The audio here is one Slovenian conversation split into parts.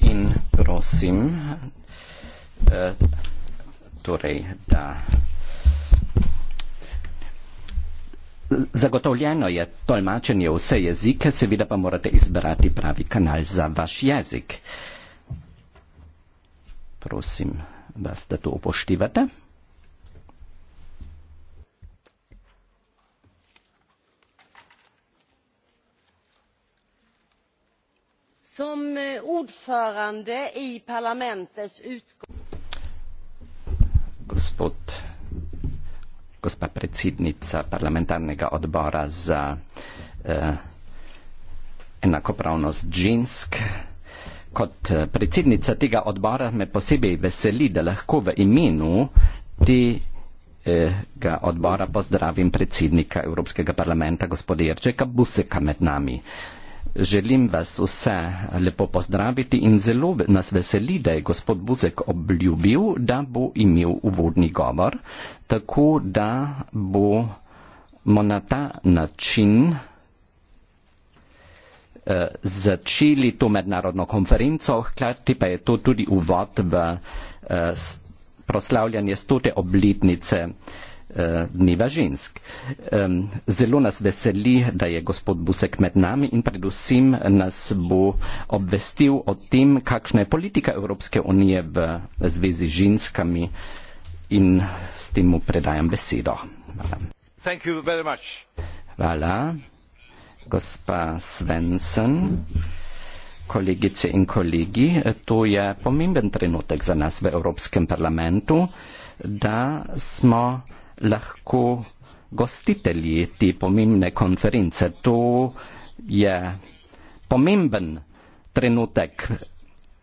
In prosim, eh, torej, da zagotovljeno je tolmačenje vse jezike, seveda pa morate izbrati pravi kanal za vaš jezik. Prosim vas, da to upoštivate. ordförande i parlamentets utskott. Gospod, gospa predsednica parlamentarnega odbora za eh, enakopravnost žensk. Kot eh, predsednica tega odbora me posebej veseli, da lahko v imenu tega eh, odbora pozdravim predsednika Evropskega parlamenta, gospoda Jerčeka Buseka med nami. Eh, Želim vas vse lepo pozdraviti in zelo nas veseli, da je gospod Buzek obljubil, da bo imel uvodni govor, tako da bomo na ta način eh, začeli to mednarodno konferenco, hkrati pa je to tudi uvod v eh, proslavljanje stote obletnice eh, dneva eh, žensk. Zelo nas veseli, da je gospod Busek med nami in predvsem nas bo obvestil o tem, kakšna je politika Evropske unije v zvezi z ženskami in s tem mu predajam besedo. Hvala. Thank you very much. Hvala. Gospa Svensen, kolegice in kolegi, to je pomemben trenutek za nas v Evropskem parlamentu, da smo lahko gostitelji te pomembne konference. To je pomemben trenutek.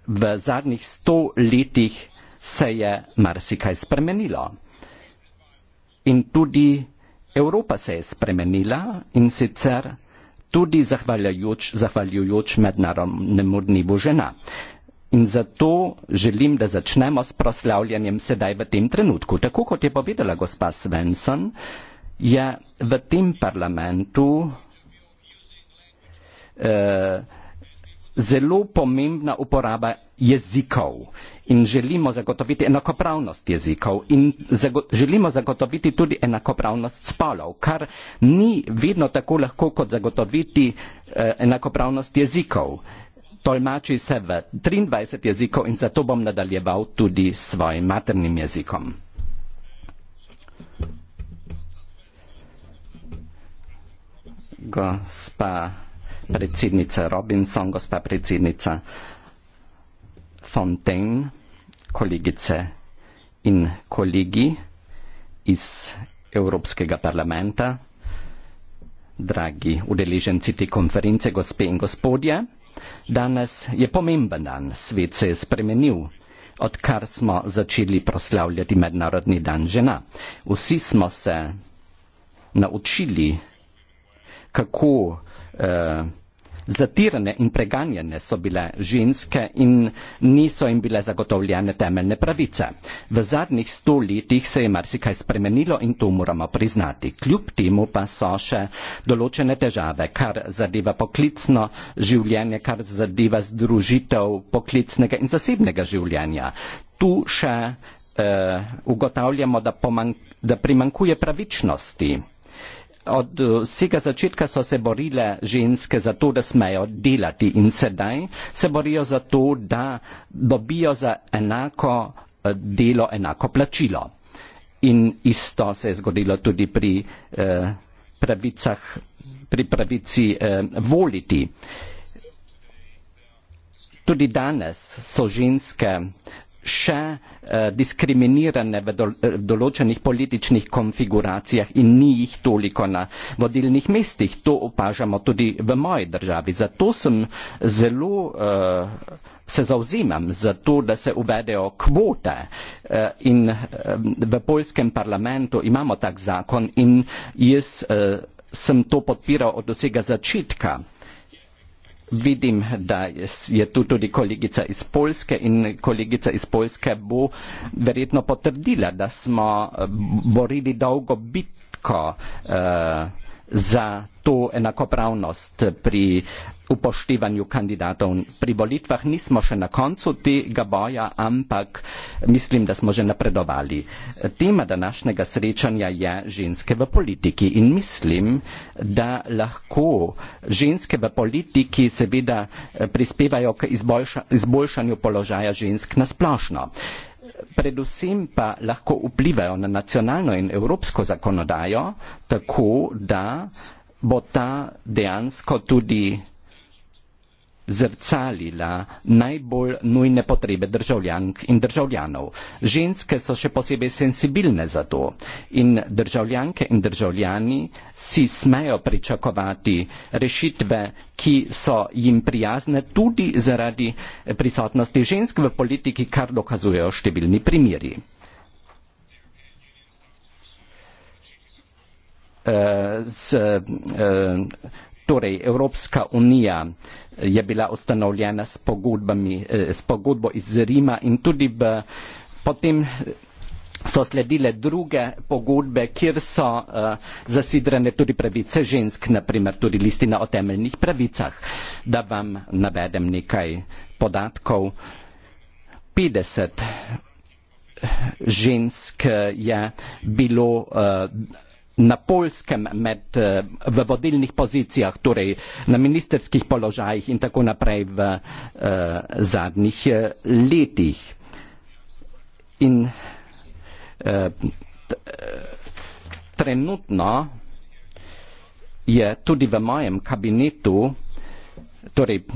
V zadnjih sto letih se je marsikaj spremenilo. In tudi Evropa se je spremenila in sicer tudi zahvaljujoč, zahvaljujoč mednarodnemu dnevu žena. In zato želim, da začnemo s proslavljanjem sedaj v tem trenutku. Tako kot je povedala gospa Svensson, je v tem parlamentu eh, zelo pomembna uporaba jezikov in želimo zagotoviti enakopravnost jezikov in zago želimo zagotoviti tudi enakopravnost spolov, kar ni vedno tako lahko kot zagotoviti eh, enakopravnost jezikov tolmači se v 23 jezikov in zato bom nadaljeval tudi s svojim maternim jezikom. Gospa predsednica Robinson, gospa predsednica Fontaine, kolegice in kolegi iz Evropskega parlamenta, dragi udeleženci te konference, gospe in gospodje. Danes je pomemben dan, svet se je spremenil, odkar smo začeli proslavljati Mednarodni dan žena. Vsi smo se naučili, kako eh, Zatirane in preganjene so bile ženske in niso jim bile zagotovljene temeljne pravice. V zadnjih sto letih se je marsikaj spremenilo in to moramo priznati. Kljub temu pa so še določene težave, kar zadeva poklicno življenje, kar zadeva združitev poklicnega in zasebnega življenja. Tu še uh, ugotavljamo, da, pomank da primankuje pravičnosti od eh, vsega začetka so se borile ženske za to, da smejo delati in sedaj se borijo za to, da dobijo za enako eh, delo enako plačilo. In isto se je zgodilo tudi pri, eh, pravicah, pri pravici eh, voliti. Tudi danes so ženske še eh, diskriminirane v, do, v eh, določenih političnih konfiguracijah in ni jih toliko na vodilnih mestih. To opažamo tudi v moji državi. Zato sem zelo eh, se zauzimam za to, da se uvedejo kvote eh, in eh, v polskem parlamentu imamo tak zakon in jaz eh, sem to podpiral od vsega začetka vidim, da je tu tudi kolegica iz Polske in kolegica iz Polske bo verjetno potrdila, da smo borili dolgo bitko. Uh, za to enakopravnost pri upoštevanju kandidatov. Pri volitvah nismo še na koncu tega boja, ampak mislim, da smo že napredovali. Tema današnjega srečanja je ženske v politiki in mislim, da lahko ženske v politiki seveda prispevajo k izboljša, izboljšanju položaja žensk na splošno. Uh, predvsem pa lahko vplivajo na nacionalno in evropsko zakonodajo, tako da bo ta dejansko tudi zrcalila najbolj nujne potrebe državljank in državljanov. Ženske so še posebej sensibilne za to in državljanke in državljani si smejo pričakovati rešitve, ki so jim prijazne tudi zaradi prisotnosti žensk v politiki, kar dokazujejo številni primiri. Uh, eh, z, uh, torej Evropska unija je bila ustanovljena s, eh, s pogodbo iz Rima in tudi v, potem so sledile druge pogodbe, kjer so uh, zasidrane tudi pravice žensk, naprimer tudi listina o temeljnih pravicah. Da vam navedem nekaj podatkov. 50 eh, žensk je bilo uh, na polskem med, eh, v vodilnih pozicijah, torej na ministerskih položajih in tako naprej v uh, zadnjih eh, letih. In uh, trenutno je tudi v mojem kabinetu, torej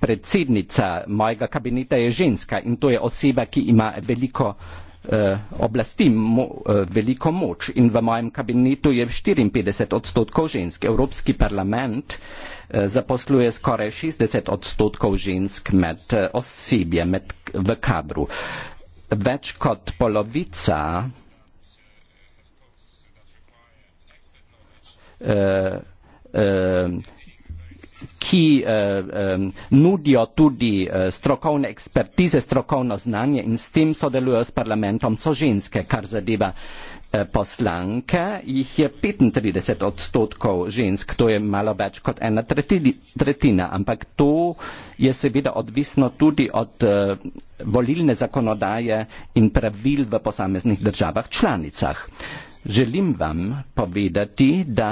predsednica mojega kabineta je ženska in to je oseba, ki ima veliko uh, uh, oblasti mo, uh, veliko moč in v mojem kabinetu je 54 odstotkov žensk. Evropski parlament uh, zaposluje skoraj 60 odstotkov žensk med uh, osebje med, v kadru. Več kot polovica uh, uh, ki uh, um, nudijo tudi uh, strokovne ekspertize, strokovno znanje in s tem sodelujo s parlamentom, so ženske, kar zadeva uh, poslanke. Jih je 35 odstotkov žensk, to je malo več kot ena tretini, tretjina, ampak to je seveda odvisno tudi od uh, volilne zakonodaje in pravil v posameznih državah članicah. Želim vam povedati, da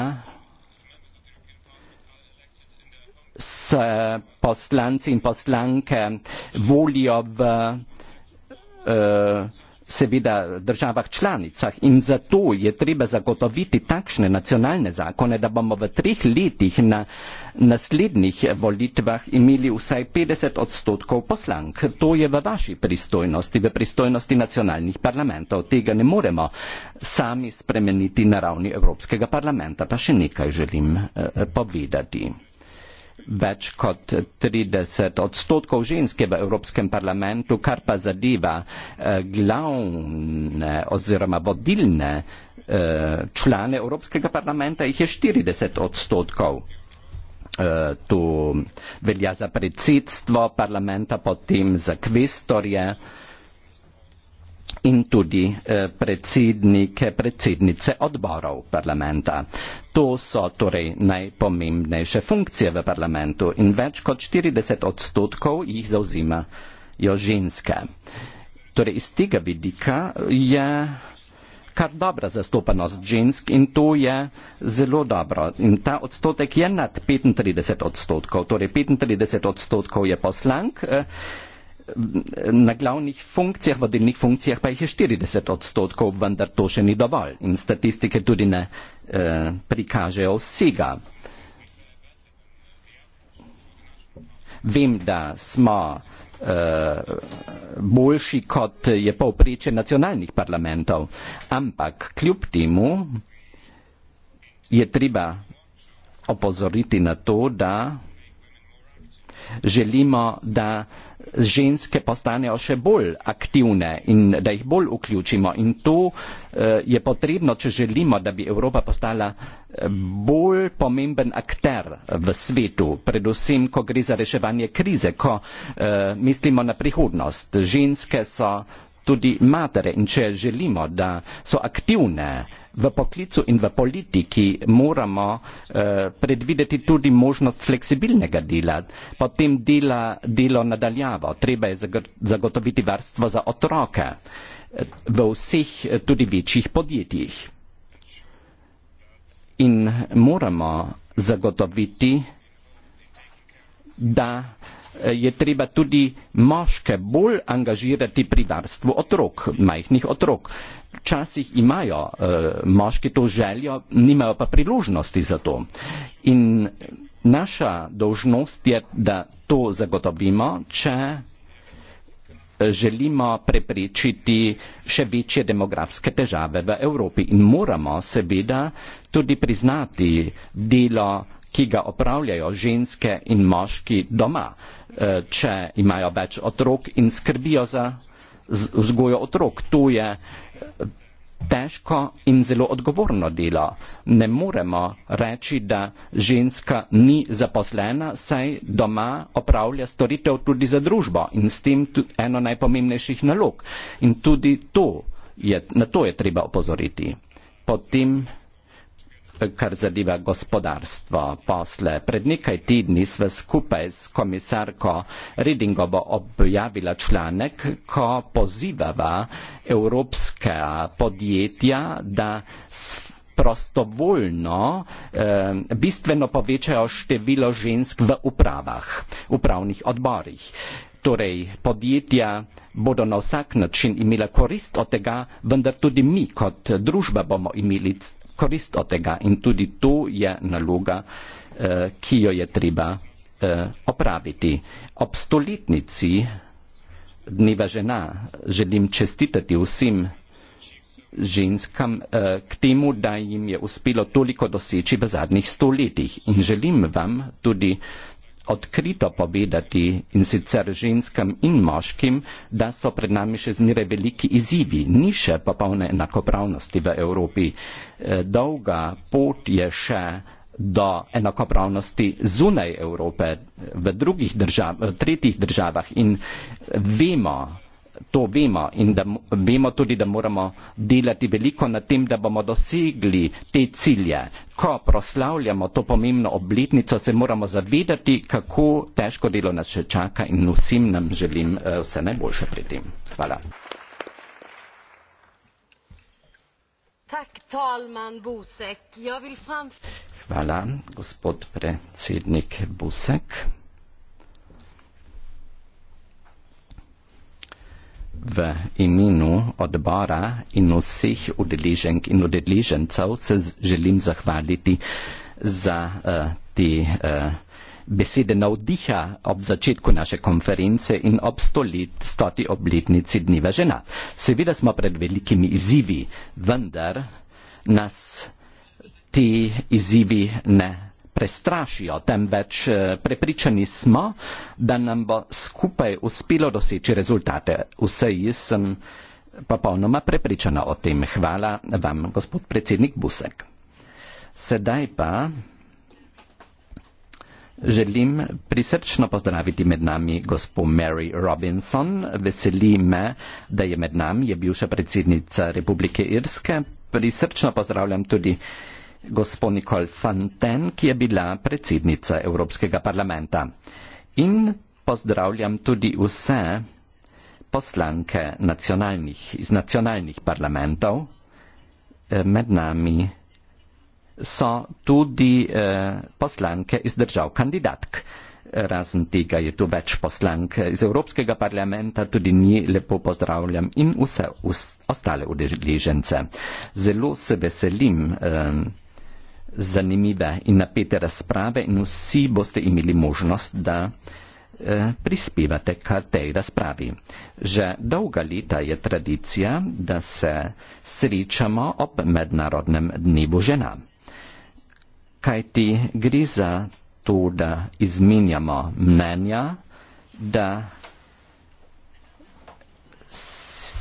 se eh, poslanci in poslanke volijo v eh, seveda državah članicah in zato je treba zagotoviti takšne nacionalne zakone, da bomo v treh letih na naslednjih volitvah imeli vsaj 50 odstotkov poslank. To je v vaši pristojnosti, v pristojnosti nacionalnih parlamentov. Tega ne moremo sami spremeniti na ravni Evropskega parlamenta. Pa še nekaj želim eh, povedati več kot 30 odstotkov ženske v Evropskem parlamentu, kar pa zadeva eh, glavne oziroma vodilne eh, člane Evropskega parlamenta, jih je 40 odstotkov. Eh, to velja za predsedstvo parlamenta, potem za kvestorje, in tudi eh, predsednike, predsednice odborov parlamenta. To so torej najpomembnejše funkcije v parlamentu in več kot 40 odstotkov jih zauzimajo ženske. Torej iz tega vidika je kar dobra zastopanost žensk in to je zelo dobro. In ta odstotek je nad 35 odstotkov, torej 35 odstotkov je poslank. Eh, naglav njih funkcijah, vodilnih funkcijah pa jih je 40 odstotkov, vendar to še ni dovolj in statistike tudi ne eh, prikažejo vsega. Vem, da smo eh, boljši, kot je povpreče nacionalnih parlamentov, ampak kljub temu je treba opozoriti na to, da želimo, da ženske postanejo še bolj aktivne in da jih bolj vključimo. In to uh, je potrebno, če želimo, da bi Evropa postala eh, bolj pomemben akter v svetu, predvsem, ko gre za reševanje krize, ko uh, mislimo na prihodnost. Ženske so tudi matere in če želimo, da so aktivne, uh, v poklicu in v politiki moramo eh, predvideti tudi možnost fleksibilnega dela, potem dela, delo nadaljavo. Treba je zagotoviti varstvo za otroke eh, v vseh eh, tudi večjih podjetjih. In moramo zagotoviti, da eh, je treba tudi moške bolj angažirati pri varstvu otrok, majhnih otrok. Eh, včasih imajo uh, moški to željo, nimajo pa priložnosti za to. In naša dožnost je, da to zagotovimo, če eh, želimo preprečiti še večje demografske težave v Evropi. In moramo seveda tudi priznati delo, ki ga opravljajo ženske in moški doma, eh, če imajo več otrok in skrbijo za vzgojo otrok. To je težko in zelo odgovorno delo. Ne moremo reči, da ženska ni zaposlena, saj doma opravlja storitev tudi za družbo in s tem eno najpomembnejših nalog. In tudi to je, na to je treba opozoriti. Potem kar zadeva gospodarstvo posle. Pred nekaj tedni sva skupaj s komisarko Redingovo objavila članek, ko pozivava evropska podjetja, da prostovoljno eh, bistveno povečajo število žensk v upravah, upravnih odborih. Torej, podjetja bodo na vsak način imela korist od tega, vendar tudi mi kot družba bomo imeli korist od tega in tudi to je naloga, eh, ki jo je treba eh, opraviti. Ob stoletnici dneva žena želim čestitati vsem ženskam eh, k temu, da jim je uspelo toliko doseči v zadnjih stoletjih in želim vam tudi odkrito povedati in sicer ženskam in moškim, da so pred nami še zmeraj veliki izzivi, ni še popolne enakopravnosti v Evropi. E, dolga pot je še do enakopravnosti zunaj Evrope, v drugih državah, v tretjih državah in vemo, to vemo in da vemo tudi, da moramo delati veliko na tem, da bomo dosegli te cilje. Ko proslavljamo to pomembno obletnico, se moramo zavedati, kako težko delo nas še čaka in vsem nam želim eh, vse najboljše pri tem. Hvala. Tak, talman, Busek. Ja, vil fram... Hvala, gospod predsednik Busek. V imenu odbora in vseh udeleženk in udeležencev se želim zahvaliti za uh, te uh, besede navdiha ob začetku naše konference in ob stolet, stoti obletnici Dneva žena. Seveda smo pred velikimi izzivi, vendar nas ti izzivi ne prestrašijo, temveč eh, prepričani smo, da nam bo skupaj uspelo doseči rezultate. Vse jaz sem popolnoma prepričana o tem. Hvala vam, gospod predsednik Busek. Sedaj pa želim prisrčno pozdraviti med nami gospo Mary Robinson. Veseli me, da je med nami, je bivša predsednica Republike Irske. Prisrčno pozdravljam tudi uh, gospod Nicole Fanten, ki je bila predsednica Evropskega parlamenta. In pozdravljam tudi vse poslanke nacionalnih, iz nacionalnih parlamentov. Eh, med nami so tudi eh, poslanke iz držav kandidatk. Razen tega je tu več poslank eh, iz Evropskega parlamenta, tudi njih lepo pozdravljam in vse ostale udeležence. Zelo se veselim eh, zanimive in napete razprave in vsi boste imeli možnost, da eh, prispevate k tej razpravi. Že dolga leta je tradicija, da se srečamo ob mednarodnem dnevu žena. Kaj ti gre za to, da izmenjamo mnenja, da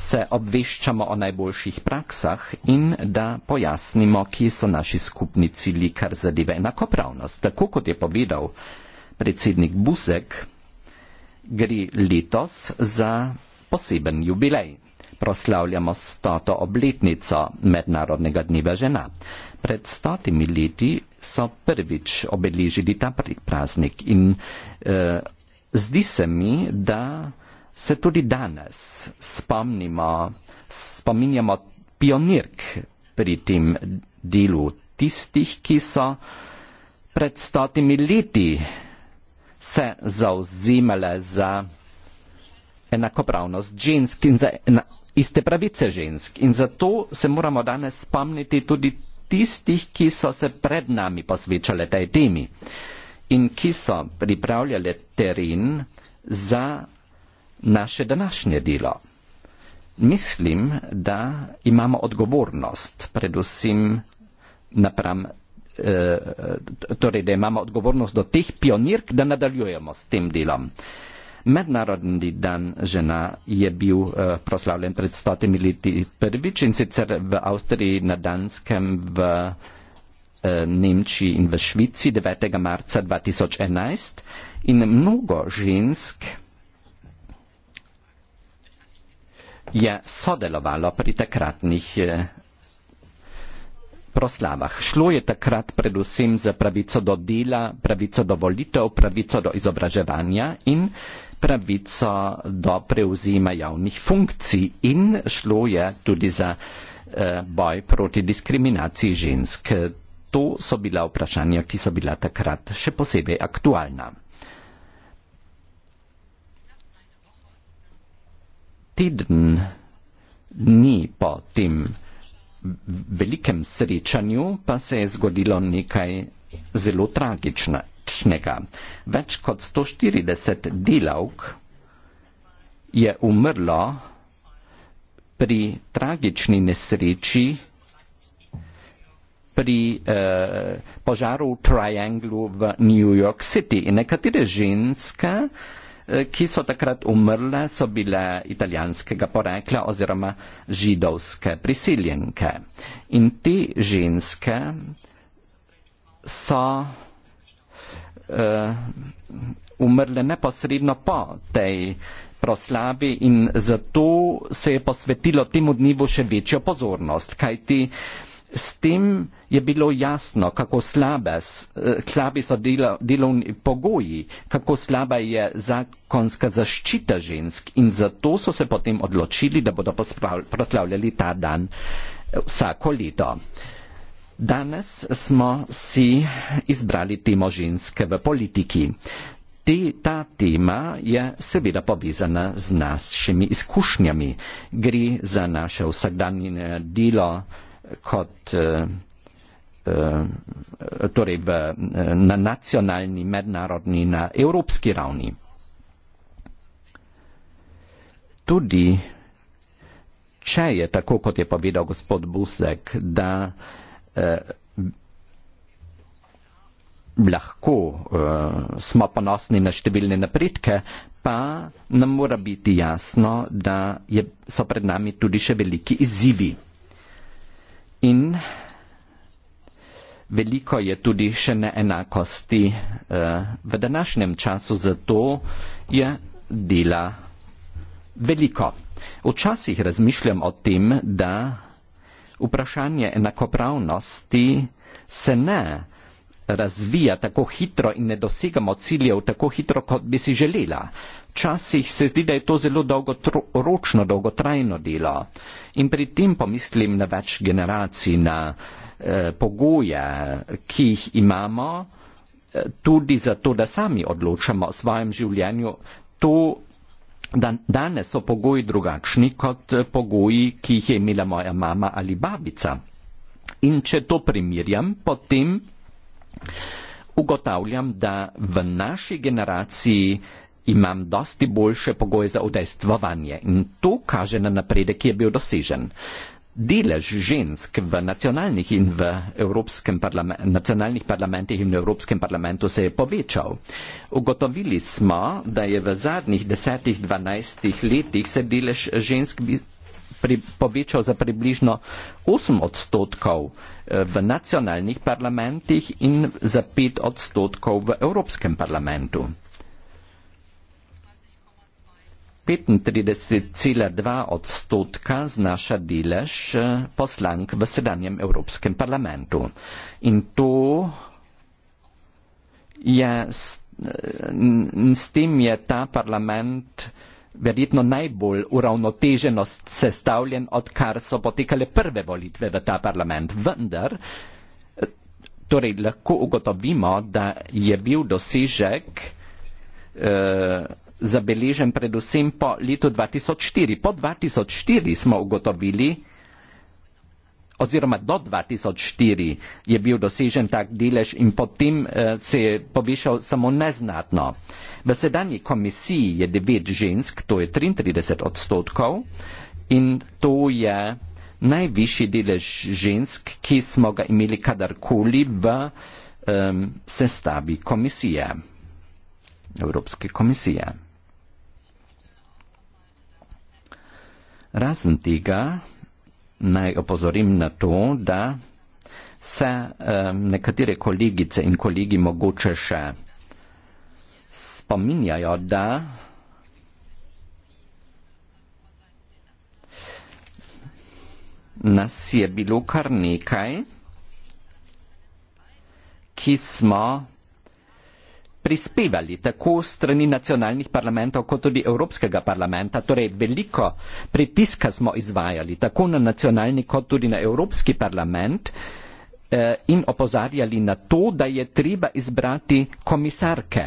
se obveščamo o najboljših praksah in da pojasnimo, ki so naši skupni cilji, kar zadeva enakopravnost. Tako kot je povedal predsednik Busek, gre letos za poseben jubilej. Proslavljamo stoto obletnico Mednarodnega dneva žena. Pred stotimi leti so prvič obeležili ta praznik in eh, zdi se mi, da se tudi danes spomnimo, spominjamo pionirk pri tem delu tistih, ki so pred stotimi leti se zauzemale za enakopravnost žensk in za ena, iste pravice žensk. In zato se moramo danes spomniti tudi tistih, ki so se pred nami posvečale tej temi in ki so pripravljale teren za naše današnje delo. Mislim, da imamo odgovornost, predvsem napram, eh, torej, da imamo odgovornost do teh pionirk, da nadaljujemo s tem delom. Mednarodni dan žena je bil eh, proslavljen pred stotimi leti prvič in sicer v Avstriji, na Danskem, v eh, Nemčiji in v Švici 9. marca 2011 in mnogo žensk je sodelovalo pri takratnih eh, proslavah. Šlo je takrat predvsem za pravico do dela, pravico do volitev, pravico do izobraževanja in pravico do prevzema javnih funkcij in šlo je tudi za eh, boj proti diskriminaciji žensk. To so bila vprašanja, ki so bila takrat še posebej aktualna. teden dni po tem velikem srečanju pa se je zgodilo nekaj zelo tragičnega. Več kot 140 delavk je umrlo pri tragični nesreči pri eh, požaru v Trianglu v New York City. In nekatere ženske Eh, ki so takrat umrle, so bile italijanskega porekla oziroma židovske prisiljenke. In te ženske so uh, umrle neposredno po tej proslavi in zato se je posvetilo temu dnevu še večjo pozornost, kajti uh, S tem je bilo jasno, kako slabes, eh, slabi so delo, delovni pogoji, kako slaba je zakonska zaščita žensk in zato so se potem odločili, da bodo proslavljali ta dan eh, vsako leto. Danes smo si izbrali temo ženske v politiki. Te, ta tema je seveda povezana z našimi izkušnjami. Gre za naše vsakdanje delo kot, eh, eh, torej v, eh, na nacionalni, mednarodni, na evropski ravni. Tudi, če je tako, kot je povedal gospod Busek, da eh, lahko eh, smo ponosni na številne napredke, pa nam mora biti jasno, da je, so pred nami tudi še veliki izzivi. In veliko je tudi še neenakosti eh, v današnjem času, zato je dela veliko. Včasih razmišljam o tem, da vprašanje enakopravnosti se ne razvija tako hitro in ne dosegamo ciljev tako hitro, kot bi si želela. Včasih se zdi, da je to zelo dolgoročno, dolgotrajno delo. In pri tem pomislim na več generacij, na eh, pogoje, ki jih imamo, eh, tudi zato, da sami odločamo o svojem življenju. To, da danes so pogoji drugačni kot eh, pogoji, ki jih je imela moja mama ali babica. In če to primerjam, potem Ugotavljam, da v naši generaciji imam dosti boljše pogoje za udejstvovanje in to kaže na napredek, ki je bil dosežen. Delež žensk v nacionalnih in v evropskem parlamentu, nacionalnih parlamentih in v evropskem parlamentu se je povečal. Ugotovili smo, da je v zadnjih desetih, dvanajstih letih se delež žensk pri, povečal za približno 8 odstotkov eh, v nacionalnih parlamentih in za 5 odstotkov v Evropskem parlamentu. 35,2 odstotka znaša delež eh, poslank v sedanjem Evropskem parlamentu. In to je, s eh, tem je ta parlament verjetno najbolj uravnoteženo sestavljen, odkar so potekale prve volitve v ta parlament. Vendar, torej lahko ugotovimo, da je bil dosežek eh, zabeležen predvsem po letu 2004. Po 2004 smo ugotovili, oziroma do 2004 je bil dosežen tak delež in potem eh, se je povišal samo neznatno. V sedanji komisiji je 9 žensk, to je 33 odstotkov in to je najvišji delež žensk, ki smo ga imeli kadarkoli v eh, sestavi komisije, Evropske komisije. Razen tega, naj opozorim na to, da se um, nekatere kolegice in kolegi mogoče še spominjajo, da nas je bilo kar nekaj, ki smo prispevali tako strani nacionalnih parlamentov kot tudi Evropskega parlamenta, torej veliko pritiska smo izvajali tako na nacionalni kot tudi na Evropski parlament eh, in opozarjali na to, da je treba izbrati komisarke,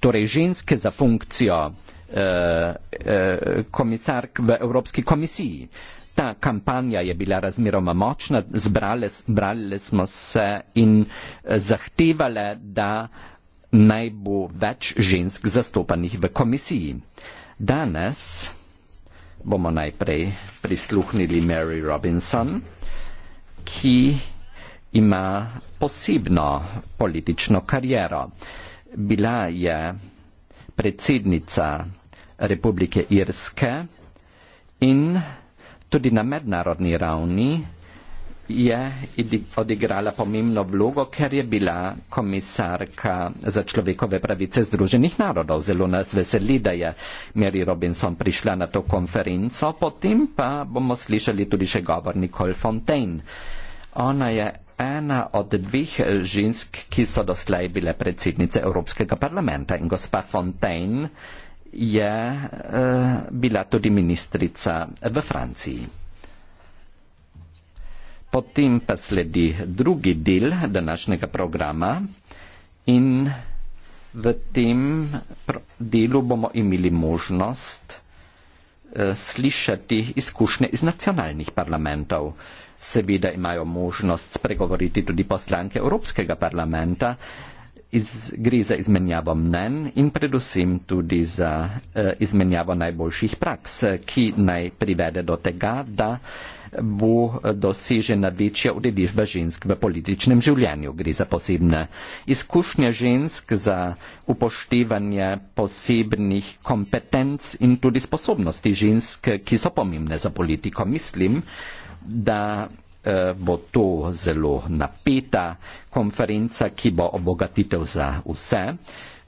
torej ženske za funkcijo eh, eh, komisark v Evropski komisiji. Ta kampanja je bila razmeroma močna, zbrale, zbrale smo se in eh, zahtevale, da naj bo več žensk zastopanih v komisiji. Danes bomo najprej prisluhnili Mary Robinson, ki ima posebno politično kariero. Bila je predsednica Republike Irske in tudi na mednarodni ravni je odigrala pomembno vlogo, ker je bila komisarka za človekove pravice Združenih narodov. Zelo nas veseli, da je Mary Robinson prišla na to konferenco, potem pa bomo slišali tudi še govor Nicole Fontaine. Ona je ena od dveh žensk, ki so doslej bile predsednice Evropskega parlamenta in gospa Fontaine je eh, bila tudi ministrica v Franciji. Potem pa sledi drugi del današnjega programa in v tem delu bomo imeli možnost eh, slišati izkušnje iz nacionalnih parlamentov. Seveda imajo možnost spregovoriti tudi poslanke Evropskega parlamenta, iz, gre za izmenjavo mnen in predvsem tudi za uh, izmenjavo najboljših praks, ki naj privede do tega, da bo eh, dosežena večja udeležba žensk v političnem življenju. Gre za posebne izkušnje žensk, za upoštevanje posebnih kompetenc in tudi sposobnosti žensk, ki so pomembne za politiko. Mislim, da Eh, bo to zelo napeta konferenca, ki bo obogatitev za vse.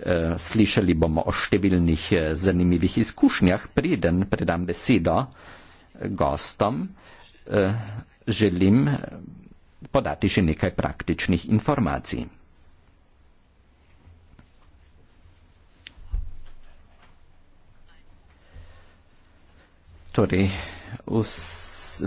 Eh, slišali bomo o številnih eh, zanimivih izkušnjah. Preden predam besedo gostom, želim podati še nekaj praktičnih informacij. Torej, vse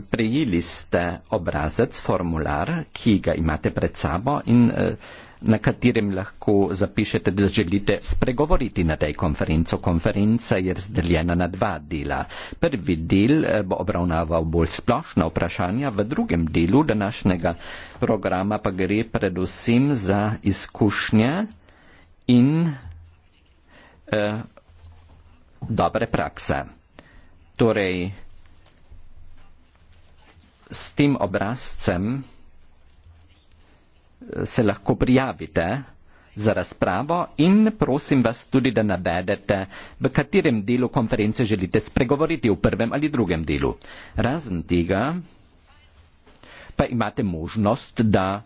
prejeli ste obrazec, formular, ki ga imate pred sabo in eh, na katerem lahko zapišete, da želite spregovoriti na tej konferenco. Konferenca je razdeljena na dva dela. Prvi del eh, bo obravnaval bolj splošna vprašanja, v drugem delu današnjega programa pa gre predvsem za izkušnje in eh, dobre prakse. Torej, s tem obrazcem eh, se lahko prijavite za razpravo in prosim vas tudi, da navedete, v katerem delu konference želite spregovoriti v prvem ali drugem delu. Razen tega pa imate možnost, da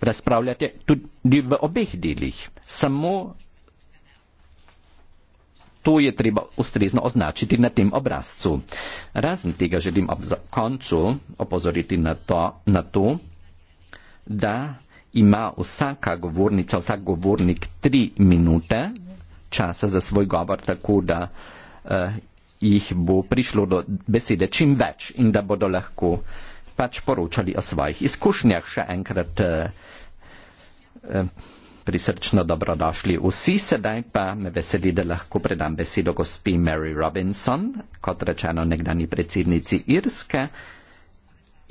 razpravljate tudi v obeh delih. Samo To je treba ustrezno označiti na tem obrazcu. Razen tega želim ob koncu opozoriti na to, na to, da ima vsaka govornica, vsak govornik tri minute časa za svoj govor, tako da eh, jih bo prišlo do besede čim več in da bodo lahko pač poročali o svojih izkušnjah še enkrat. Eh, eh, prisrčno dobrodošli vsi, sedaj pa me veseli, da lahko predam besedo gospi Mary Robinson, kot rečeno nekdani predsednici Irske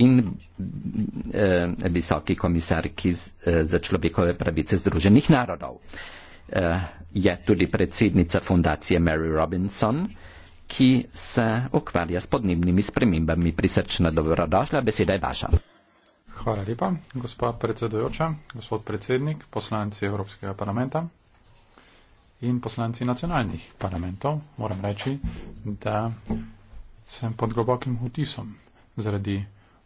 in eh, visoki komisarki eh, za človekove pravice Združenih narodov. Eh, je tudi predsednica fundacije Mary Robinson, ki se ukvarja s podnebnimi spremembami. Prisrčno dobrodošla, beseda je vaša. Hvala lepa, gospa predsedojoča, gospod predsednik, poslanci Evropskega parlamenta in poslanci nacionalnih parlamentov. Moram reči, da sem pod globokim vtisom zaradi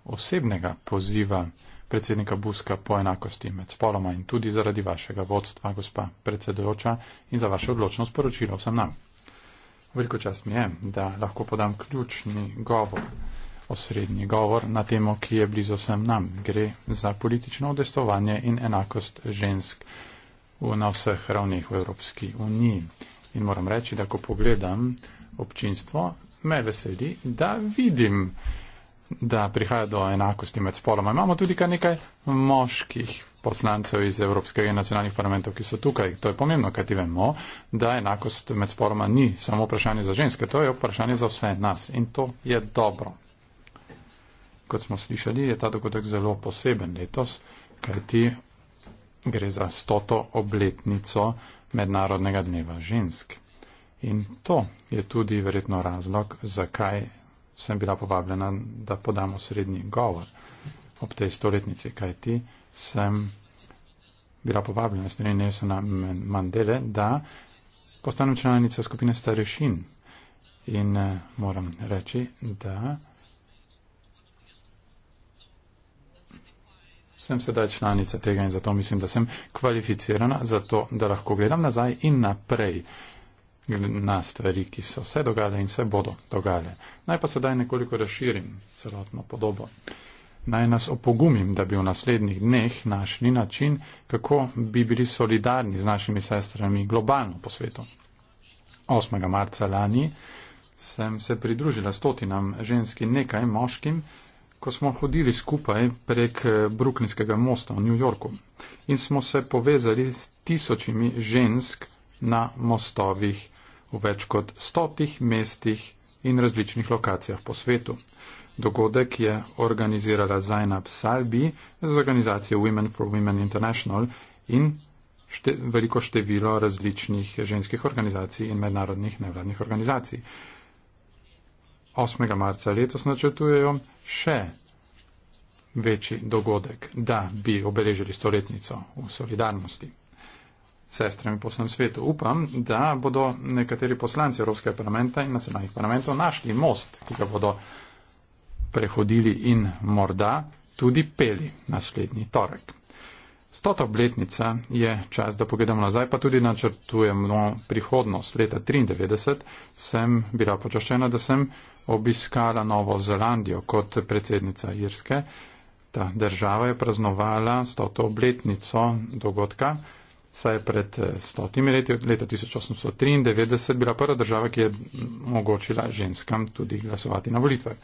osebnega poziva predsednika Buska po enakosti med spoloma in tudi zaradi vašega vodstva, gospa predsedojoča, in za vaše odločno sporočilo vsem nam. Veliko čast mi je, da lahko podam ključni govor osrednji govor na temo, ki je blizu vsem nam. Gre za politično odestovanje in enakost žensk na vseh ravneh v Evropski uniji. In moram reči, da ko pogledam občinstvo, me veseli, da vidim, da prihaja do enakosti med spoloma. Imamo tudi kar nekaj moških poslancev iz Evropskega in nacionalnih parlamentov, ki so tukaj. To je pomembno, kaj ti vemo, da enakost med sporoma ni samo vprašanje za ženske, to je vprašanje za vse nas in to je dobro kot smo slišali, je ta dogodek zelo poseben letos, kajti gre za stoto obletnico Mednarodnega dneva žensk. In to je tudi verjetno razlog, zakaj sem bila povabljena, da podamo srednji govor ob tej stoletnici, kajti sem bila povabljena strani Nelsona Mandele, da postanem članica skupine starešin. In eh, moram reči, da sem sedaj članica tega in zato mislim, da sem kvalificirana za to, da lahko gledam nazaj in naprej na stvari, ki so se dogajale in se bodo dogajale. Naj pa sedaj nekoliko razširim celotno podobo. Naj nas opogumim, da bi v naslednjih dneh našli način, kako bi bili solidarni z našimi sestrami globalno po svetu. 8. marca lani sem se pridružila stotinam ženskim nekaj moškim, ko smo hodili skupaj prek eh, Bruklinskega mosta v New Yorku in smo se povezali s tisočimi žensk na mostovih v več kot stotih mestih in različnih lokacijah po svetu. Dogodek je organizirala Zainab Salbi z organizacijo Women for Women International in šte, veliko število različnih ženskih organizacij in mednarodnih nevladnih organizacij. 8. marca letos načrtujejo še večji dogodek, da bi obeležili stoletnico v solidarnosti. Sestrami po vsem svetu upam, da bodo nekateri poslanci Evropskega parlamenta in nacionalnih parlamentov našli most, ki ga bodo prehodili in morda tudi peli naslednji torek. Stota obletnica je čas, da pogledamo nazaj, pa tudi načrtujemo prihodnost leta 1993. Sem bila počaščena, da sem obiskala Novo Zelandijo kot predsednica Irske. Ta država je praznovala stoto obletnico dogodka, saj je pred eh, stotimi leti, od leta 1893, bila prva država, ki je omogočila ženskam tudi glasovati na volitve.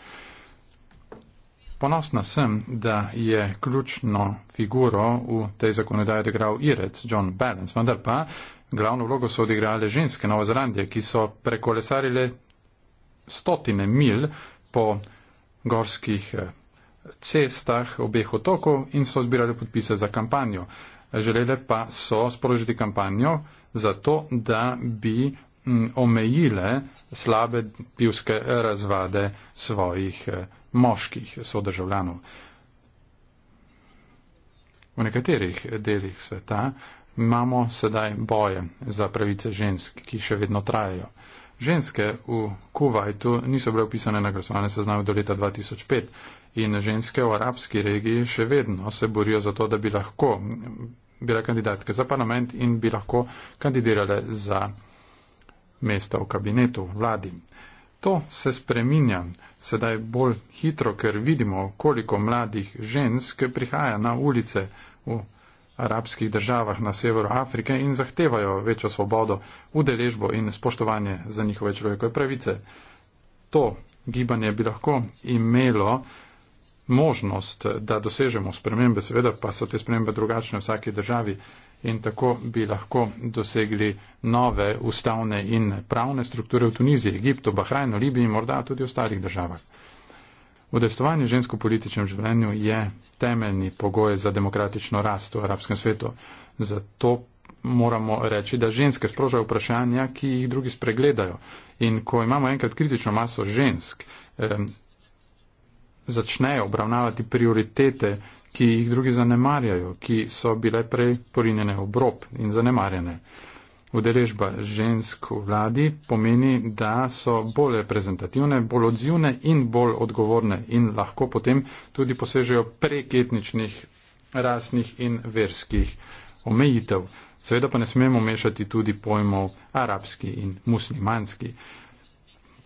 Ponosna sem, da je ključno figuro v tej zakonodaji odigral Irec John Balance, vendar pa glavno vlogo so odigrale ženske Nove Zelandije, ki so prekolesarile stotine mil po gorskih eh, cestah obeh otokov in so zbirali podpise za kampanjo. Želele pa so sprožiti kampanjo zato, da bi mm, omejile slabe pivske razvade svojih eh, moških sodržavljanov. V nekaterih delih sveta imamo sedaj boje za pravice žensk, ki še vedno trajajo. Ženske v Kuwaitu niso bile upisane na glasovanje seznam do leta 2005 in ženske v arabski regiji še vedno se borijo za to, da bi lahko bile kandidatke za parlament in bi lahko kandidirale za mesta v kabinetu vladi. To se spreminja sedaj bolj hitro, ker vidimo, koliko mladih žensk prihaja na ulice v arabskih državah na severu Afrike in zahtevajo večjo svobodo, udeležbo in spoštovanje za njihove človekove pravice. To gibanje bi lahko imelo možnost, da dosežemo spremembe, seveda pa so te spremembe drugačne v vsaki državi in tako bi lahko dosegli nove ustavne in pravne strukture v Tuniziji, Egiptu, Bahrajnu, Libiji in morda tudi v ostalih državah. Udestovanje žensko-političnem življenju je temeljni pogoj za demokratično rast v arabskem svetu. Zato moramo reči, da ženske sprožajo vprašanja, ki jih drugi spregledajo. In ko imamo enkrat kritično maso žensk, eh, začnejo obravnavati prioritete, ki jih drugi zanemarjajo, ki so bile prej porinjene v obrob in zanemarjene. Eh, Udeležba žensk v vladi pomeni, da so bolj reprezentativne, bolj odzivne in bolj odgovorne in lahko potem tudi posežejo prek etničnih, rasnih in verskih omejitev. Seveda pa ne smemo mešati tudi pojmov arabski in muslimanski.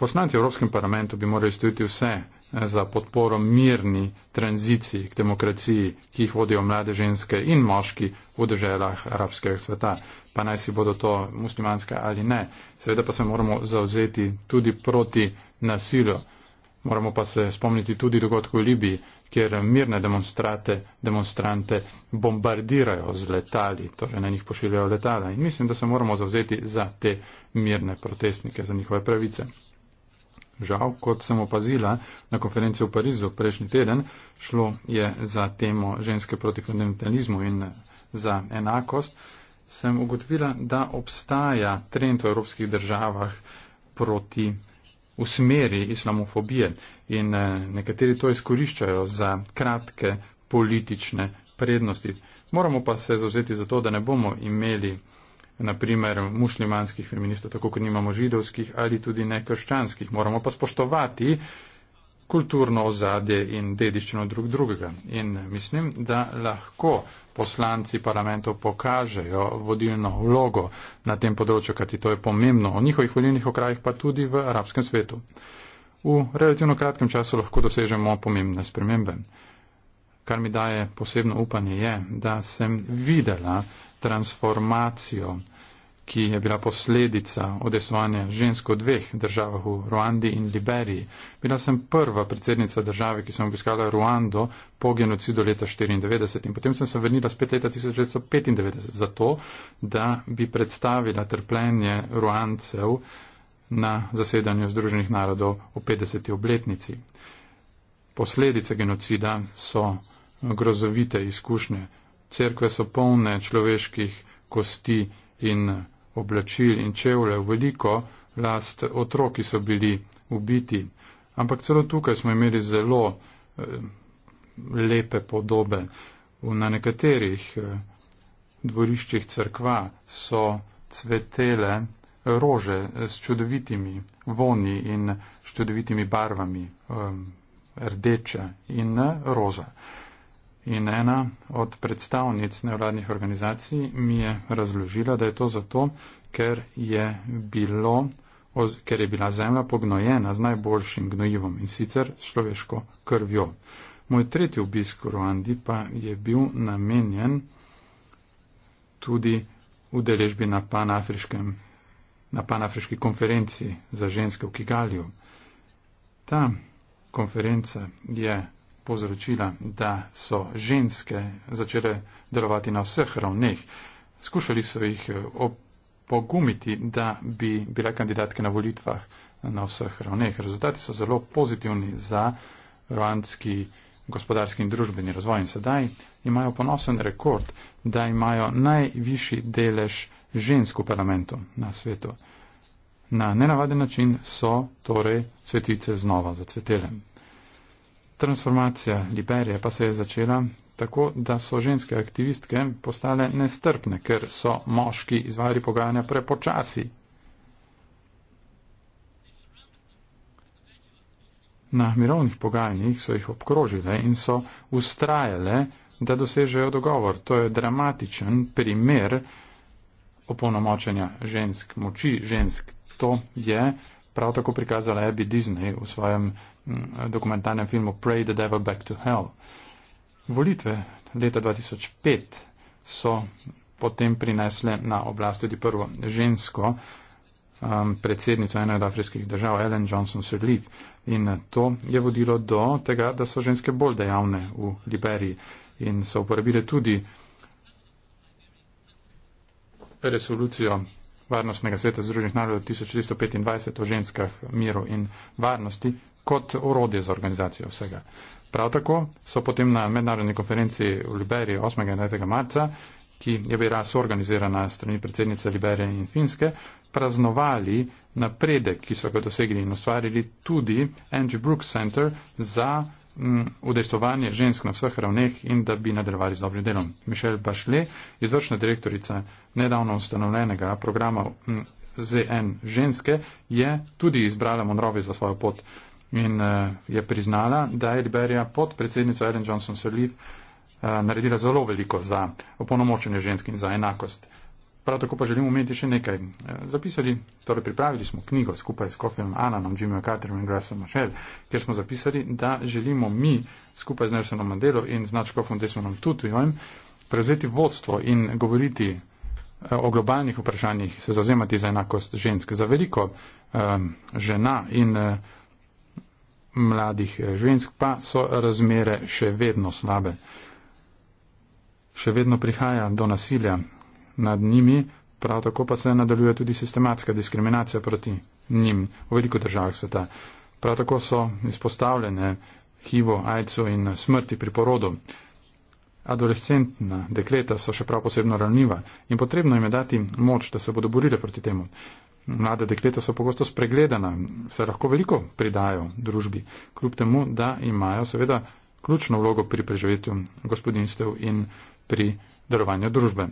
Poslanci Evropskem parlamentu bi morali storiti vse, za podporo mirni tranziciji k demokraciji, ki jih vodijo mlade ženske in moški v državah arabskega sveta, pa naj si bodo to muslimanske ali ne. Seveda pa se moramo zauzeti tudi proti nasilju. Moramo pa se spomniti tudi dogodkov v Libiji, kjer mirne demonstrate, demonstrante bombardirajo z letali, torej na njih pošiljajo letala. In mislim, da se moramo zauzeti za te mirne protestnike, za njihove pravice žal, kot sem opazila na konferenci v Parizu prejšnji teden, šlo je za temo ženske proti fundamentalizmu in za enakost, sem ugotovila, da obstaja trend v evropskih državah proti usmeri islamofobije in eh, nekateri to izkoriščajo za kratke politične prednosti. Moramo pa se zauzeti za to, da ne bomo imeli naprimer muslimanskih feministov, tako kot nimamo židovskih ali tudi ne krščanskih. Moramo pa spoštovati kulturno ozadje in dediščino drug drugega. In mislim, da lahko poslanci parlamentov pokažejo vodilno vlogo na tem področju, kajti to je pomembno o njihovih volilnih okrajih, pa tudi v arabskem svetu. V relativno kratkem času lahko dosežemo pomembne spremembe. Kar mi daje posebno upanje je, da sem videla transformacijo ki je bila posledica odesovanja žensk v dveh državah v Ruandi in Liberiji. Bila sem prva predsednica države, ki sem obiskala Ruando po genocidu leta 1994 in potem sem se vrnila spet leta 1995 zato, da bi predstavila trpljenje Ruancev na zasedanju Združenih narodov v 50. obletnici. Posledice genocida so grozovite izkušnje. Cerkve so polne človeških kosti in oblačil in čevle veliko last otrok, ki so bili ubiti. Ampak celo tukaj smo imeli zelo eh, lepe podobe. Na nekaterih eh, dvoriščih crkva so cvetele rože eh, s čudovitimi voni in s čudovitimi barvami, rdeče in roza. In ena od predstavnic nevladnih organizacij mi je razložila, da je to zato, ker je, bilo, oz, ker je bila zemlja pognojena z najboljšim gnojivom in sicer s človeško krvjo. Moj tretji obisk v Ruandi pa je bil namenjen tudi udeležbi na, na panafriški konferenci za ženske v Kigaliju. Ta konferenca je povzročila, da so ženske začele delovati na vseh ravneh. Skušali so jih eh, opogumiti, da bi bile kandidatke na volitvah na vseh ravneh. Rezultati so zelo pozitivni za ruanski gospodarski in družbeni razvoj. In sedaj imajo ponosen rekord, da imajo najvišji delež žensk v parlamentu na svetu. Na nenavaden način so torej cvetice znova zacvetele. Transformacija Liberije pa se je začela tako, da so ženske aktivistke postale nestrpne, ker so moški izvajali pogajanja prepočasi. Na mirovnih pogajanjih so jih obkrožile in so ustrajale, da dosežejo dogovor. To je dramatičen primer opolnomočenja žensk, moči žensk. To je prav tako prikazala Abby Disney v svojem Mm, dokumentarnem filmu Pray the Devil Back to Hell. Volitve leta 2005 so potem prinesle na oblast tudi prvo žensko um, predsednico ene od afriških držav, Ellen Johnson Sirleaf. In to je vodilo do tega, da so ženske bolj dejavne v Liberiji in so uporabile tudi resolucijo Varnostnega sveta Združenih narodov 1325 o ženskah miru in varnosti, kot orodje za organizacijo vsega. Prav tako so potem na mednarodni konferenci v Liberiji 8. in 9. marca, ki je bila soorganizirana strani predsednice Liberije in Finske, praznovali napredek, ki so ga dosegli in ustvarili tudi Angie Brooks Center za mm, udejstovanje žensk na vseh ravneh in da bi nadaljevali z dobrim delom. Mišel Bašle, izvršna direktorica nedavno ustanovljenega programa mm, ZN ženske, je tudi izbrala Monrovi za svojo pot in uh, je priznala, da je Liberija pod predsednico Ellen Johnson Sirleaf uh, naredila zelo veliko za opolnomočenje žensk in za enakost. Prav tako pa želim umeti še nekaj. Eh, zapisali, torej pripravili smo knjigo skupaj s Kofijem Ananom, Jimmy Carterom in Grasso Mašel, kjer smo zapisali, da želimo mi skupaj z Nelsonom Mandelo in z Načkofom Desmonom Tutujem prevzeti vodstvo in govoriti o globalnih vprašanjih, se zauzemati za enakost žensk. Za veliko um, žena in um, mladih eh, žensk pa so razmere še vedno slabe. Še vedno prihaja do nasilja nad njimi, prav tako pa se nadaljuje tudi sistematska diskriminacija proti njim v veliko državah sveta. Prav tako so izpostavljene hivo, ajcu in smrti pri porodu. Adolescentna dekleta so še prav posebno ranljiva in potrebno jim je dati moč, da se bodo borile proti temu. Mlade dekleta so pogosto spregledana, se lahko veliko pridajo družbi, kljub temu, da imajo seveda ključno vlogo pri preživetju gospodinstev in pri darovanju družbe.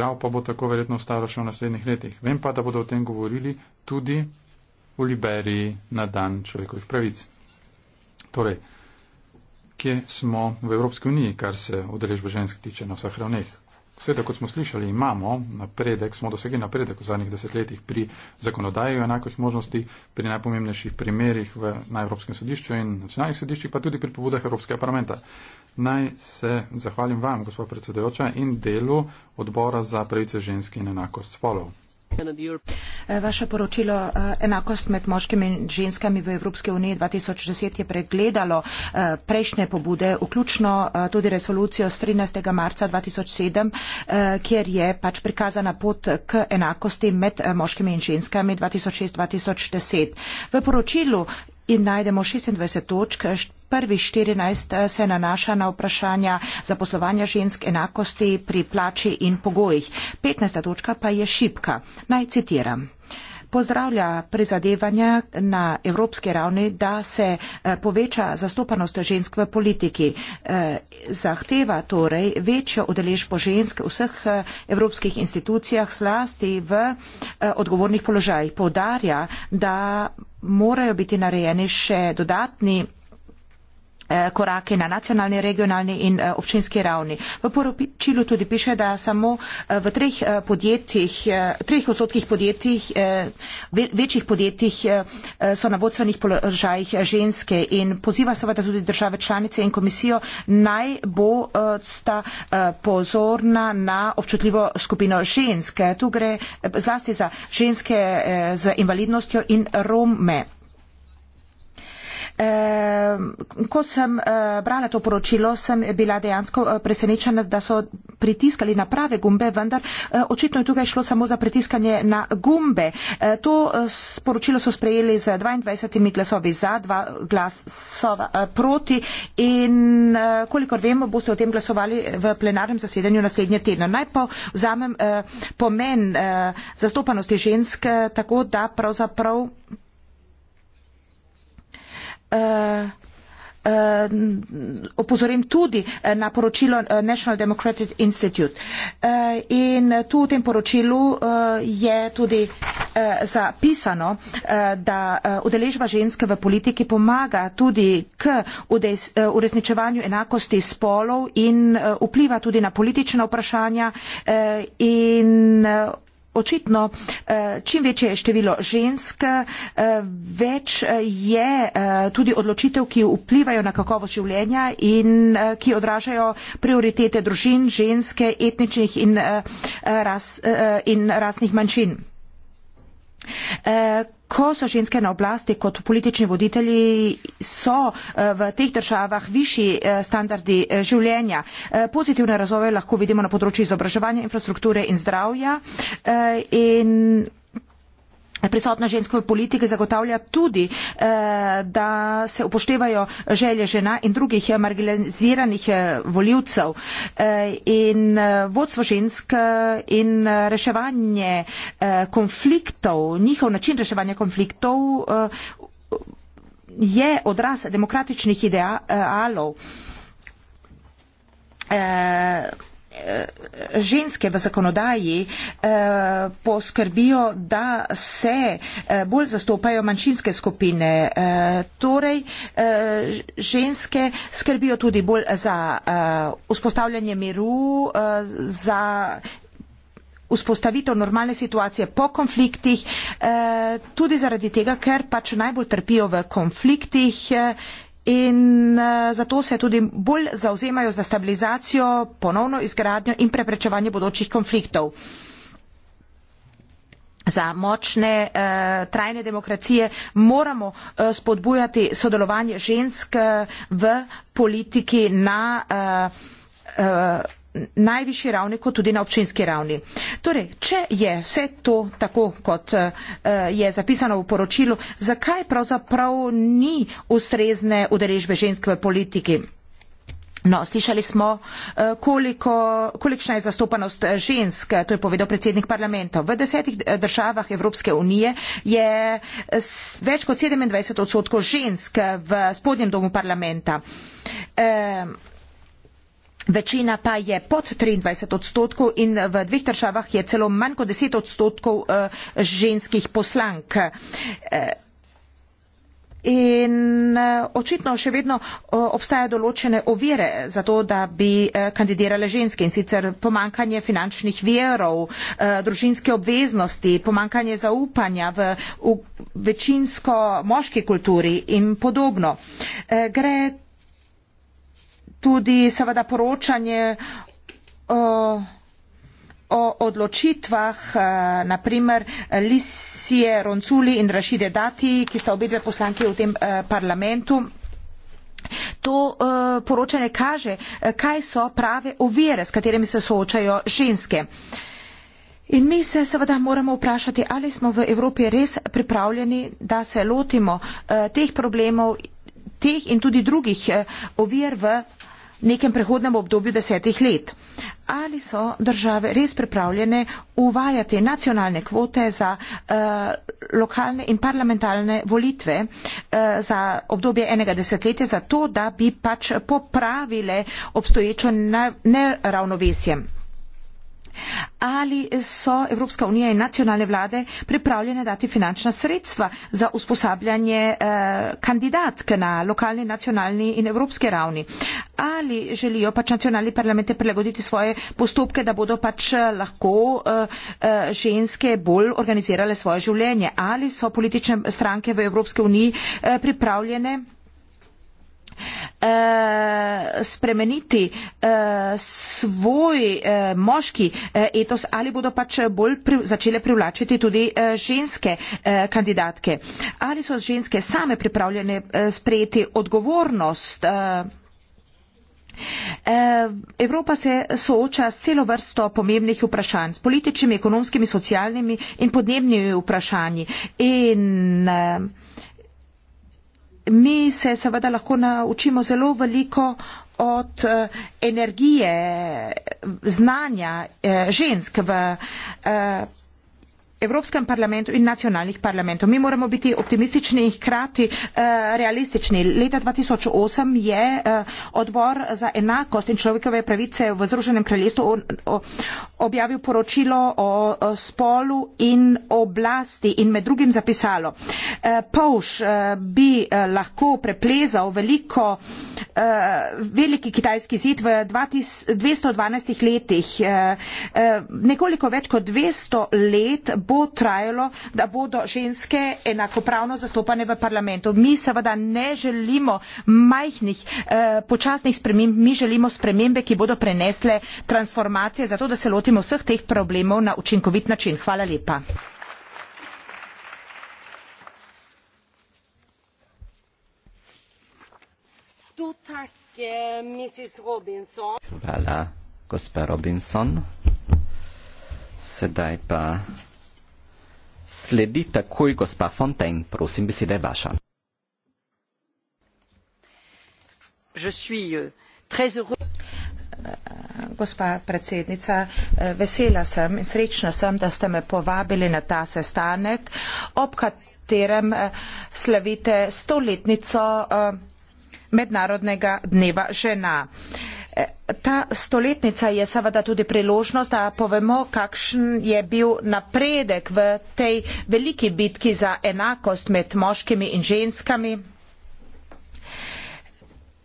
Žal pa bo tako verjetno ostalo še v naslednjih letih. Vem pa, da bodo o tem govorili tudi v Liberiji na dan človekovih pravic. Torej, kje smo v Evropski uniji, kar se udeležbe žensk tiče na vseh ravneh? Sveda, kot smo slišali, imamo napredek, smo dosegli napredek v zadnjih desetletjih pri zakonodaji o enakih možnosti, pri najpomembnejših primerjih v, na Evropskem sodišču in nacionalnih sodiščih, pa tudi pri pobudah Evropskega parlamenta. Naj se zahvalim vam, gospod predsedojoča, in delu odbora za pravice ženske in enakost spolov. Vaše poročilo eh, enakost med moškimi in ženskami v Evropski uniji 2010 je pregledalo eh, prejšnje pobude, vključno eh, tudi resolucijo z 13. marca 2007, kjer je pač prikazana pot k enakosti med moškimi in ženskami 2006-2010. V poročilu in najdemo 26 točk. Prvi 14 eh, se nanaša na vprašanja zaposlovanja žensk, enakosti pri plači in pogojih. 15. točka pa je šipka. Naj citiram pozdravlja prizadevanja na evropski ravni, da se eh, poveča zastopanost žensk v politiki. Eh, zahteva torej večjo odeležbo žensk v vseh eh, evropskih institucijah, slasti v odgovornih položajih. Podarja, da morajo biti narejeni še dodatni Eh, korake na nacionalni, regionalni in eh, občinski ravni. V poročilu tudi piše, da samo eh, v treh podjetjih, treh odstotkih podjetjih, večjih podjetjih so na vodstvenih položajih ženske in poziva seveda tudi države članice in komisijo naj bo sta pozorna na občutljivo skupino ženske. Tu gre zlasti za ženske z invalidnostjo in Rome. Eh, ko sem eh, brala to poročilo, sem bila dejansko eh, presenečena, da so pritiskali na prave gumbe, vendar očitno je tukaj šlo samo za pritiskanje na gumbe. To poročilo so sprejeli z 22 glasovi za, dva glasova proti in kolikor vem, boste o tem glasovali v plenarnem zasedanju naslednje tedno. Naj povzamem pomen zastopanosti žensk tako, da pravzaprav. Eh, eh, opozorim tudi eh, na poročilo National Democratic Institute. In tu v tem poročilu je tudi zapisano, da udeležba ženske v politiki pomaga tudi k uresničevanju enakosti spolov in vpliva tudi na politična vprašanja in očitno eh, čim večje je število žensk, eh, več eh, je tudi odločitev, ki vplivajo na kakovo življenja in ki odražajo prioritete družin, ženske, etničnih in, ras, in rasnih manjšin ko so ženske na oblasti kot politični voditelji, so eh, v teh državah višji eh, standardi eh, življenja. Pozitivne razove lahko vidimo na področju izobraževanja, infrastrukture in zdravja. In Prisotna ženska v politiki zagotavlja tudi, eh, da se upoštevajo želje žena in drugih eh, marginaliziranih eh, voljivcev. In vodstvo žensk in reševanje konfliktov, njihov način reševanja konfliktov je odraz demokratičnih idealov. Eh, ženske v zakonodaji eh, poskrbijo, da se eh, bolj zastopajo manjšinske skupine. Torej, ženske skrbijo tudi bolj za vzpostavljanje miru, za vzpostavitev normalne situacije po konfliktih, tudi zaradi tega, ker pač najbolj trpijo v konfliktih in eh, zato se tudi bolj zauzemajo za stabilizacijo, ponovno izgradnjo in preprečevanje bodočih konfliktov. Za močne eh, trajne demokracije moramo eh, spodbujati sodelovanje žensk eh, v politiki na eh, eh, najvišji ravni kot tudi na občinski ravni. Torej, če je vse to tako, kot eh, je zapisano v poročilu, zakaj pravzaprav ni ustrezne udeležbe žensk v politiki? No, slišali smo, eh, koliko, kolikšna je zastopanost žensk, to je povedal predsednik parlamenta. V desetih eh, državah Evropske unije je več kot 27 odstotkov žensk v spodnjem domu parlamenta. Ehm, Večina pa je pod 23 odstotkov in v dveh državah je celo manj kot 10 odstotkov eh, ženskih poslank. Eh, in eh, očitno še vedno obstajajo določene ovire za to, da bi kandidirale ženske in sicer pomankanje finančnih verov, družinske obveznosti, pomankanje zaupanja v večinsko moški kulturi in podobno. Gre tudi seveda poročanje o, o odločitvah, e, naprimer Lisije Ronculi in Rašide Dati, ki sta obidve poslanki v tem e, parlamentu. To e, poročanje kaže, kaj so prave ovire, s katerimi se soočajo ženske. In mi se seveda moramo vprašati, ali smo v Evropi res pripravljeni, da se lotimo teh problemov teh in tudi drugih eh, ovir v nekem prehodnem obdobju desetih let. Ali so države res pripravljene uvajati nacionalne kvote za uh, lokalne in parlamentarne volitve uh, za obdobje enega desetletja, zato da bi pač popravile obstoječo neravnovesje? Ne Ali so Evropska unija in nacionalne vlade pripravljene dati finančna sredstva za usposabljanje eh, kandidatk na lokalni, nacionalni in evropski ravni? Ali želijo pač nacionalni parlamente prilagoditi svoje postopke, da bodo pač eh, lahko eh, eh, ženske bolj organizirale svoje življenje? Ali so politične stranke v Evropske uniji eh, pripravljene? Eh, spremeniti eh, svoj eh, moški etos ali bodo pač bolj pri, začele privlačiti tudi ženske kandidatke. Ali so ženske same pripravljene sprejeti odgovornost? Evropa se sooča s celo vrsto pomembnih vprašanj, s političnimi, ekonomskimi, socialnimi in podnebnimi vprašanji. In mi se seveda lahko naučimo zelo veliko od eh, energije, eh, znanja eh, žensk v Evropskem parlamentu in nacionalnih parlamentov. Mi moramo biti optimistični in hkrati uh, realistični. Leta 2008 je uh, odbor za enakost in človekove pravice v Združenem kraljestvu objavil poročilo o, o spolu in oblasti in med drugim zapisalo. Uh, eh, Pouš uh, bi uh, lahko preplezal veliko, uh, veliki kitajski zid v 2012 letih. Uh, uh, nekoliko več kot 200 let bo trajalo, da bodo ženske enakopravno zastopane v parlamentu. Mi seveda ne želimo majhnih, eh, počasnih sprememb, mi želimo spremembe, ki bodo prenesle transformacije, zato da se lotimo vseh teh problemov na učinkovit način. Hvala lepa. Eh, Hvala, gospa Robinson. Sedaj pa Sledi takoj gospa Fontaine. Prosim, beseda je vaša. Euh, gospa predsednica, eh, vesela sem in srečna sem, da ste me povabili na ta sestanek, ob katerem eh, slavite stoletnico eh, mednarodnega dneva žena. Ta stoletnica je seveda tudi priložnost, da povemo, kakšen je bil napredek v tej veliki bitki za enakost med moškimi in ženskami.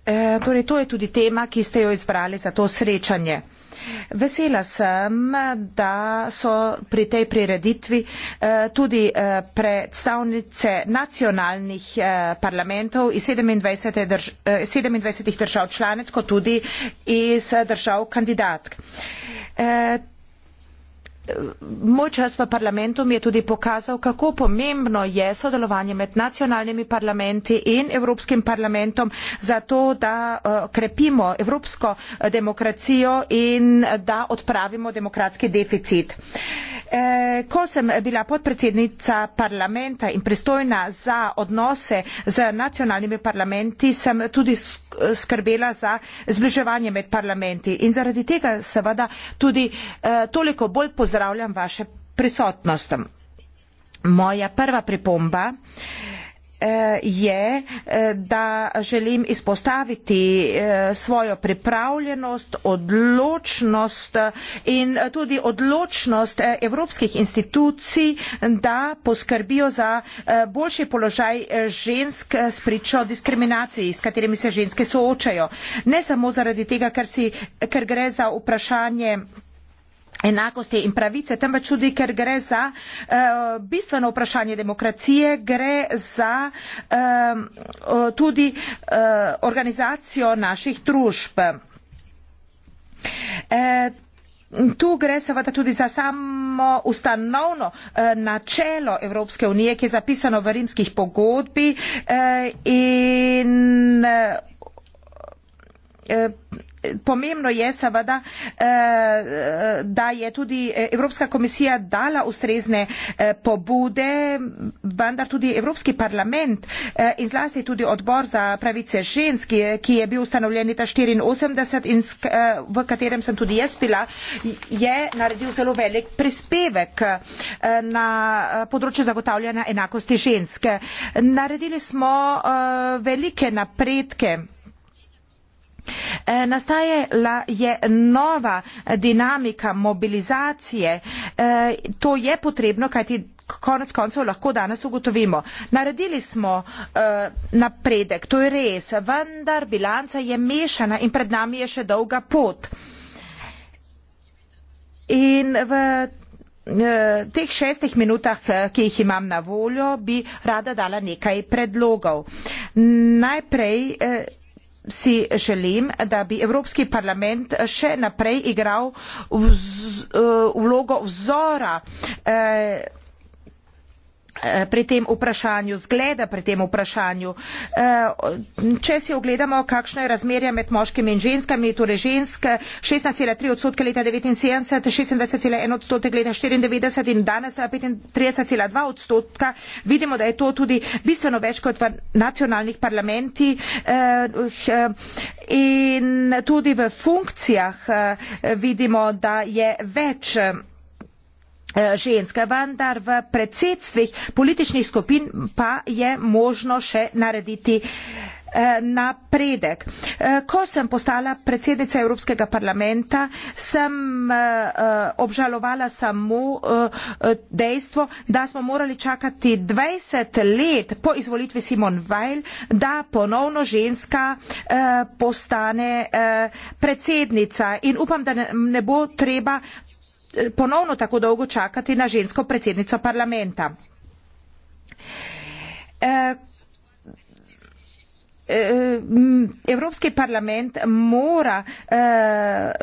E, torej, to je tudi tema, ki ste jo izbrali za to srečanje. Vesela sem, da so pri tej prireditvi eh, tudi eh, predstavnice nacionalnih eh, parlamentov iz 27, drž 27 držav članic, kot tudi iz držav kandidatk. Moj čas v parlamentu mi je tudi pokazal, kako pomembno je sodelovanje med nacionalnimi parlamenti in Evropskim parlamentom za to, da eh, krepimo evropsko demokracijo in da odpravimo demokratski deficit. Eh, ko sem bila podpredsednica parlamenta in pristojna za odnose z nacionalnimi parlamenti, sem tudi skrbela za zbliževanje med parlamenti in zaradi tega seveda tudi eh, toliko bolj pozdravljam vaše prisotnost. Moja prva pripomba eh, je, eh, da želim izpostaviti eh, svojo pripravljenost, odločnost eh, in tudi odločnost evropskih institucij, da poskrbijo za boljši položaj žensk s pričo diskriminaciji, s katerimi se ženske soočajo. Ne samo zaradi tega, ker, si, ker gre za vprašanje enakosti in pravice, temveč tudi, ker gre za uh, bistveno vprašanje demokracije, gre za uh, tudi uh, organizacijo naših družb. Uh, Tu gre seveda tudi za samo ustanovno eh, načelo Evropske unije, ki je zapisano v rimskih pogodbi eh, in eh, Pomembno je seveda, eh, da je tudi Evropska komisija dala ustrezne eh, pobude, vendar tudi Evropski parlament eh, in zlasti tudi odbor za pravice ženski, ki je bil ustanovljen leta 1984 in v katerem sem tudi jaz bila, je naredil zelo velik prispevek na področju zagotavljanja enakosti žensk. Naredili smo velike napredke E, nastajala je nova dinamika mobilizacije. E, to je potrebno, kajti konec koncev lahko danes ugotovimo. Naredili smo e, napredek, to je res, vendar bilanca je mešana in pred nami je še dolga pot. In v teh šestih minutah, ki jih imam na voljo, bi rada dala nekaj predlogov. Najprej si želim, da bi Evropski parlament še naprej igral vz, eh, vlogo vzora. Eh, Eh, pri tem vprašanju, zgleda pri tem vprašanju. Eh, če si ogledamo, kakšno je razmerje med moškimi in ženskami, torej ženske 16,3 odstotke leta 1979, 26,1 odstotek leta 1994 in danes je 35,2 odstotka, vidimo, da je to tudi bistveno več kot v nacionalnih parlamentih eh, in tudi v funkcijah vidimo, da je več Eh, ženske, vendar v predsedstvih političnih skupin pa je možno še narediti eh, napredek. Eh, ko sem postala predsednica Evropskega parlamenta, sem obžalovala samo dejstvo, da smo morali čakati 20 let po izvolitvi Simon Weil, da ponovno ženska postane predsednica in upam, da ne bo treba ponovno tako dolgo čakati na žensko predsednico parlamenta. Eh, Eh, mm, Evropski parlament mora eh,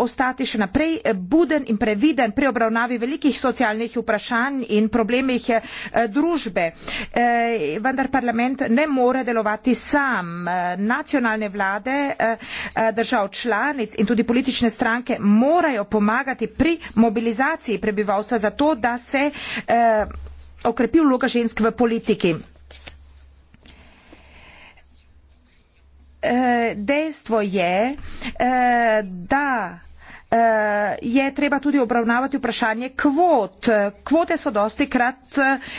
ostati še naprej buden in previden pri obravnavi velikih socialnih vprašanj in problemih eh, družbe. Vendar parlament ne more delovati sam. Nacionalne vlade držav članic in tudi politične stranke morajo pomagati pri mobilizaciji prebivalstva za to, da se okrepi vloga žensk v politiki. Eh, dejstvo je, eh, da eh, je treba tudi obravnavati vprašanje kvot. Kvote so dosti krat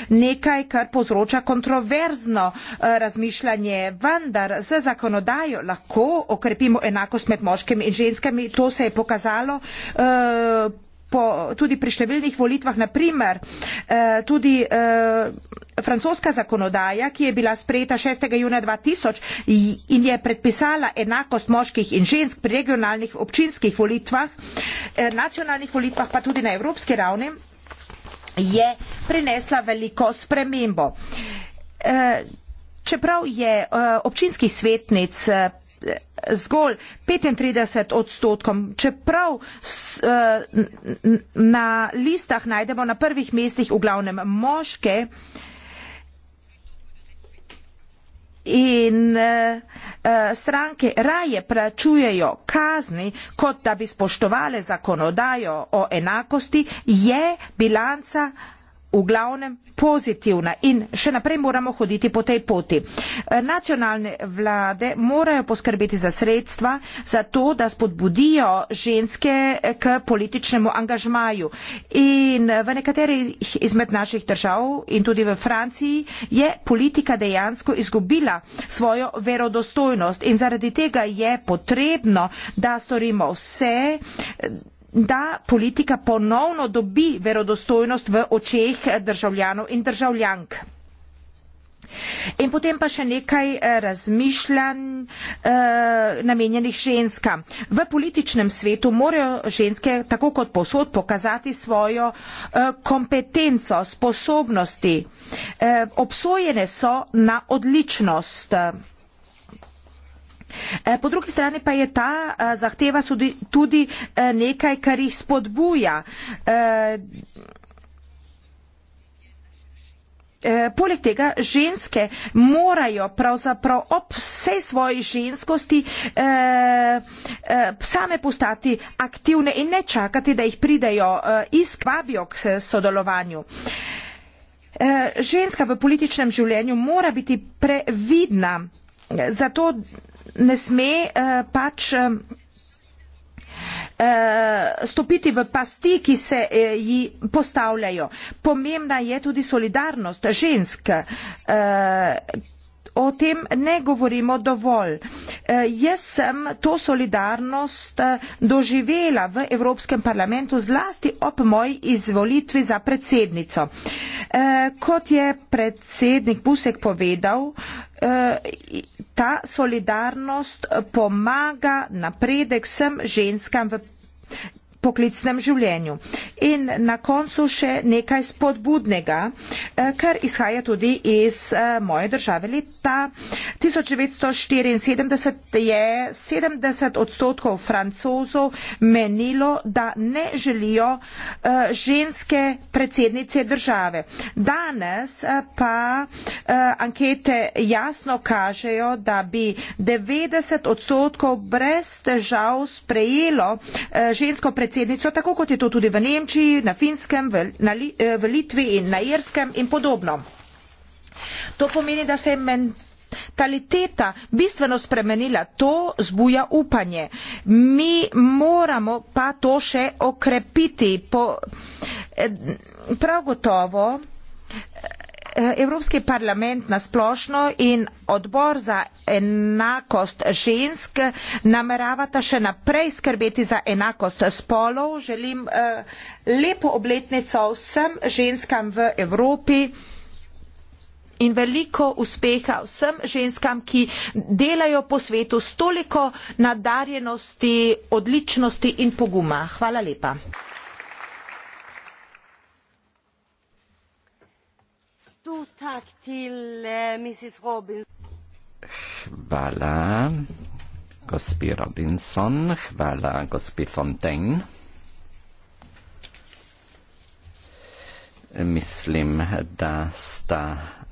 nekaj, kar povzroča kontroverzno razmišljanje, vendar z zakonodajo lahko okrepimo enakost med moškimi in ženskami. To se je pokazalo po, tudi pri številnih volitvah, naprimer eh, tudi eh, francoska zakonodaja, ki je bila sprejeta 6. junija 2000 in je predpisala enakost moških in žensk pri regionalnih občinskih volitvah, eh, nacionalnih volitvah, pa tudi na evropski ravni, je prinesla veliko spremembo. Čeprav je občinskih svetnic zgolj 35 odstotkom, čeprav s, eh, na listah najdemo na prvih mestih v glavnem moške in eh, eh, stranke raje plačujejo kazni, kot da bi spoštovali zakonodajo o enakosti, je bilanca v glavnem pozitivna in še naprej moramo hoditi po tej poti. Nacionalne vlade morajo poskrbeti za sredstva, za to, da spodbudijo ženske k političnemu angažmaju. In v nekaterih izmed naših držav in tudi v Franciji je politika dejansko izgubila svojo verodostojnost in zaradi tega je potrebno, da storimo vse, da politika ponovno dobi verodostojnost v očeh državljanov in državljank. In potem pa še nekaj eh, razmišljanj eh, namenjenih ženskam. V političnem svetu morajo ženske tako kot posod pokazati svojo eh, kompetenco, sposobnosti. Eh, obsojene so na odličnost. Eh, Eh, po drugi strani pa je ta eh, zahteva tudi eh, nekaj, kar jih spodbuja. Poleg tega ženske morajo pravzaprav ob vsej svoji ženskosti same postati aktivne in ne čakati, da jih pridejo iskvabijo k sodelovanju. Ženska v političnem življenju mora biti previdna, zato ne sme uh, pač eh, eh, stopiti v pasti, ki se ji postavljajo. Pomembna je tudi solidarnost žensk, o tem ne govorimo dovolj. E, jaz sem to solidarnost e, doživela v Evropskem parlamentu zlasti ob moji izvolitvi za predsednico. E, kot je predsednik Pusek povedal, ta solidarnost pomaga napredek vsem ženskam v poklicnem življenju. In na koncu še nekaj spodbudnega, eh, kar izhaja tudi iz eh, moje države. Leta 1974 je 70 odstotkov francozov menilo, da ne želijo eh, ženske predsednice države. Danes pa ankete jasno kažejo, da bi 90 odstotkov brez težav sprejelo žensko predsednico predsednico, tako kot je to tudi v Nemčiji, na Finskem, v, na, eh, v Litvi in na Irskem in podobno. To pomeni, da se je mentaliteta bistveno spremenila. To zbuja upanje. Mi moramo pa to še okrepiti. Po, eh, prav gotovo. Eh, Evropski parlament na splošno in odbor za enakost žensk nameravata še naprej skrbeti za enakost spolov. Želim eh, lepo obletnico vsem ženskam v Evropi in veliko uspeha vsem ženskam, ki delajo po svetu s toliko nadarjenosti, odličnosti in poguma. Hvala lepa. tu taktil, eh, Mrs. Robinson. Hvala, gospi Robinson. Hvala, gospi Fontaine. Mislim, da sta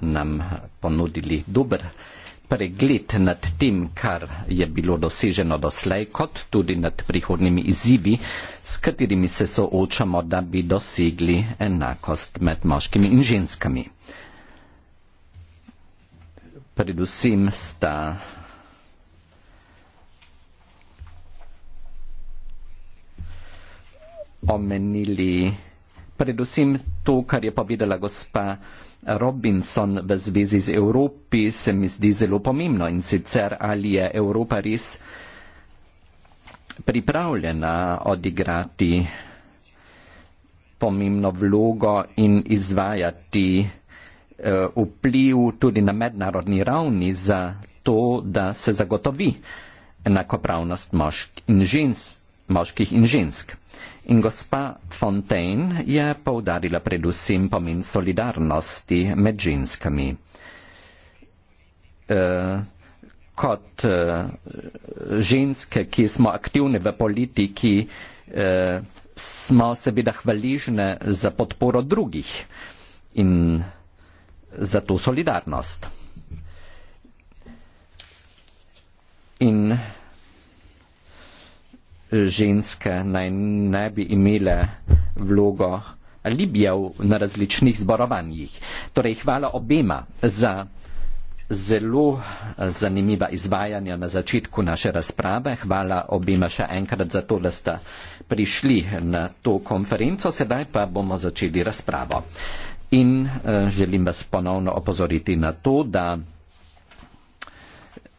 nam ponudili dober pregled nad tem, kar je bilo doseženo doslej, kot tudi nad prihodnimi izzivi, s katerimi se soočamo, da bi dosegli enakost med moškimi in ženskami predvsem sta omenili predvsem to, kar je povedala gospa Robinson v zvezi z Evropi, se mi zdi zelo pomembno in sicer ali je Evropa res pripravljena odigrati pomembno vlogo in izvajati Eh, vpliv tudi na mednarodni ravni za to, da se zagotovi enakopravnost mošk in žensk, moških in žensk. In gospa Fontaine je poudarila predvsem pomen solidarnosti med ženskami. E, kot e, ženske, ki smo aktivne v politiki, e, smo seveda hvaležne za podporo drugih. In za to solidarnost. In ženske naj ne bi imele vlogo Libijev na različnih zborovanjih. Torej, hvala obema za zelo zanimiva izvajanja na začetku naše razprave. Hvala obema še enkrat za to, da ste prišli na to konferenco. Sedaj pa bomo začeli razpravo. Uh, In eh, želim vas ponovno opozoriti na to, da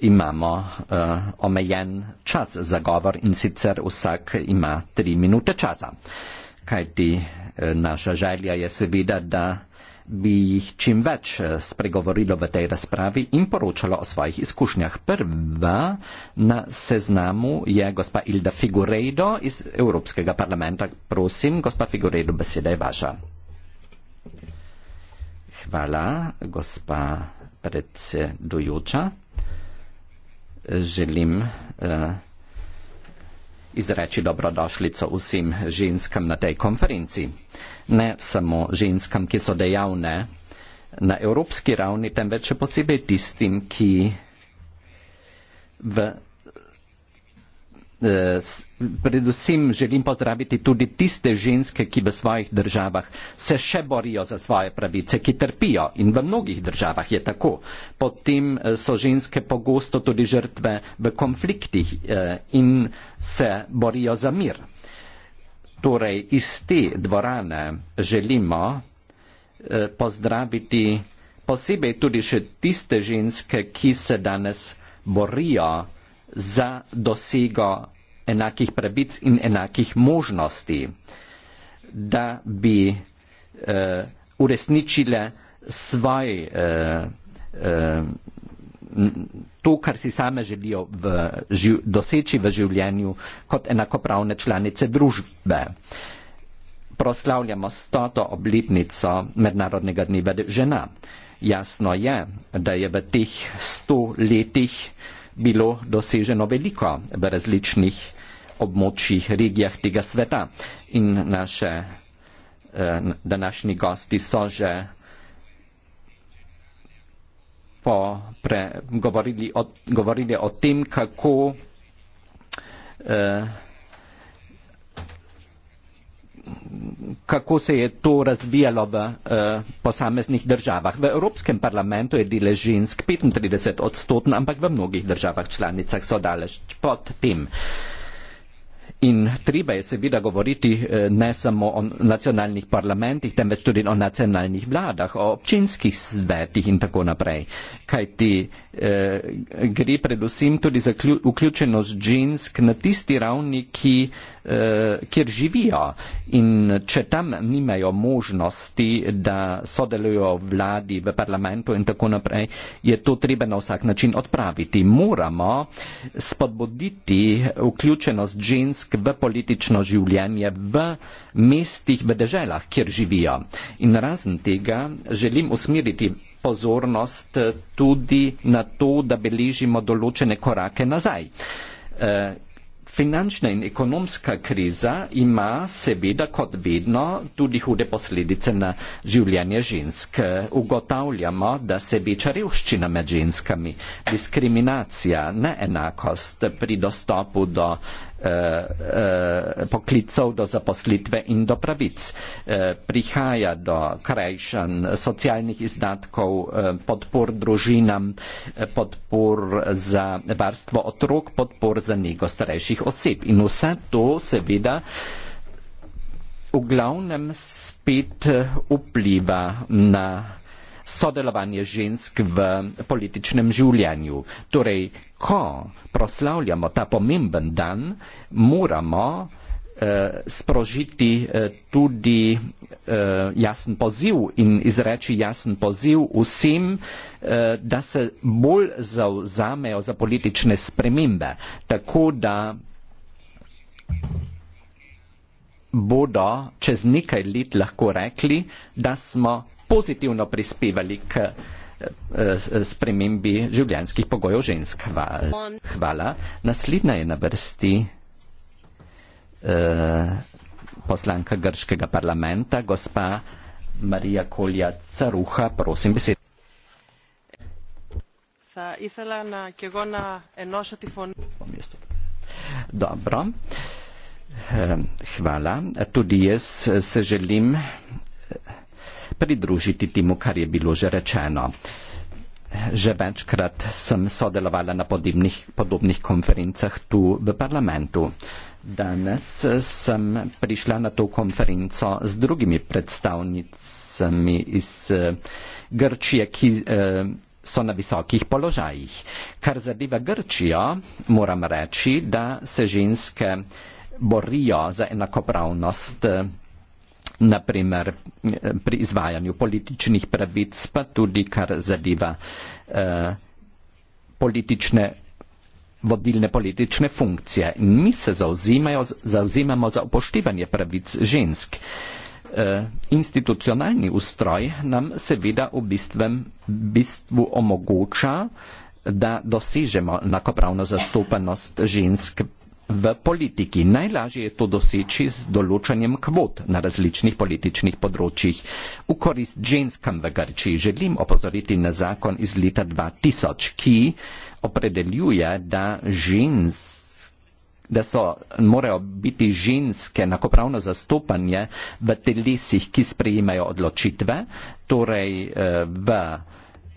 imamo uh, omejen čas za govor in sicer vsak ima tri minute časa. Kajti uh, naša želja je seveda, da bi jih čim več spregovorilo v tej razpravi in poročalo o svojih izkušnjah. Prva na seznamu je gospa Ilda Figurejdo iz Evropskega parlamenta. Prosim, gospa Figurejdo, beseda je vaša hvala, gospa predsedujoča. Želim eh, izreči dobrodošlico vsem ženskam na tej konferenci. Ne samo ženskam, ki so dejavne na evropski ravni, temveč še posebej tistim, ki v Eh, predvsem želim pozdraviti tudi tiste ženske, ki v svojih državah se še borijo za svoje pravice, ki trpijo in v mnogih državah je tako. Potem eh, so ženske pogosto tudi žrtve v konfliktih eh, in se borijo za mir. Torej, iz te dvorane želimo pozdraviti posebej tudi še tiste ženske, ki se danes borijo za dosego enakih pravic in enakih možnosti, da bi eh, uresničile svoj, eh, eh, to, kar si same želijo v, živ, doseči v življenju kot enakopravne članice družbe. Proslavljamo stoto obletnico Mednarodnega dneva žena. Jasno je, da je v teh sto letih eh, bilo doseženo veliko v različnih območjih, regijah tega sveta. In naše eh, današnji gosti so že pre, govorili, o, govorili o tem, kako eh, kako se je to razvijalo v uh, posameznih državah. V Evropskem parlamentu je delež žensk 35 odstotna, ampak v mnogih državah članicah so daleč pod tem. Uh, In treba je seveda govoriti eh, ne samo o nacionalnih parlamentih, temveč tudi o nacionalnih vladah, o občinskih svetih in tako naprej. Kaj ti eh, gre predvsem tudi za vključenost žensk na tisti ravni, ki, eh, kjer živijo. In če tam nimajo možnosti, da sodelujo vladi v parlamentu in tako naprej, je to treba na vsak način odpraviti. Moramo spodbuditi vključenost žensk obisk v politično življenje v mestih, v deželah, kjer živijo. In razen tega želim usmiriti pozornost tudi na to, da beležimo določene korake nazaj. E, finančna in ekonomska kriza ima seveda kot vedno tudi hude posledice na življenje žensk. Ugotavljamo, da se veča revščina med ženskami, diskriminacija, neenakost pri dostopu do Eh, eh, poklicov do zaposlitve in do pravic. Eh, prihaja do krajšanj socialnih izdatkov, podpor družinam, podpor za varstvo otrok, podpor za nego starejših oseb. In vse to seveda v glavnem spet vpliva na sodelovanje žensk v političnem življenju. Torej, ko proslavljamo ta pomemben dan, moramo eh, sprožiti eh, tudi eh, jasen poziv in izreči jasen poziv vsem, da se bolj zauzamejo za politične spremembe, tako da bodo čez nekaj let lahko rekli, da smo pozitivno prispevali k eh, eh, spremembi življenjskih pogojev žensk. Hvala. Naslednja je na vrsti eh, poslanka Grškega parlamenta, gospa Marija Kolja Caruha, prosim besed. Dobro, ehm, hvala. Tudi jaz se želim pridružiti temu, kar je bilo že rečeno. Že večkrat sem sodelovala na podobnih, podobnih konferencah tu v parlamentu. Danes sem prišla na to konferenco z drugimi predstavnicami iz eh, Grčije, ki eh, so na visokih položajih. Kar zadeva Grčijo, moram reči, da se ženske borijo za enakopravnost. Eh, naprimer pri izvajanju političnih pravic, pa tudi kar zadeva eh, politične, vodilne politične funkcije. In mi se zauzemamo za upoštevanje pravic žensk. Eh, institucionalni ustroj nam seveda v bistvem, bistvu omogoča, da dosežemo enakopravno zastopanost žensk v politiki. Najlažje je to doseči z določanjem kvot na različnih političnih področjih. V korist ženskam v Grčiji želim opozoriti na zakon iz leta 2000, ki opredeljuje, da žensk da so, morajo biti ženske enakopravno zastopanje v telesih, ki sprejemajo odločitve, torej eh, v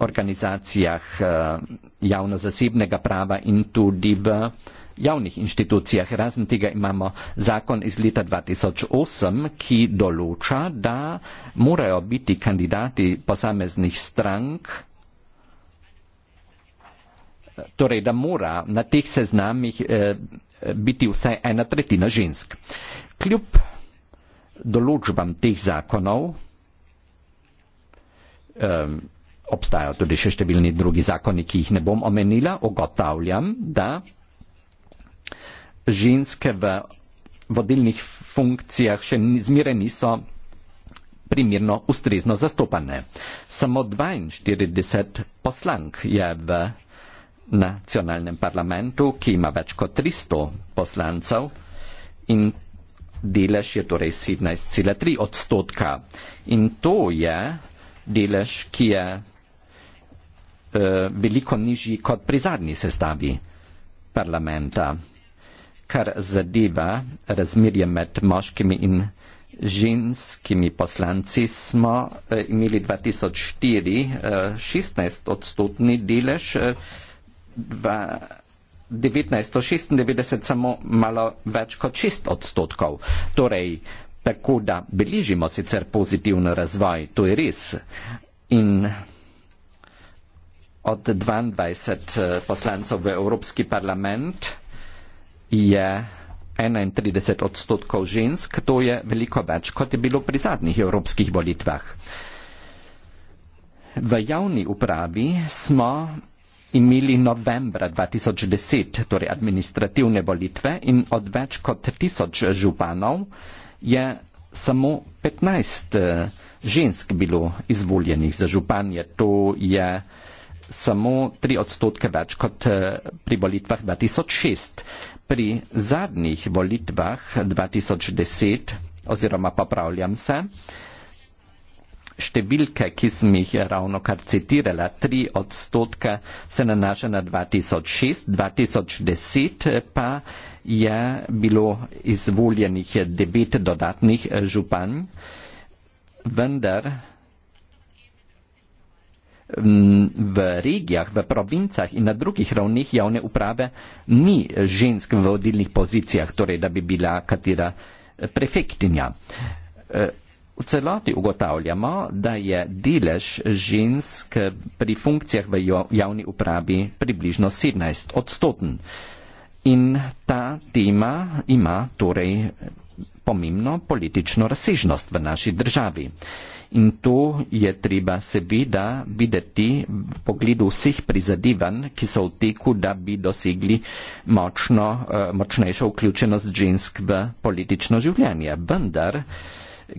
organizacijah eh, javno-zasebnega prava in tudi v javnih inštitucijah. Razen tega imamo zakon iz leta 2008, ki določa, da morajo biti kandidati posameznih strank, torej da mora na teh seznamih eh, biti vsaj ena tretjina žensk. Kljub določbam teh zakonov, eh, obstajajo tudi še številni drugi zakoni, ki jih ne bom omenila, ugotavljam, da ženske v vodilnih funkcijah še zmeraj niso primerno ustrezno zastopane. Samo 42 poslank je v nacionalnem parlamentu, ki ima več kot 300 poslancev in delež je torej 17,3 odstotka. In to je delež, ki je uh, veliko nižji kot pri zadnji sestavi parlamenta. Kar zadeva razmerje med moškimi in ženskimi poslanci, smo eh, imeli 2004 16 odstotni delež, 1996 eh, samo malo več kot 6 odstotkov. Torej, tako da beležimo sicer pozitivno razvoj, to je res. In od 22 eh, poslancov v Evropski parlament je 31 odstotkov žensk, to je veliko več, kot je bilo pri zadnjih evropskih volitvah. V javni upravi smo imeli novembra 2010, torej administrativne volitve in od več kot tisoč županov je samo 15 eh, žensk bilo izvoljenih za županje. To je uh, samo 3 odstotke več kot eh, pri volitvah 2006. Pri zadnjih volitvah 2010, oziroma popravljam se, številke, ki sem jih ravno kar citirala, 3 odstotke se nanaša na 2006, 2010 pa je bilo izvoljenih 9 dodatnih eh, županj, vendar v regijah, v provincah in na drugih ravnih javne uprave ni žensk v vodilnih pozicijah, torej da bi bila katera prefektinja. Eh, v celoti ugotavljamo, da je delež žensk pri funkcijah v javni upravi približno 17 odstoten. In ta tema ima torej pomembno politično razsežnost v naši državi. In to je treba seveda videti v pogledu vseh prizadevanj, ki so v teku, da bi dosegli močno, eh, močnejšo vključenost žensk v politično življenje. Vendar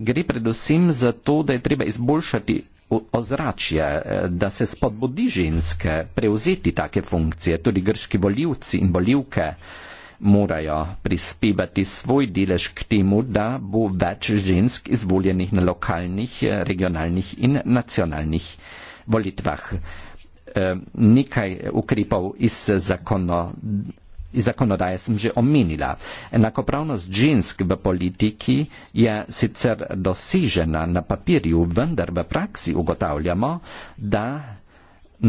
gre predvsem za to, da je treba izboljšati ozračje, eh, da se spodbudi ženske prevzeti take funkcije, tudi grški voljivci in voljivke morajo prispevati svoj delež k temu, da bo več žensk izvoljenih na lokalnih, eh, regionalnih in nacionalnih volitvah. Eh, nekaj ukrepov iz, zakono, iz zakonodaje sem že omenila. Enakopravnost žensk v politiki je sicer dosežena na papirju, vendar v praksi ugotavljamo, da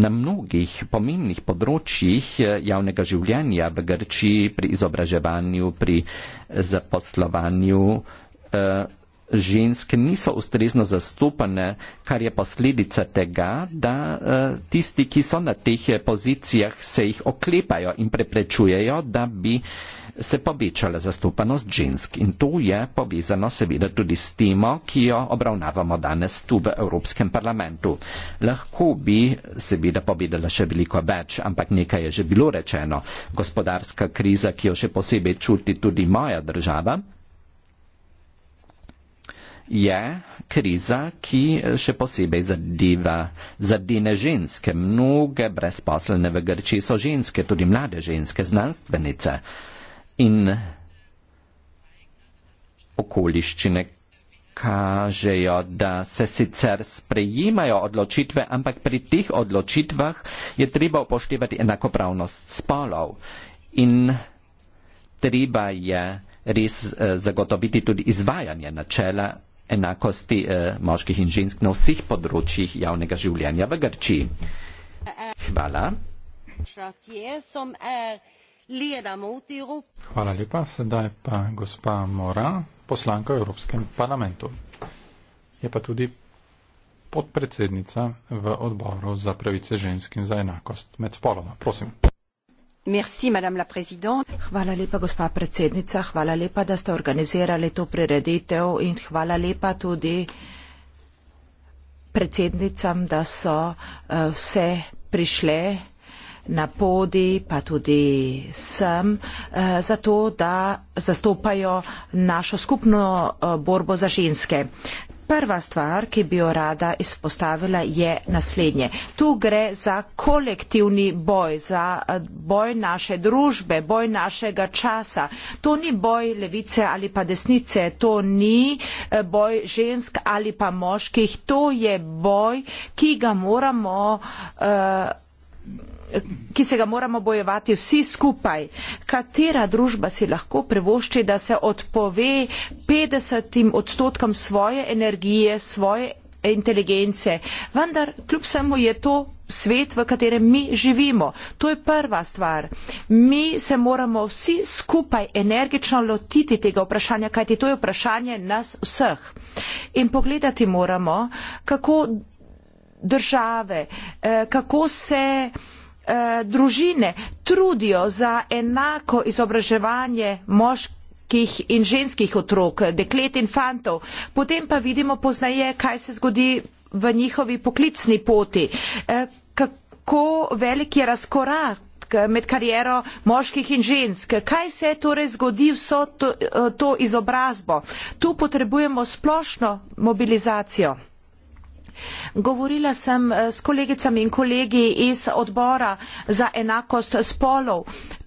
Na mnogih pomembnih področjih eh, javnega življenja v Grčiji, pri izobraževanju, pri eh, zaposlovanju, eh, ženske niso ustrezno zastopane, kar je posledica tega, da eh, tisti, ki so na teh eh, pozicijah, se jih oklepajo in preprečujejo, da bi se povečala zastopanost žensk. In to je povezano seveda tudi s temo, ki jo obravnavamo danes tu v Evropskem parlamentu. Lahko bi seveda povedala še veliko več, ampak nekaj je že bilo rečeno. Gospodarska kriza, ki jo še posebej čuti tudi moja država, je kriza, ki eh, še posebej zadeva, zadene ženske. Mnoge brezposelne v Grči so ženske, tudi mlade ženske, znanstvenice. In okoliščine kažejo, da se sicer sprejemajo odločitve, ampak pri teh odločitvah je treba upoštevati enakopravnost spolov. In treba je res eh, zagotoviti tudi izvajanje načela enakosti eh, moških in žensk na vseh področjih javnega življenja v Grčiji. Hvala. Hvala lepa. Sedaj pa gospa Mora, poslanka v Evropskem parlamentu. Je pa tudi podpredsednica v odboru za pravice žensk in za enakost med spoloma. Prosim. Hvala lepa, gospa predsednica. Hvala lepa, da ste organizirali to prireditev in hvala lepa tudi predsednicam, da so eh, vse prišle na podi, pa tudi sem, eh, zato da zastopajo našo skupno eh, borbo za ženske. Prva stvar, ki bi jo rada izpostavila, je naslednje. Tu gre za kolektivni boj, za eh, boj naše družbe, boj našega časa. To ni boj levice ali pa desnice, to ni eh, boj žensk ali pa moških, to je boj, ki ga moramo. Uh, ki se ga moramo bojevati vsi skupaj. Katera družba si lahko prevošči, da se odpove 50 odstotkom svoje energije, svoje inteligence. Vendar, kljub samo je to svet, v katerem mi živimo. To je prva stvar. Mi se moramo vsi skupaj energično lotiti tega vprašanja, kajti to je vprašanje nas vseh. In pogledati moramo, kako države, eh, kako se Eh, družine trudijo za enako izobraževanje moških in ženskih otrok, deklet in fantov, potem pa vidimo poznaje, kaj se zgodi v njihovi poklicni poti. Eh, kako velik je razkorak? med kariero moških in žensk. Kaj se torej zgodi vso to, eh, to izobrazbo? Tu potrebujemo splošno mobilizacijo. Govorila sem eh, s kolegicami in kolegi iz odbora za enakost spolov.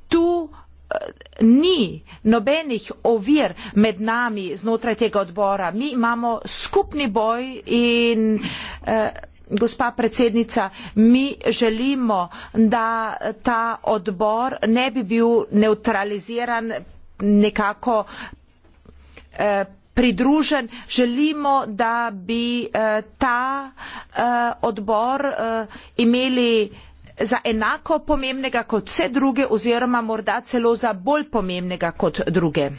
Tu eh, ni nobenih ovir med nami znotraj tega odbora. Mi imamo skupni boj in. Eh, gospa predsednica, mi želimo, da ta odbor ne bi bil neutraliziran nekako pridružen. Želimo, da bi eh, ta eh, odbor eh, imeli za enako pomembnega kot vse druge oziroma morda celo za bolj pomembnega kot druge.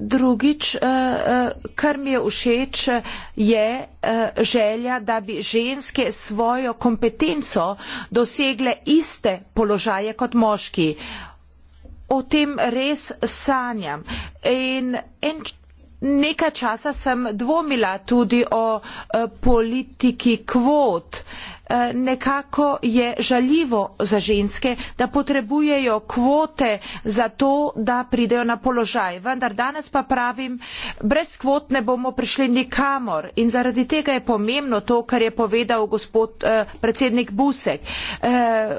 Drugič, kar mi je všeč, je želja, da bi ženske svojo kompetenco dosegle iste položaje kot moški o tem res sanjam. In en, nekaj časa sem dvomila tudi o e, politiki kvot. E, nekako je žaljivo za ženske, da potrebujejo kvote za to, da pridejo na položaj. Vendar danes pa pravim, brez kvot ne bomo prišli nikamor. In zaradi tega je pomembno to, kar je povedal gospod e, predsednik Busek. E,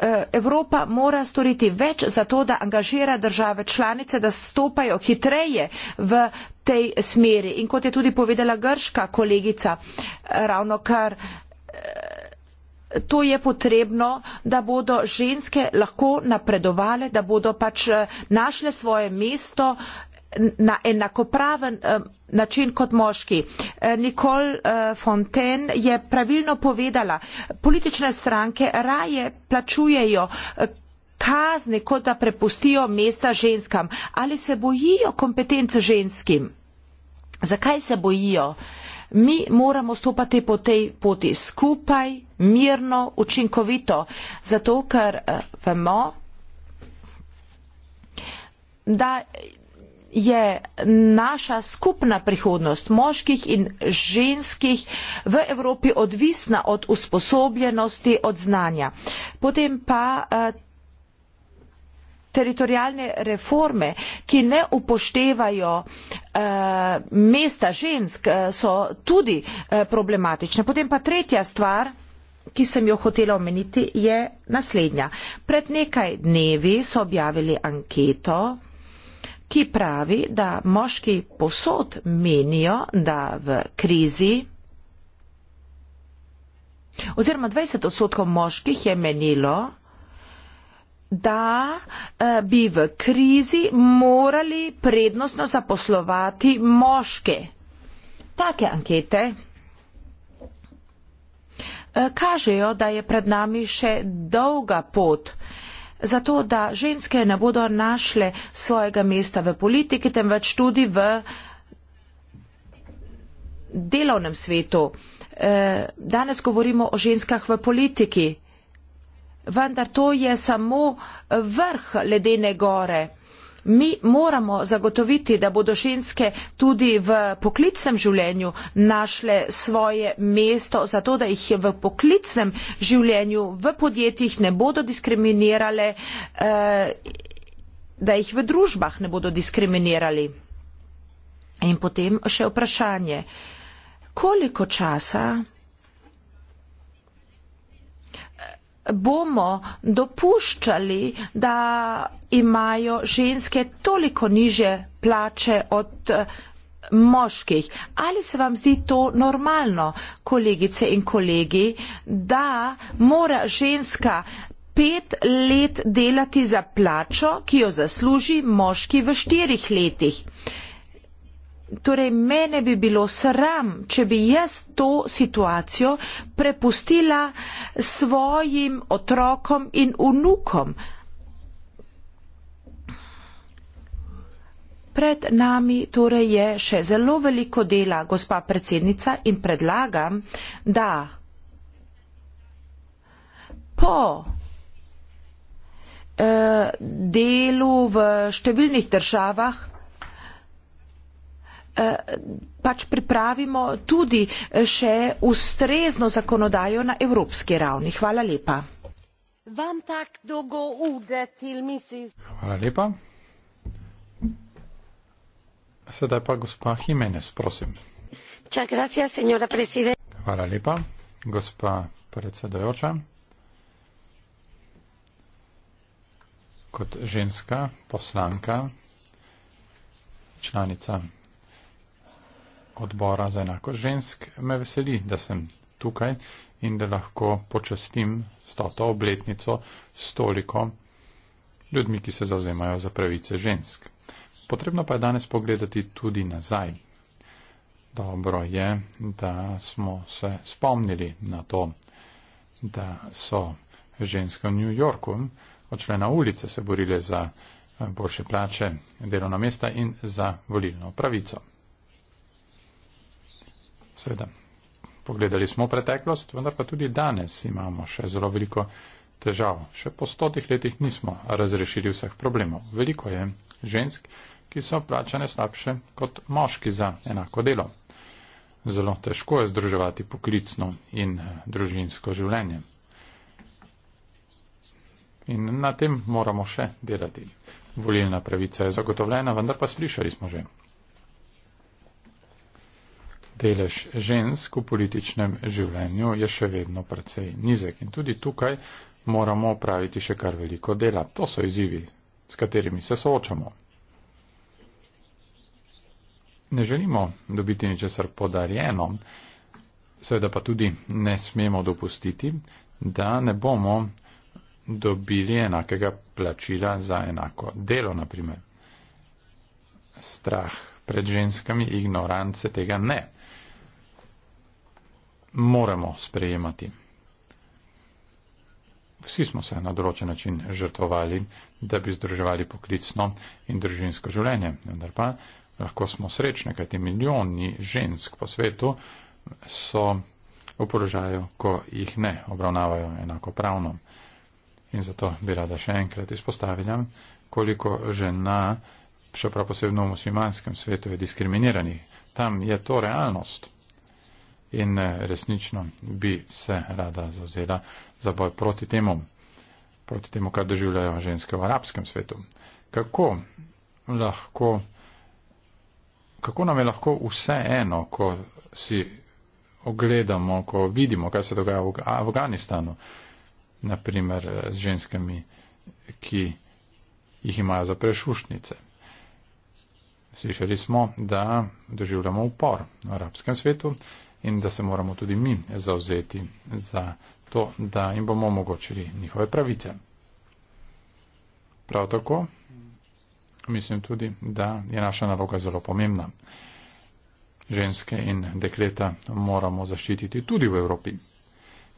Eh, Evropa mora storiti več za to, da angažira države članice, da stopajo hitreje v tej smeri. In kot je tudi povedala grška kolegica eh, ravno kar, eh, to je potrebno, da bodo ženske lahko napredovale, da bodo pač našle svoje mesto na enakopraven eh, način kot moški. Eh, Nicole eh, Fontaine je pravilno povedala, politične stranke raje plačujejo kazni, kot da prepustijo mesta ženskam. Ali se bojijo kompetenc ženskim? Zakaj se bojijo? Mi moramo stopati po tej poti skupaj, mirno, učinkovito, zato ker vemo, da je naša skupna prihodnost moških in ženskih v Evropi odvisna od usposobljenosti, od znanja. Potem pa eh, teritorijalne reforme, ki ne upoštevajo eh, mesta žensk, eh, so tudi problematične. Potem pa tretja stvar ki sem jo hotela omeniti, je naslednja. Pred nekaj dnevi so objavili anketo, ki pravi, da moški posod menijo, da v krizi oziroma 20 odstotkov moških je menilo, da eh, bi v krizi morali prednostno zaposlovati moške. Take ankete eh, kažejo, da je pred nami še dolga pot, zato da ženske ne bodo našle svojega mesta v politiki, temveč tudi v delovnem svetu. Eh, danes govorimo o ženskah v politiki, vendar to je samo vrh ledene gore mi moramo zagotoviti da bodo ženske tudi v poklicnem življenju našle svoje mesto zato da jih v poklicnem življenju v podjetjih ne bodo diskriminirale eh, da jih v družbah ne bodo diskriminirali in potem še vprašanje koliko časa bomo dopuščali, da imajo ženske toliko niže plače od eh, moških. Ali se vam zdi to normalno, kolegice in kolegi, da mora ženska pet let delati za plačo, ki jo zasluži moški v štirih letih? Torej, mene bi bilo sram, če bi jaz to situacijo prepustila svojim otrokom in unukom. Pred nami torej je še zelo veliko dela, gospa predsednica, in predlagam, da po eh, delu v številnih državah Eh, pač pripravimo tudi eh, še ustrezno zakonodajo na evropski ravni. Hvala lepa. Hvala lepa. Sedaj pa gospa Jimenez, prosim. Gracias, Hvala lepa, gospa predsedojoča. Kot ženska poslanka, članica odbora za enako žensk, me veseli, da sem tukaj in da lahko počastim stoto obletnico s toliko ljudmi, ki se zauzemajo za pravice žensk. Potrebno pa je danes pogledati tudi nazaj. Dobro je, da smo se spomnili na to, da so ženske v New Yorku odšle na ulice se borile za boljše plače, delovna mesta in za volilno pravico. Seveda, pogledali smo preteklost, vendar pa tudi danes imamo še zelo veliko težav. Še po stotih letih nismo razrešili vseh problemov. Veliko je žensk, ki so plačane slabše kot moški za enako delo. Zelo težko je združevati poklicno in eh, družinsko življenje. In na tem moramo še delati. Volilna pravica je zagotovljena, vendar pa slišali smo že, delež žensk v političnem življenju je še vedno precej nizek in tudi tukaj moramo opraviti še kar veliko dela. To so izzivi, s katerimi se soočamo. Ne želimo dobiti ničesar podarjeno, seveda pa tudi ne smemo dopustiti, da ne bomo dobili enakega plačila za enako delo, naprimer. Strah pred ženskami, ignorance tega ne moramo sprejemati. Vsi smo se na določen način žrtvovali, da bi združevali poklicno in družinsko življenje, vendar pa lahko smo srečni, kajti milijoni žensk po svetu so v položaju, ko jih ne obravnavajo enako pravno. In zato bi rada še enkrat izpostavila, koliko žena, še prav posebno v muslimanskem svetu, je diskriminiranih. Tam je to realnost in eh, resnično bi se rada zauzela za boj proti temu, proti temu, kar doživljajo ženske v arabskem svetu. Kako lahko, kako nam je lahko vse eno, ko si ogledamo, ko vidimo, kaj se dogaja v Afganistanu, naprimer eh, z ženskami, ki jih imajo za prešušnice. Slišali smo, da doživljamo upor v arabskem svetu, in da se moramo tudi mi zauzeti za to, da jim bomo omogočili njihove pravice. Prav tako mislim tudi, da je naša naloga zelo pomembna. Ženske in dekleta moramo zaščititi tudi v Evropi,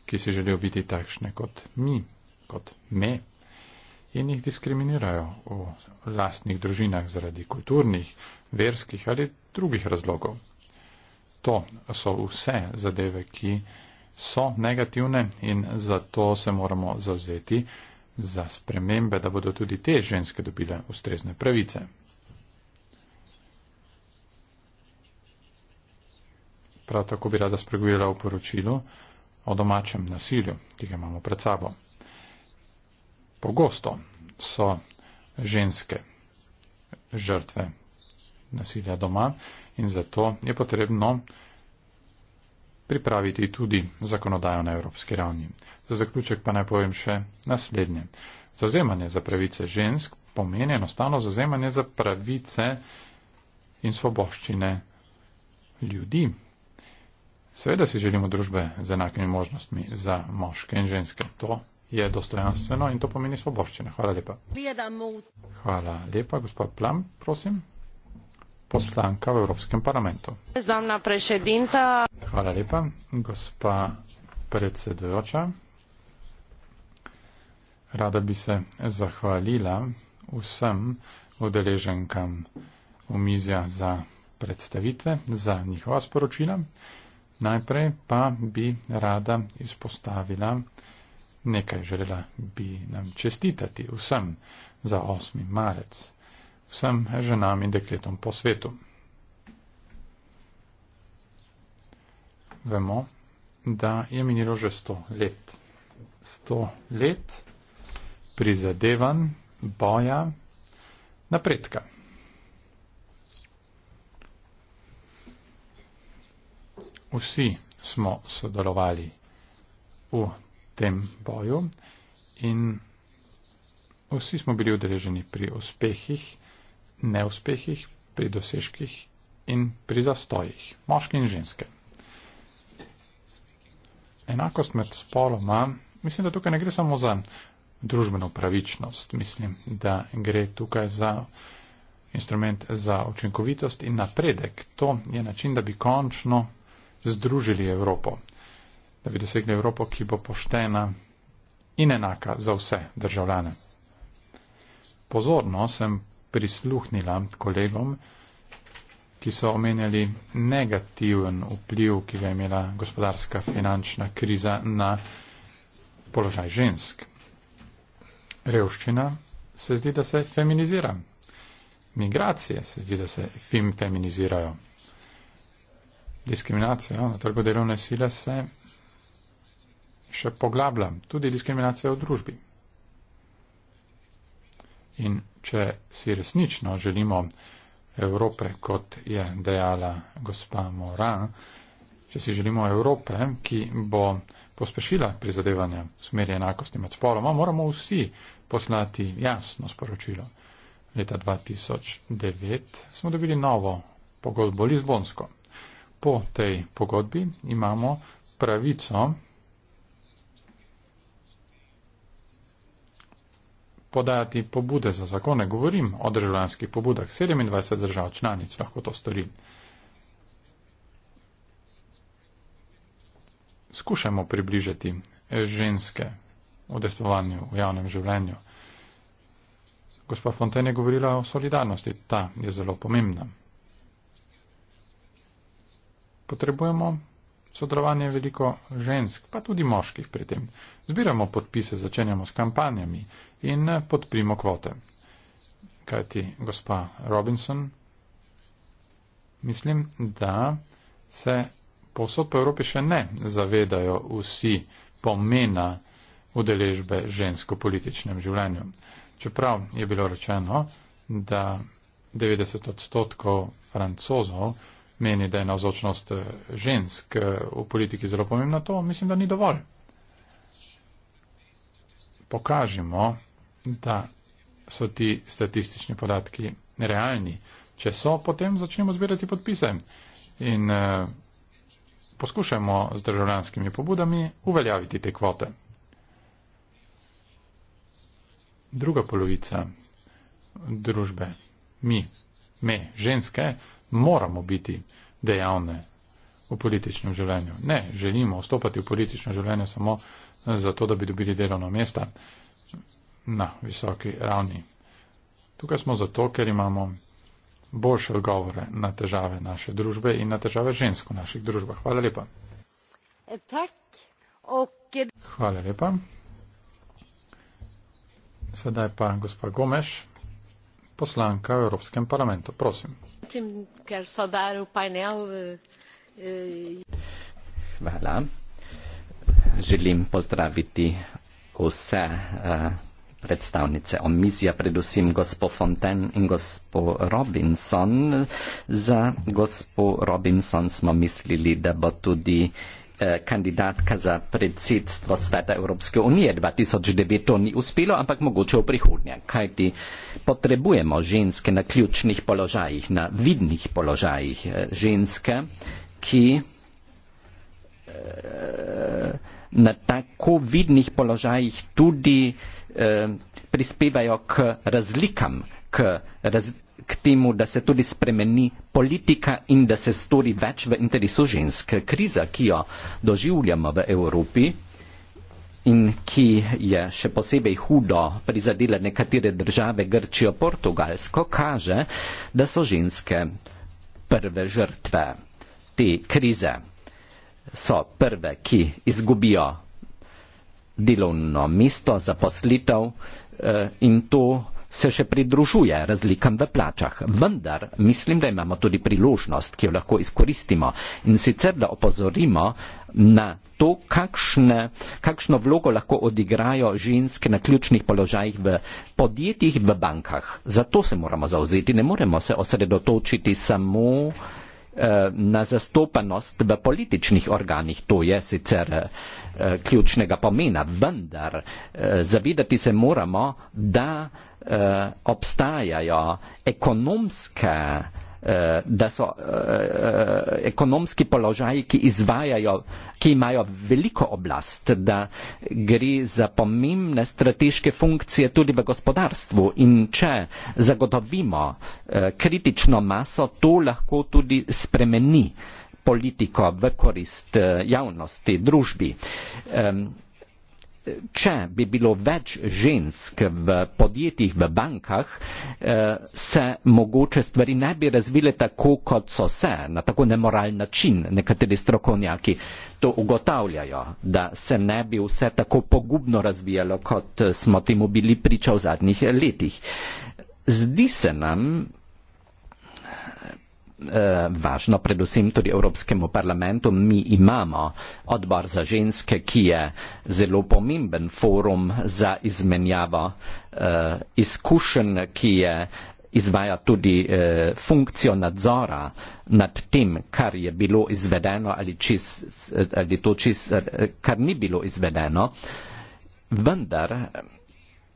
ki si želijo biti takšne kot mi, kot me in jih diskriminirajo v lastnih družinah zaradi kulturnih, verskih ali drugih razlogov to so vse zadeve, ki so negativne in zato se moramo zauzeti za spremembe, da bodo tudi te ženske dobile ustrezne pravice. Prav tako bi rada spregovorila o poročilu o domačem nasilju, ki ga imamo pred sabo. Pogosto so ženske žrtve nasilja doma in zato je potrebno pripraviti tudi zakonodajo na evropski ravni. Za zaključek pa naj povem še naslednje. Zazemanje za pravice žensk pomeni enostavno zazemanje za pravice in svoboščine ljudi. Seveda si želimo družbe z enakimi možnostmi za moške in ženske. To je dostojanstveno in to pomeni svoboščine. Hvala lepa. Hvala lepa, gospod Plam, prosim poslanka v Evropskem parlamentu. Hvala lepa, gospa predsedujoča. Rada bi se zahvalila vsem udeleženkam omizja za predstavitve, za njihova sporočila. Najprej pa bi rada izpostavila nekaj, želela bi nam čestitati vsem za 8. marec vsem ženam in dekletom po svetu. Vemo, da je minilo že sto let. Sto let prizadevanj, boja, napredka. Vsi smo sodelovali v tem boju in vsi smo bili udeleženi pri uspehih neuspehih, pri dosežkih in pri zastojih, moški in ženske. Enakost med spoloma, mislim, da tukaj ne gre samo za družbeno pravičnost, mislim, da gre tukaj za instrument za učinkovitost in napredek. To je način, da bi končno združili Evropo, da bi dosegli Evropo, ki bo poštena in enaka za vse državljane. Pozorno sem prisluhnila kolegom, ki so omenjali negativen vpliv, ki ga je imela gospodarska finančna kriza na položaj žensk. Revščina se zdi, da se feminizira. Migracije se zdi, da se film feminizirajo. Diskriminacija na trgu delovne sile se še poglablja, tudi diskriminacija v družbi. In če si resnično želimo Evrope, kot je dejala gospa Moran, če si želimo Evrope, ki bo pospešila prizadevanja v smeri enakosti med spoloma, moramo vsi poslati jasno sporočilo. Leta 2009 smo dobili novo pogodbo Lizbonsko. Po tej pogodbi imamo pravico podajati pobude za zakone. Govorim o državljanskih pobudah. 27 držav članic lahko to stori. Skušajmo približati ženske v destovanju, v javnem življenju. Gospa Fontaine je govorila o solidarnosti. Ta je zelo pomembna. Potrebujemo sodelovanje veliko žensk, pa tudi moških pri tem. Zbiramo podpise, začenjamo s kampanjami, in eh, podprimo kvote. Kaj ti, gospa Robinson? Mislim, da se posod po Evropi še ne zavedajo vsi pomena udeležbe žensko političnem življenju. Čeprav je bilo rečeno, da 90 odstotkov francozov meni, da je navzočnost eh, žensk eh, v politiki zelo pomembna, to mislim, da ni dovolj. Pokažimo da so ti statistični podatki realni. Če so, potem začnemo zbirati podpise in uh, poskušajmo z državljanskimi pobudami uveljaviti te kvote. Druga polovica družbe, mi, me, ženske, moramo biti dejavne v političnem življenju. Ne, želimo vstopati v politično življenje samo zato, da bi dobili delovno mesta. Uh, na visoki ravni. Tukaj smo zato, ker imamo boljše odgovore na težave naše družbe in na težave žensk v naših družbah. Hvala lepa. Eh, Hvala lepa. Sedaj pa gospa Gomeš, poslanka v Evropskem parlamentu. Prosim. Eh, eh. Hvala. Želim pozdraviti vse uh, predstavnice omizja, predvsem gospo Fonten in gospo Robinson. Za gospo Robinson smo mislili, da bo tudi eh, kandidatka za predsedstvo Sveta Evropske unije 2009 to ni uspelo, ampak mogoče v prihodnje, kajti potrebujemo ženske na ključnih položajih, na vidnih položajih eh, ženske, ki eh, na tako vidnih položajih tudi Eh, prispevajo k razlikam, k, raz, k temu, da se tudi spremeni politika in da se stori več v interesu ženske. Kriza, ki jo doživljamo v Evropi in ki je še posebej hudo prizadela nekatere države Grčijo, Portugalsko, kaže, da so ženske prve žrtve te krize. So prve, ki izgubijo delovno mesto, zaposlitev eh, in to se še pridružuje razlikam v plačah. Vendar mislim, da imamo tudi priložnost, ki jo lahko izkoristimo in sicer, da opozorimo na to, kakšne, kakšno vlogo lahko odigrajo ženske na ključnih položajih v podjetjih, v bankah. Zato se moramo zauzeti, ne moremo se osredotočiti samo Eh, na zastopanost v političnih organih, to je sicer eh, ključnega pomena, vendar eh, zavedati se moramo, da Eh, obstajajo ekonomske eh, da so uh, ekonomski položaji, ki izvajajo, ki imajo veliko oblast, da gre za pomembne strateške funkcije tudi v gospodarstvu in če zagotovimo uh, kritično maso, to lahko tudi spremeni politiko v korist uh, javnosti, družbi. Um, če bi bilo več žensk v podjetjih, v bankah, eh, se mogoče stvari ne bi razvile tako, kot so se, na tako nemoralen način. Nekateri strokovnjaki to ugotavljajo, da se ne bi vse tako pogubno razvijalo, kot smo temu bili priča v zadnjih letih. Zdi se nam, Eh, važno, predvsem tudi Evropskemu parlamentu. Mi imamo odbor za ženske, ki je zelo pomemben forum za izmenjavo eh, izkušenj, ki je izvaja tudi eh, funkcijo nadzora nad tem, kar je bilo izvedeno ali, čis, ali to, čis, eh, kar ni bilo izvedeno. Vendar,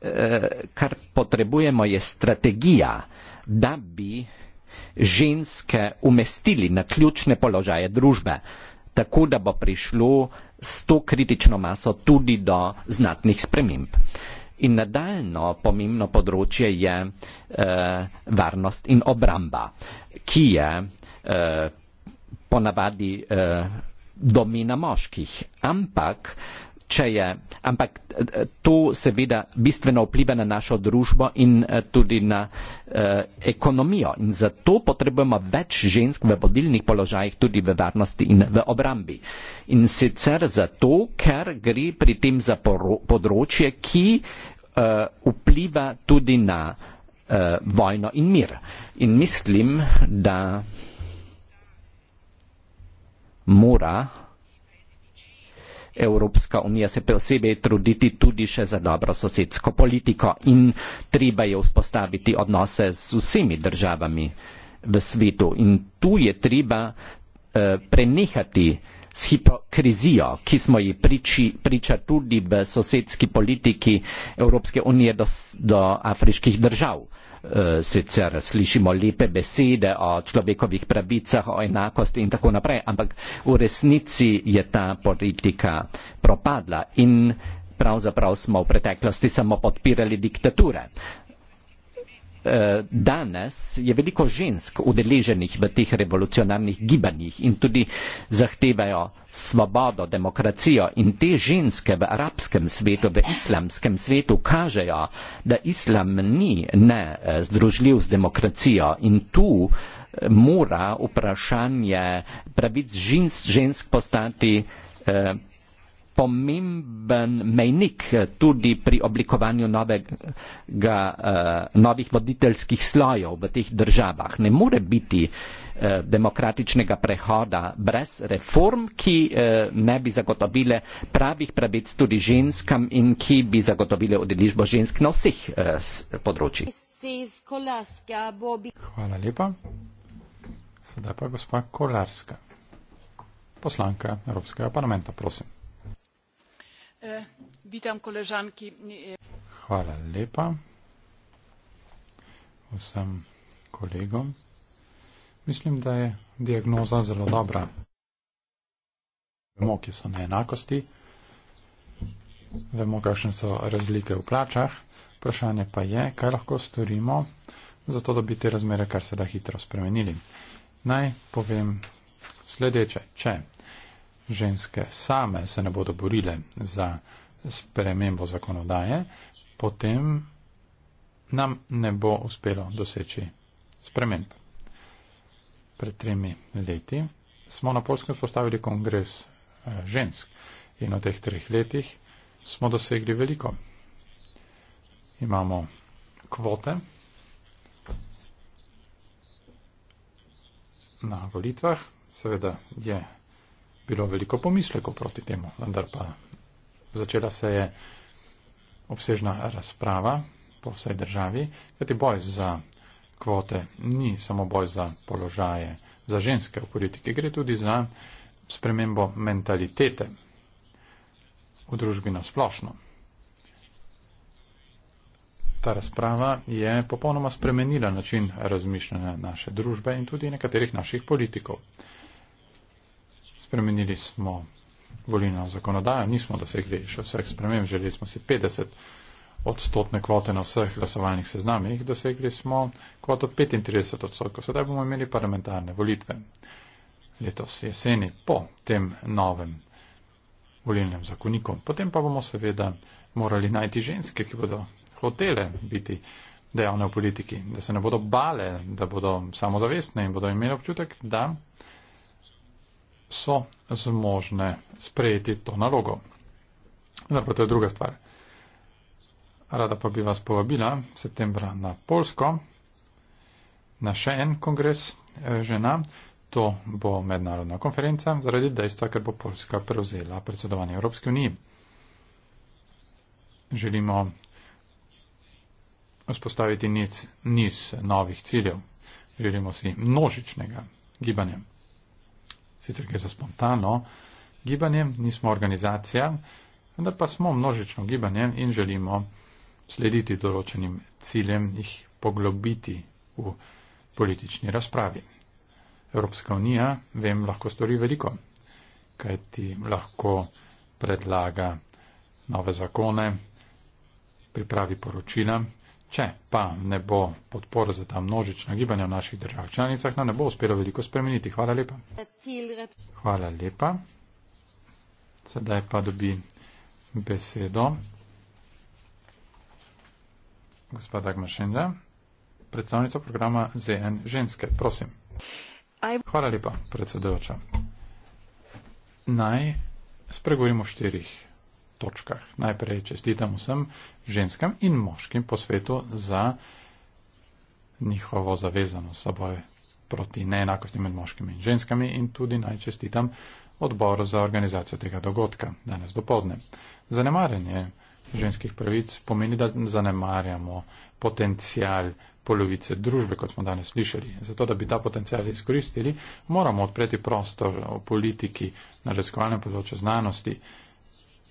eh, kar potrebujemo je strategija, da bi eh, ženske umestili na ključne položaje družbe, tako da bo prišlo s to kritično maso tudi do znatnih sprememb. In nadaljno pomembno področje je eh, varnost in obramba, ki je eh, ponavadi eh, domina moških, ampak eh, če je. Ampak eh, eh, to seveda bistveno vpliva na našo družbo in eh, tudi na eh, ekonomijo. In zato potrebujemo več žensk v vodilnih položajih tudi v varnosti in v obrambi. In sicer zato, ker gre pri tem za poro, področje, ki eh, vpliva tudi na eh, vojno in mir. In mislim, da mora Evropska unija se posebej truditi tudi še za dobro sosedsko politiko in treba je vzpostaviti odnose z vsemi državami v svetu. In tu je treba eh, prenehati s hipokrizijo, ki smo ji priči, priča tudi v sosedski politiki Evropske unije do, do afriških držav. Eh, uh, sicer slišimo lepe besede o človekovih pravicah, o enakosti in tako naprej, ampak v resnici je ta politika propadla in pravzaprav smo v preteklosti samo podpirali diktature. Uh, danes je veliko žensk udeleženih v teh revolucionarnih gibanjih in tudi zahtevajo svobodo, demokracijo in te ženske v arabskem svetu, v islamskem svetu kažejo, da islam ni ne združljiv z demokracijo in tu eh, mora vprašanje pravic žensk postati eh, pomemben mejnik eh, tudi pri oblikovanju novega, eh, novih voditeljskih slojev v teh državah. Ne more biti eh, demokratičnega prehoda brez reform, ki ne bi zagotovile pravih pravic tudi ženskam in ki bi zagotovile odeližbo žensk na vseh področjih. Hvala lepa. Sedaj pa gospa Kolarska, poslanka Evropskega parlamenta, prosim. E, vitam koležanki. E, Hvala lepa vsem kolegom. Mislim, da je diagnoza zelo dobra. Vemo, ki so neenakosti, vemo, kakšne so razlike v plačah. Vprašanje pa je, kaj lahko storimo, zato da bi te razmere kar se da hitro spremenili. Naj povem sledeče. Če ženske same se ne bodo borile za spremembo zakonodaje, potem nam ne bo uspelo doseči sprememb. Pred tremi leti smo na Polskem postavili kongres eh, žensk in v teh treh letih smo dosegli veliko. Imamo kvote na volitvah, seveda je bilo veliko pomisleko proti temu, vendar pa začela se je obsežna razprava po vsej državi, kajti boj za kvote ni samo boj za položaje za ženske v politiki, gre tudi za spremembo mentalitete v družbi na splošno. Ta razprava je popolnoma spremenila način razmišljanja naše družbe in tudi nekaterih naših politikov spremenili smo volilno zakonodajo, nismo dosegli še vseh sprememb, želeli smo si 50 odstotne kvote na vseh glasovalnih seznamih, dosegli smo kvoto 35 odstotkov, sedaj bomo imeli parlamentarne volitve. Letos jeseni po tem novem volilnem zakoniku. Potem pa bomo seveda morali najti ženske, ki bodo hotele biti dejavne v politiki, da se ne bodo bale, da bodo samozavestne in bodo imeli občutek, da so zmožne sprejeti to nalogo. Zdaj pa to je druga stvar. Rada pa bi vas povabila septembra na Polsko, na še en kongres eh, žena. To bo mednarodna konferenca zaradi dejstva, ker bo Polska prevzela predsedovanje Evropske unije. Želimo vzpostaviti niz, niz novih ciljev. Želimo si množičnega gibanja sicer gre za spontano gibanje, nismo organizacija, vendar pa smo množično gibanje in želimo slediti določenim ciljem, jih poglobiti v politični razpravi. Evropska unija, vem, lahko stori veliko, kaj ti lahko predlaga nove zakone, pripravi poročila Če pa ne bo podpora za ta množična gibanja v naših držav članicah, nam ne bo uspelo veliko spremeniti. Hvala lepa. Hvala lepa. Sedaj pa dobi besedo gospa Dagmar Šenda, predstavnica programa ZN ženske. Prosim. Hvala lepa, predsedujoča. Naj spregovorimo štirih točkah. Najprej čestitam vsem ženskam in moškim po svetu za njihovo zavezanost saboj proti neenakosti med moškimi in ženskami in tudi najčestitam odboru za organizacijo tega dogodka danes dopoledne. Zanemarjanje ženskih pravic pomeni, da zanemarjamo potencial polovice družbe, kot smo danes slišali. Zato, da bi ta potencial izkoristili, moramo odpreti prostor v politiki na raziskovalnem področju znanosti,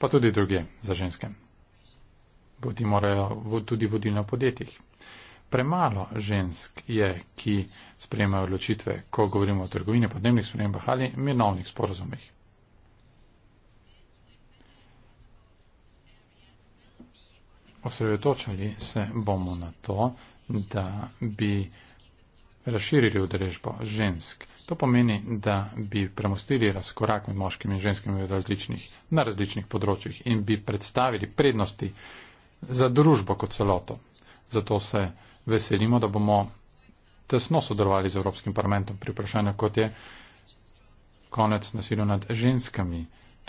pa tudi druge za ženske. Bodi morajo tudi vodilno podjetjih. Premalo žensk je, ki sprejemajo odločitve, ko govorimo o trgovini, podnebnih spremembah ali mirovnih sporozumih. Osredotočali se bomo na to, da bi razširili udeležbo žensk To pomeni, da bi premostili razkorak med moškimi in ženskimi različnih, na različnih področjih in bi predstavili prednosti za družbo kot celoto. Zato se veselimo, da bomo tesno sodelovali z Evropskim parlamentom pri vprašanju, kot je konec nasilja nad ženskami.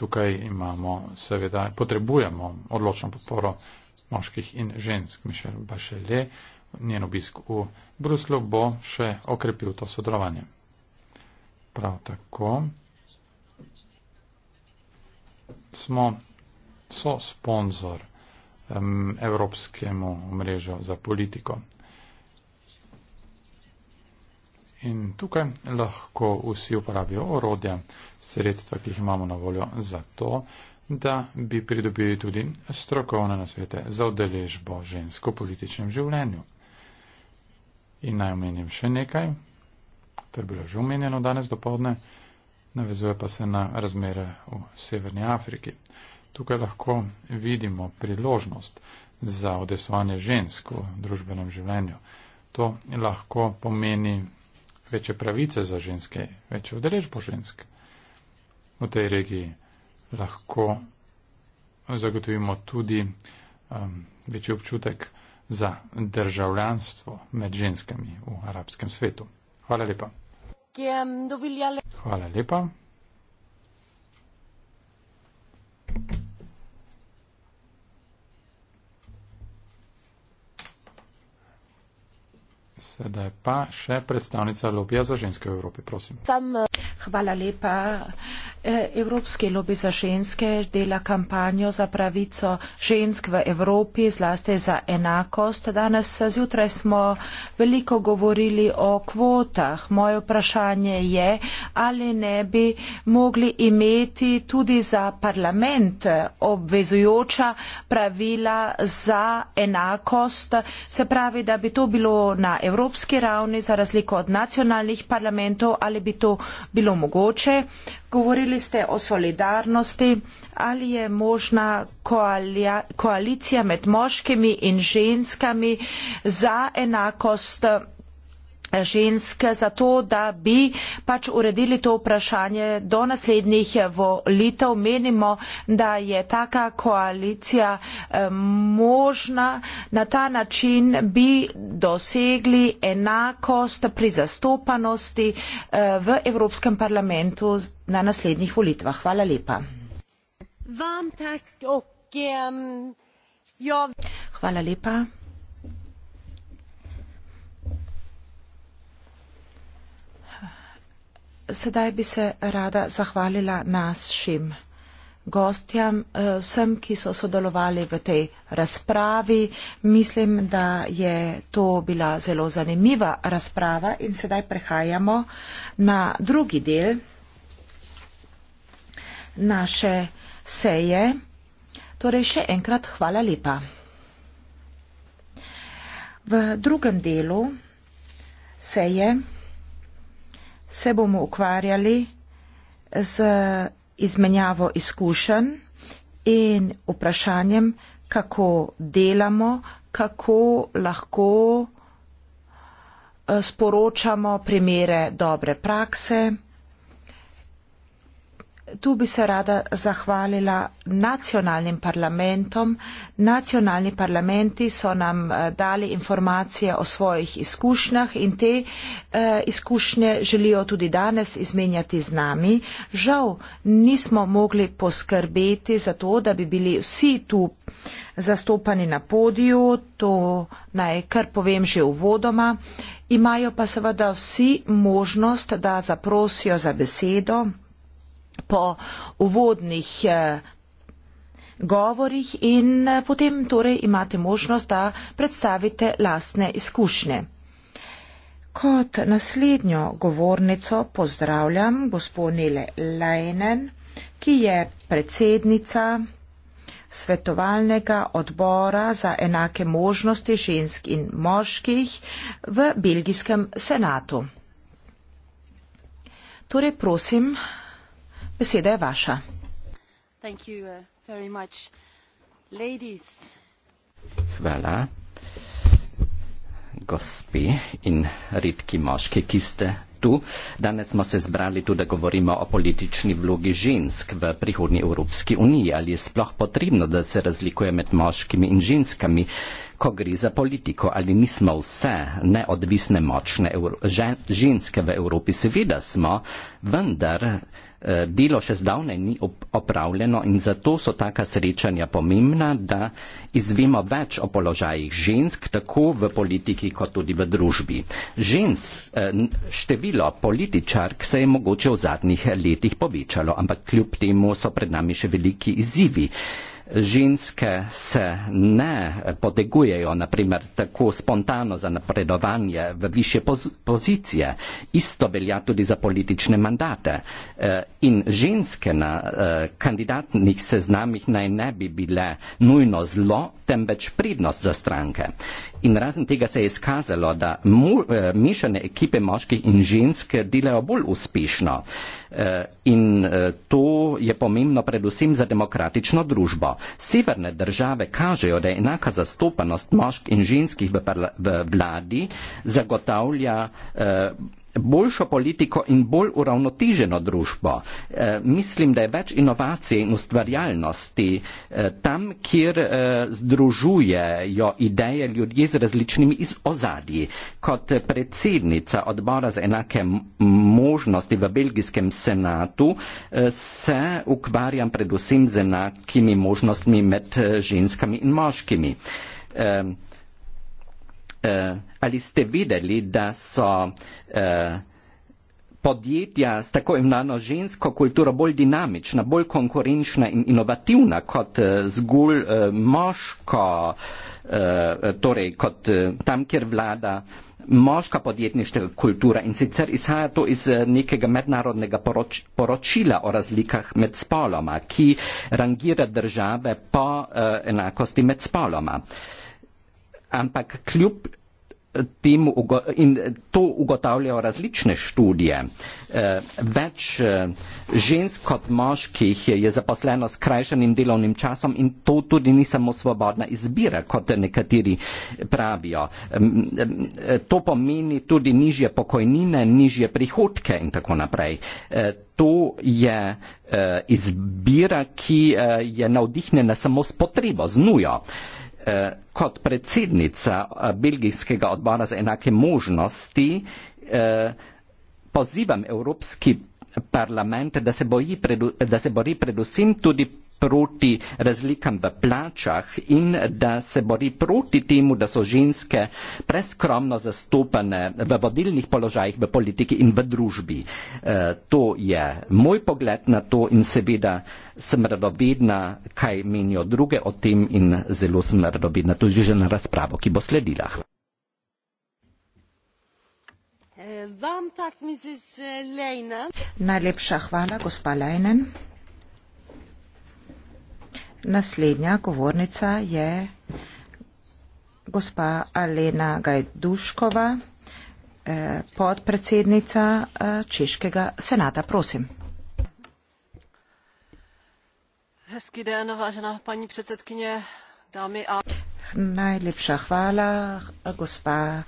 Tukaj imamo, seveda, potrebujemo odločno podporo moških in žensk. Mišel Bašele, njen obisk v Bruslu bo še okrepil to sodelovanje. Prav tako smo so sponzor um, Evropskemu mrežu za politiko. In tukaj lahko vsi uporabijo orodja, sredstva, ki jih imamo na voljo za to, da bi pridobili tudi strokovne nasvete za udeležbo žensko v političnem življenju. In naj omenim še nekaj. To je bilo že omenjeno danes dopoledne, navezuje pa se na razmere v Severni Afriki. Tukaj lahko vidimo priložnost za odesovanje žensk v družbenem življenju. To lahko pomeni večje pravice za ženske, večjo udeležbo žensk v tej regiji. Lahko zagotovimo tudi um, večji občutek za državljanstvo med ženskami v arabskem svetu. Hvala lepa. Hvala lepa. Sedaj pa še predstavnica lobija za ženske v Evropi, prosim. Tam, uh... Hvala lepa. E, evropski lobby za ženske dela kampanjo za pravico žensk v Evropi, zlasti za enakost. Danes zjutraj smo veliko govorili o kvotah. Moje vprašanje je, ali ne bi mogli imeti tudi za parlament obvezujoča pravila za enakost, se pravi, da bi to bilo na evropski ravni za razliko od nacionalnih parlamentov ali bi to bilo mogoče. Govorili ste o solidarnosti, ali je možna koalija, koalicija med moškimi in ženskami za enakost žensk za to, da bi pač uredili to vprašanje do naslednjih volitev. Menimo, da je taka koalicija eh, možna. Na ta način bi dosegli enakost pri zastopanosti eh, v Evropskem parlamentu na naslednjih volitvah. Hvala lepa. Vam tak, okay, um, jo... Hvala lepa. Sedaj bi se rada zahvalila našim gostjam, eh, vsem, ki so sodelovali v tej razpravi. Mislim, da je to bila zelo zanimiva razprava in sedaj prehajamo na drugi del naše seje. Torej še enkrat hvala lepa. V drugem delu seje se bomo ukvarjali z izmenjavo izkušenj in vprašanjem, kako delamo, kako lahko eh, sporočamo primere dobre prakse. Tu bi se rada zahvalila nacionalnim parlamentom. Nacionalni parlamenti so nam eh, dali informacije o svojih izkušnjah in te eh, izkušnje želijo tudi danes izmenjati z nami. Žal nismo mogli poskrbeti za to, da bi bili vsi tu zastopani na podiju, to naj kar povem že v vodoma. Imajo pa seveda vsi možnost, da zaprosijo za besedo po uvodnih eh, govorih in eh, potem torej imate možnost, da predstavite lastne izkušnje. Kot naslednjo govornico pozdravljam gospodine Leinen, ki je predsednica svetovalnega odbora za enake možnosti žensk in moških v Belgijskem senatu. Torej, prosim, Beseda je vaša. Uh, Hvala. Gospi in redki moški, ki ste tu. Danes smo se zbrali tu, da govorimo o politični vlogi žensk v prihodnji Evropski uniji. Ali je sploh potrebno, da se razlikuje med moškimi in ženskami, ko gre za politiko? Ali nismo vse neodvisne, močne žen ženske v Evropi? Seveda smo, vendar. Eh, delo še zdavne ni opravljeno in zato so taka srečanja pomembna, da izvemo več o položajih žensk, tako v politiki kot tudi v družbi. Žensk eh, število političark se je mogoče v zadnjih letih povečalo, ampak kljub temu so pred nami še veliki izzivi ženske se ne potegujejo, naprimer, tako spontano za napredovanje v više poz pozicije. Isto velja tudi za politične mandate. E, in ženske na e, kandidatnih seznamih naj ne bi bile nujno zlo, temveč pridnost za stranke. In razen tega se je izkazalo, da mu, eh, mešane ekipe moških in žensk delajo bolj uspešno. Eh, in eh, to je pomembno predvsem za demokratično družbo. Severne države kažejo, da enaka zastopanost moških in ženskih v, v vladi zagotavlja eh, boljšo politiko in bolj uravnoteženo družbo. E, mislim, da je več inovacij in ustvarjalnosti e, tam, kjer e, združujejo ideje ljudi z različnimi iz ozadji. Kot predsednica odbora za enake možnosti v Belgijskem senatu e, se ukvarjam predvsem z enakimi možnostmi med ženskami in moškimi. E, uh, ali ste videli, da so uh, podjetja s tako imenovano žensko kulturo bolj dinamična, bolj konkurenčna in inovativna kot uh, zgolj uh, moško, uh, torej kot uh, tam, kjer vlada moška podjetniška kultura in sicer izhaja to iz nekega mednarodnega poroč poročila o razlikah med spoloma, ki rangira države po uh, enakosti med spoloma. Uh, ampak kljub temu in to ugotavljajo različne študije. Eh, več eh, žensk kot moških je zaposleno s krajšanim delovnim časom in to tudi ni samo svobodna izbira, kot nekateri pravijo. Mm, mm, to pomeni tudi nižje pokojnine, nižje prihodke in tako naprej. Eh, to je izbira, ki je navdihnjena samo s potrebo, z nujo eh, kot predsednica eh, belgijskega odbora za enake možnosti eh, pozivam Evropski parlament, da se, predu, da se bori predvsem tudi proti razlikam v plačah in da se bori proti temu, da so ženske preskromno zastopane v vodilnih položajih v politiki in v družbi. E, to je moj pogled na to in seveda sem radovedna, kaj menijo druge o tem in zelo sem radovedna tudi že na razpravo, ki bo sledila. Eh, vam tak, Mrs. Eh, Lejna. Najlepša hvala, gospa Lejnen. Naslednja govornica je gospa Alena Gajduškova, eh, podpredsednica eh, Češkega senata. Prosim. Hezký den, vážená paní předsedkyně, dámy a... Najlepša hvala, gospa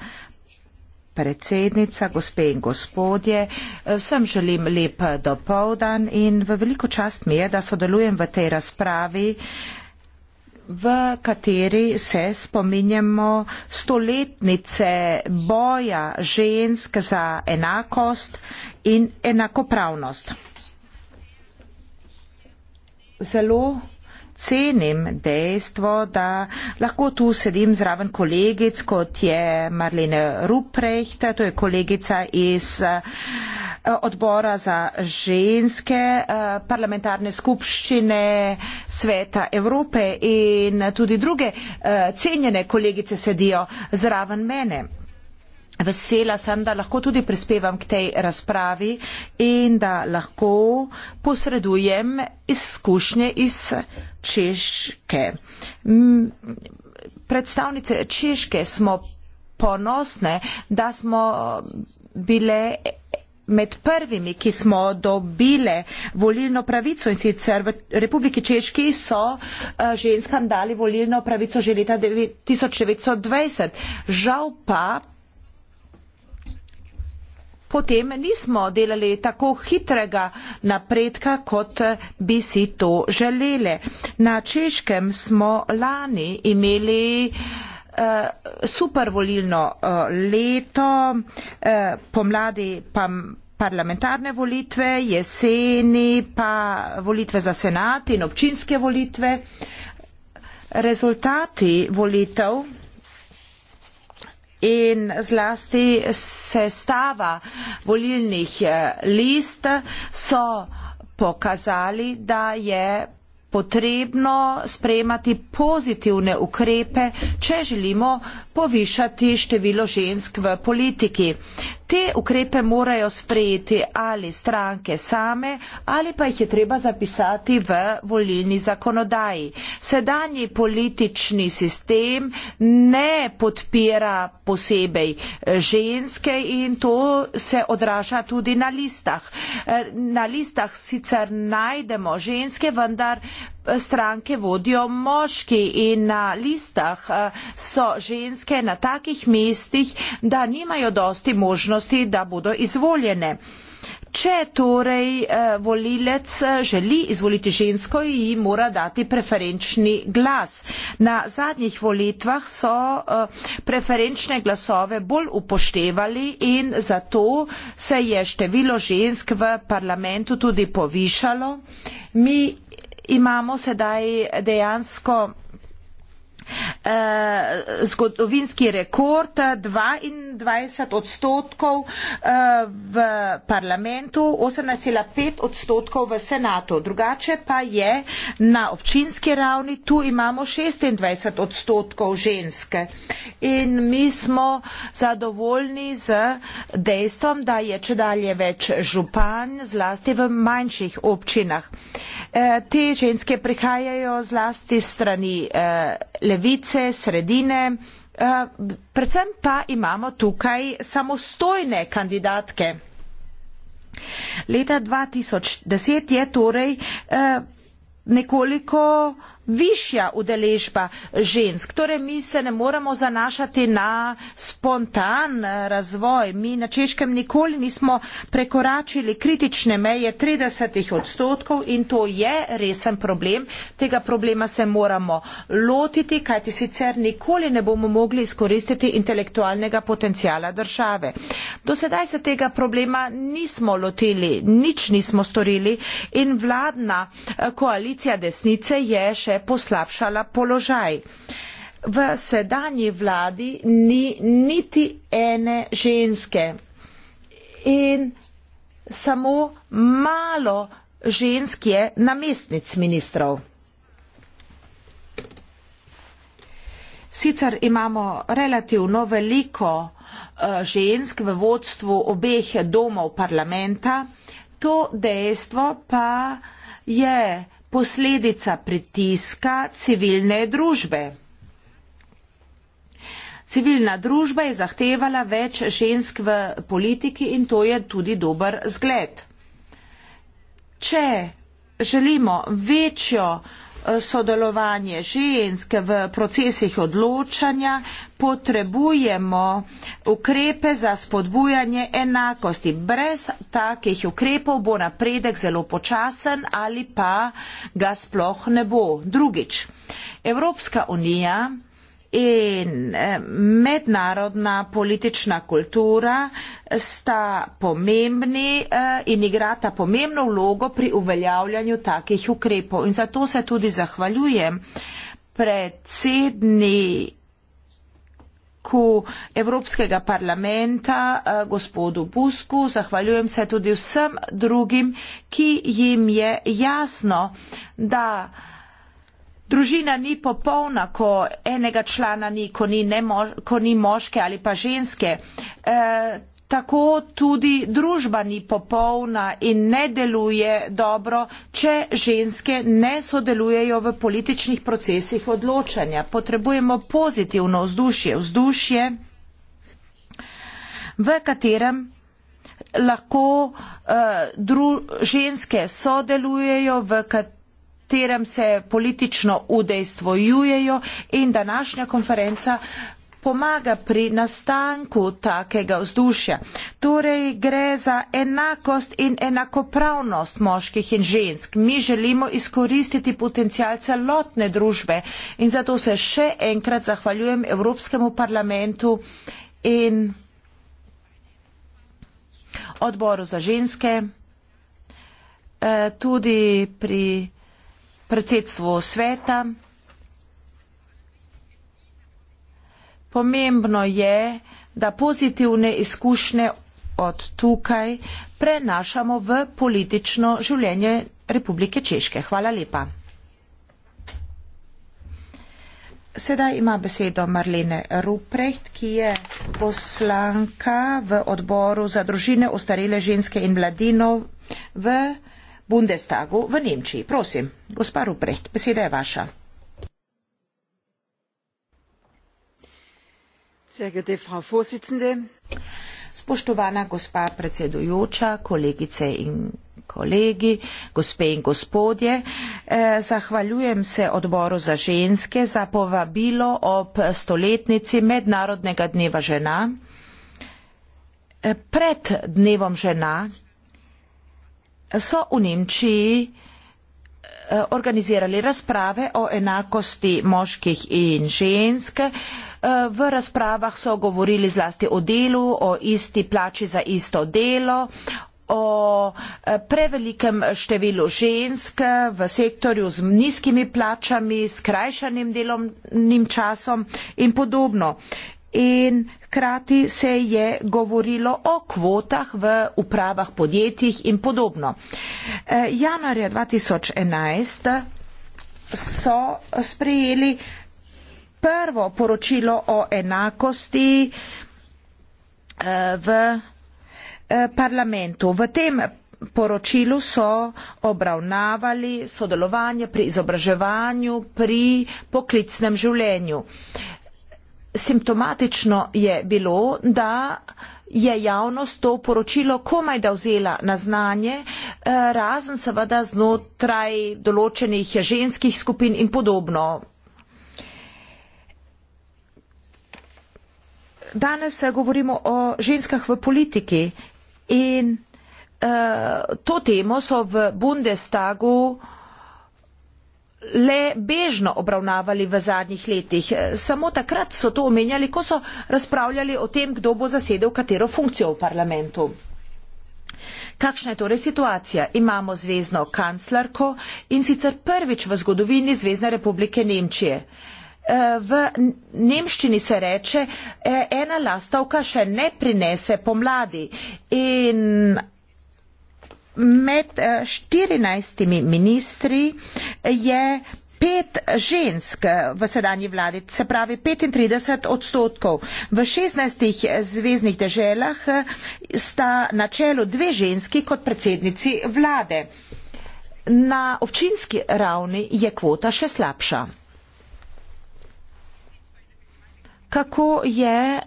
predsednica, gospe in gospodje. Vsem želim lep dopoldan in v veliko čast mi je, da sodelujem v tej razpravi, v kateri se spominjamo stoletnice boja žensk za enakost in enakopravnost. Zelo cenim dejstvo, da lahko tu sedim zraven kolegic, kot je Marlene Ruprecht, to je kolegica iz eh, odbora za ženske eh, parlamentarne skupščine Sveta Evrope in tudi druge eh, cenjene kolegice sedijo zraven mene. Vesela sem, da lahko tudi prispevam k tej razpravi in da lahko posredujem izkušnje iz Češke. Predstavnice Češke smo ponosne, da smo bile med prvimi, ki smo dobile volilno pravico in sicer v Republiki Češki so eh, ženskam dali volilno pravico že leta 1920. Žal pa potem nismo delali tako hitrega napredka, kot bi si to želeli. Na Češkem smo lani imeli eh, supervolilno eh, leto, eh, pomladi pa parlamentarne volitve, jeseni pa volitve za senat in občinske volitve. Rezultati volitev in zlasti sestava volilnih eh, list so pokazali, da je potrebno spremati pozitivne ukrepe, če želimo povišati število žensk v politiki. Te ukrepe morajo sprejeti ali stranke same ali pa jih je treba zapisati v volilni zakonodaji. Sedanji politični sistem ne podpira posebej eh, ženske in to se odraža tudi na listah. Eh, na listah sicer najdemo ženske, vendar stranke vodijo moški in na listah eh, so ženske na takih mestih, da nimajo dosti možnosti, da bodo izvoljene. Če torej eh, volilec eh, želi izvoliti žensko, ji mora dati preferenčni glas. Na zadnjih volitvah so preferenčne glasove bolj upoštevali in zato se je število žensk v parlamentu tudi povišalo. Mi imamo sedaj dejansko eh, zgodovinski rekord, 22 odstotkov eh, v parlamentu, 18,5 odstotkov v senatu. Drugače pa je na občinski ravni, tu imamo 26 odstotkov ženske. In mi smo zadovoljni z dejstvom, da je če dalje več županj, zlasti v manjših občinah. Eh, te ženske prihajajo zlasti strani eh, levice, sredine. Eh, predvsem pa imamo tukaj samostojne kandidatke. Leta 2010 je torej eh, nekoliko višja udeležba žensk. Torej, mi se ne moramo zanašati na spontan eh, razvoj. Mi na Češkem nikoli nismo prekoračili kritične meje 30 odstotkov in to je resen problem. Tega problema se moramo lotiti, kajti sicer nikoli ne bomo mogli izkoristiti intelektualnega potencijala države. Do sedaj se tega problema nismo lotili, nič nismo storili in vladna eh, koalicija desnice je še poslabšala položaj. V sedanji vladi ni niti ene ženske in samo malo žensk je namestnic ministrov. Sicer imamo relativno veliko eh, žensk v vodstvu obeh domov parlamenta, to dejstvo pa je posledica pritiska civilne družbe. Civilna družba je zahtevala več žensk v politiki in to je tudi dober zgled. Če želimo večjo uh, sodelovanje žensk v procesih odločanja potrebujemo ukrepe za spodbujanje enakosti. Brez takih ukrepov bo napredek zelo počasen ali pa ga sploh ne bo. Drugič, Evropska unija in eh, mednarodna politična kultura sta pomembni eh, in igrata pomembno vlogo pri uveljavljanju takih ukrepov. In zato se tudi zahvaljujem predsedniku Evropskega parlamenta, eh, gospodu Busku, zahvaljujem se tudi vsem drugim, ki jim je jasno, da Družina ni popolna, ko enega člana ni, ko ni, mož, ko ni moške ali pa ženske. E, tako tudi družba ni popolna in ne deluje dobro, če ženske ne sodelujejo v političnih procesih odločanja. Potrebujemo pozitivno vzdušje, vzdušje, v katerem lahko uh, dru, ženske sodelujejo, v katerem katerem se politično udejstvojujejo in današnja konferenca pomaga pri nastanku takega vzdušja. Torej gre za enakost in enakopravnost moških in žensk. Mi želimo izkoristiti potencial celotne družbe in zato se še enkrat zahvaljujem Evropskemu parlamentu in odboru za ženske, eh, tudi pri predsedstvo sveta. Pomembno je, da pozitivne izkušnje od tukaj prenašamo v politično življenje Republike Češke. Hvala lepa. Sedaj ima besedo Marlene Ruprecht, ki je poslanka v odboru za družine, ostarele ženske in mladino v Bundestagu v Nemčiji. Prosim, gospa Ruprecht, beseda je vaša. Spoštovana gospa predsedujoča, kolegice in kolegi, gospe in gospodje, eh, zahvaljujem se odboru za ženske za povabilo ob stoletnici Mednarodnega dneva žena. Eh, pred dnevom žena so v Nemčiji eh, organizirali razprave o enakosti moških in žensk. Eh, v razpravah so govorili zlasti o delu, o isti plači za isto delo, o eh, prevelikem številu žensk v sektorju z nizkimi plačami, skrajšanim delovnim časom in podobno in hkrati se je govorilo o kvotah v upravah podjetjih in podobno. Eh, januarja 2011 so sprejeli prvo poročilo o enakosti eh, v eh, parlamentu. V tem poročilu so obravnavali sodelovanje pri izobraževanju, pri poklicnem življenju. Simptomatično je bilo, da je javnost to poročilo komaj da vzela na znanje, eh, razen seveda znotraj določenih ženskih skupin in podobno. Danes eh, govorimo o ženskah v politiki in uh, to temo so v Bundestagu uh, le bežno obravnavali v zadnjih letih. Eh, samo takrat so to omenjali, ko so razpravljali o tem, kdo bo zasedel katero funkcijo v parlamentu. Kakšna je torej situacija? Imamo zvezdno kanclerko in sicer prvič v zgodovini Zvezdne republike Nemčije. Eh, v nemščini se reče, eh, ena lastavka še ne prinese pomladi in med 14 eh, ministri je pet žensk v sedanji vladi, se pravi 35 odstotkov. V 16 zvezdnih deželah eh, sta na čelu dve ženski kot predsednici vlade. Na občinski ravni je kvota še slabša. Kako je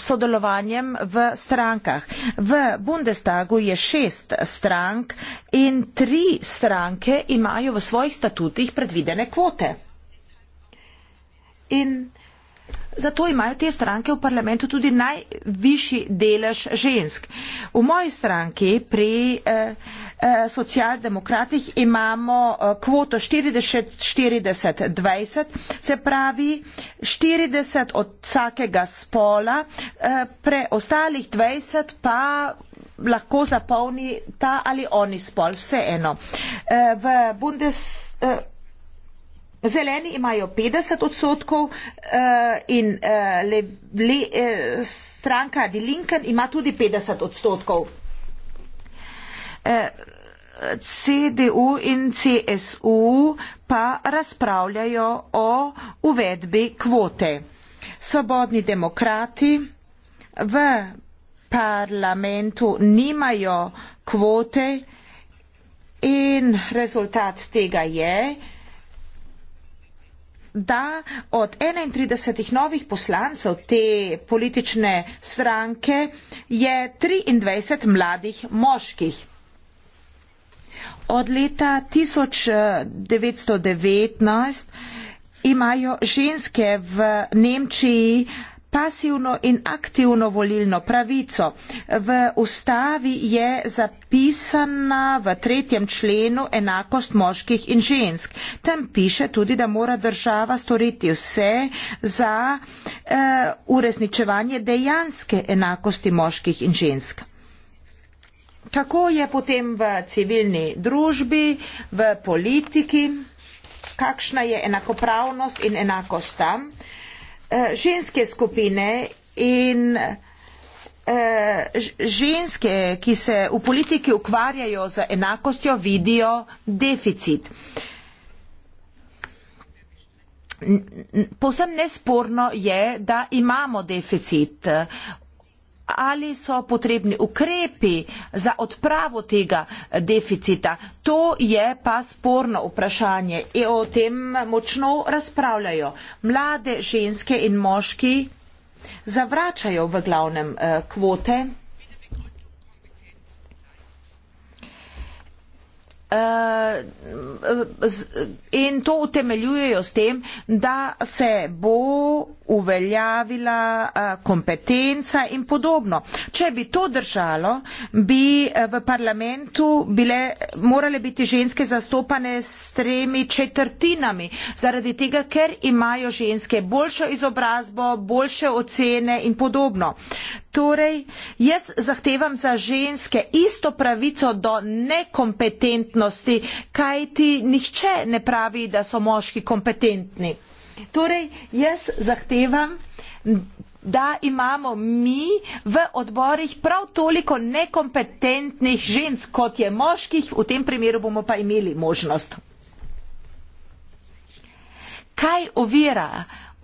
sodelovanjem v strankah. V Bundestagu je šest strank in tri stranke imajo v svojih statutih predvidene kvote. In Zato imajo te stranke v parlamentu tudi najvišji delež žensk. V moji stranki pri eh, eh, socialdemokratih imamo eh, kvoto 40-40-20, se pravi 40 od vsakega spola, eh, preostalih 20 pa lahko zapolni ta ali oni spol, vseeno. Eh, v Bundes. Eh, Zeleni imajo 50 odstotkov uh, in uh, le, le, uh, stranka Di Lincoln ima tudi 50 odstotkov. Uh, CDU in CSU pa razpravljajo o uvedbi kvote. Svobodni demokrati v parlamentu nimajo kvote in rezultat tega je, da od 31 novih poslancev te politične stranke je 23 mladih moških. Od leta 1919 imajo ženske v Nemčiji pasivno in aktivno volilno pravico. V ustavi je zapisana v tretjem členu enakost moških in žensk. Tam piše tudi, da mora država storiti vse za eh, uresničevanje dejanske enakosti moških in žensk. Kako je potem v civilni družbi, v politiki, kakšna je enakopravnost in enakost tam? Eh, Eh, ženske skupine in eh, ženske, ki se v politiki ukvarjajo z enakostjo, vidijo deficit. Povsem nesporno je, da imamo deficit ali so potrebni ukrepi za odpravo tega deficita. To je pa sporno vprašanje in o tem močno razpravljajo. Mlade ženske in moški zavračajo v glavnem eh, kvote. Eh, in to utemeljujejo s tem, da se bo uveljavila eh, kompetenca in podobno. Če bi to držalo, bi eh, v parlamentu bile, morale biti ženske zastopane s tremi četrtinami, zaradi tega, ker imajo ženske boljšo izobrazbo, boljše ocene in podobno. Torej, jaz zahtevam za ženske isto pravico do nekompetentnosti, kaj ti nihče ne pravi, da so moški kompetentni. Torej, jaz zahtevam, da imamo mi v odborih prav toliko nekompetentnih žensk, kot je moških, v tem primeru bomo pa imeli možnost. Kaj ovira?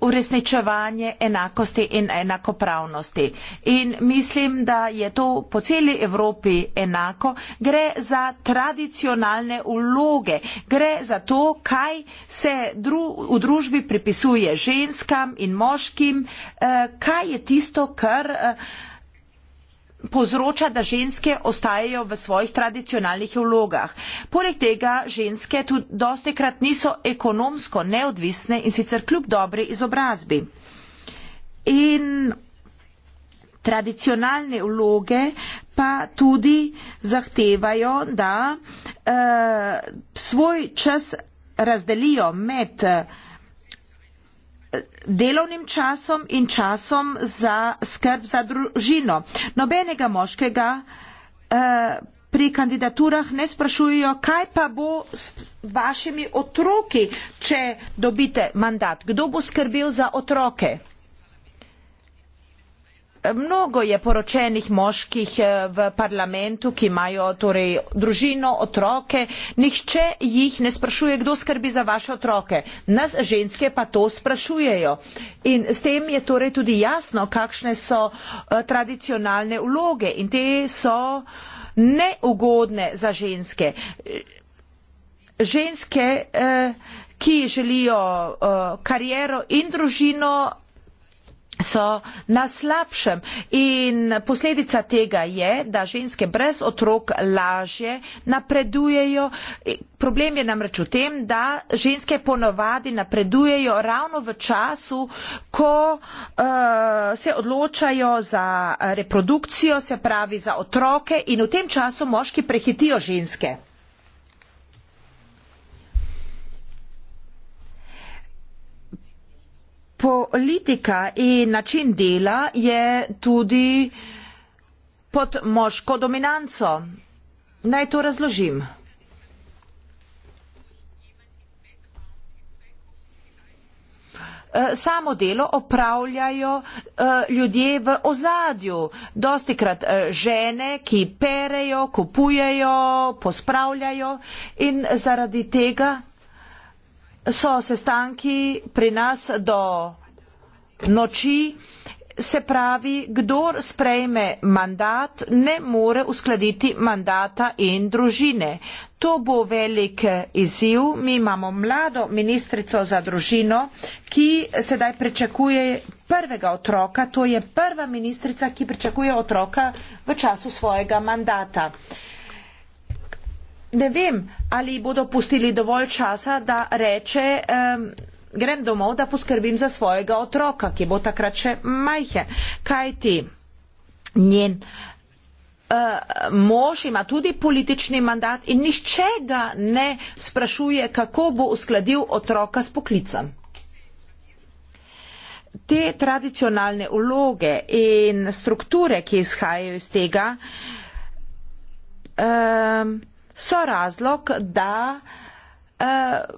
uresničevanje enakosti in enakopravnosti. In mislim, da je to po celi Evropi enako. Gre za tradicionalne uloge, gre za to, kaj se dru v družbi pripisuje ženskam in moškim, eh, kaj je tisto, kar eh, povzroča, da ženske ostajajo v svojih tradicionalnih vlogah. Poleg tega ženske tudi dosti krat niso ekonomsko neodvisne in sicer kljub dobri izobrazbi. In tradicionalne vloge pa tudi zahtevajo, da uh, svoj čas razdelijo med uh, delovnim časom in časom za skrb za družino. Nobenega moškega eh, pri kandidaturah ne sprašujejo, kaj pa bo s vašimi otroki, če dobite mandat. Kdo bo skrbel za otroke? mnogo je poročenih moških eh, v parlamentu, ki imajo torej družino, otroke, nihče jih ne sprašuje, kdo skrbi za vaše otroke. Nas ženske pa to sprašujejo. In s tem je torej tudi jasno, kakšne so eh, tradicionalne vloge in te so neugodne za ženske. Ženske, eh, ki želijo kariero in družino, so na slabšem. In posledica tega je, da ženske brez otrok lažje napredujejo. E, problem je namreč v tem, da ženske ponovadi napredujejo ravno v času, ko uh, se odločajo za e, reprodukcijo, se pravi za otroke in v tem času moški prehitijo ženske. politika in način dela je tudi pod moško dominanco. Naj to razložim. Eh, samo delo opravljajo eh, ljudje v ozadju, dosti krat eh, žene, ki perejo, kupujejo, pospravljajo in zaradi tega so sestanki pri nas do noči, se pravi, kdor sprejme mandat, ne more uskladiti mandata in družine. To bo velik eh, izziv. Mi imamo mlado ministrico za družino, ki sedaj pričakuje prvega otroka. To je prva ministrica, ki pričakuje otroka v času svojega mandata. Ne vem, ali bodo pustili dovolj časa, da reče, um, grem domov, da poskrbim za svojega otroka, ki bo takrat še majhen. Kaj ti njen uh, mož ima tudi politični mandat in nihče ga ne sprašuje, kako bo uskladil otroka s poklicem. Te tradicionalne uloge in strukture, ki izhajajo iz tega, um, so razlog, da uh,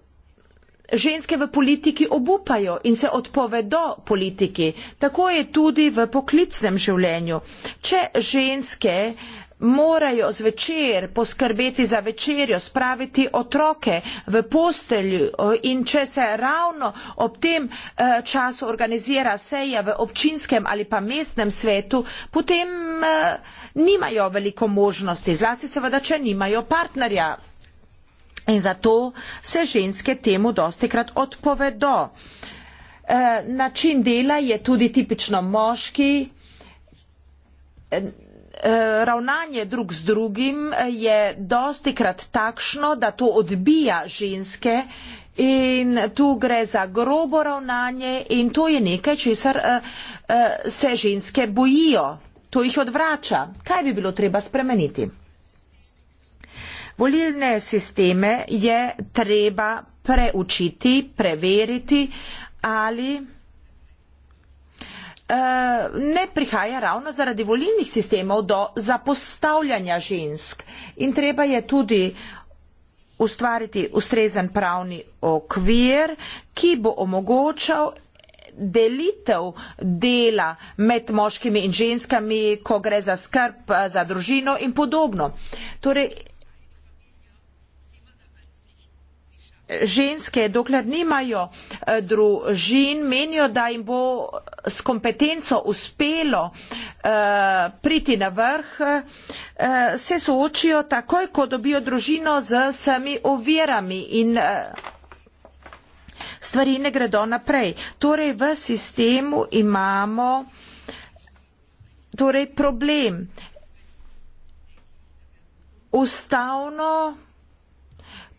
ženske v politiki obupajo in se odpovedo politiki. Tako je tudi v poklicnem življenju. Če ženske uh, morajo zvečer poskrbeti za večerjo, spraviti otroke v postelju in če se ravno ob tem eh, času organizira seja v občinskem ali pa mestnem svetu, potem eh, nimajo veliko možnosti, zlasti seveda, če nimajo partnerja. In zato se ženske temu dosti krat odpovedo. Eh, način dela je tudi tipično moški. Eh, ravnanje drug z drugim eh, je dosti krat takšno, da to odbija ženske in tu gre za grobo ravnanje in to je nekaj, česar eh, se ženske bojijo. To jih odvrača. Kaj bi bilo treba spremeniti? Volilne sisteme je treba preučiti, preveriti ali Eh, ne prihaja ravno zaradi volilnih sistemov do zapostavljanja žensk in treba je tudi ustvariti ustrezen pravni okvir, ki bo omogočal delitev dela med moškimi in ženskami, ko gre za skrb eh, za družino in podobno. Torej, ženske, dokler nimajo eh, družin, menijo, da jim bo s kompetenco uspelo eh, priti na vrh, eh, se soočijo takoj, ko dobijo družino z vsemi ovirami in stvari ne gredo naprej. Torej v sistemu imamo torej problem. Ustavno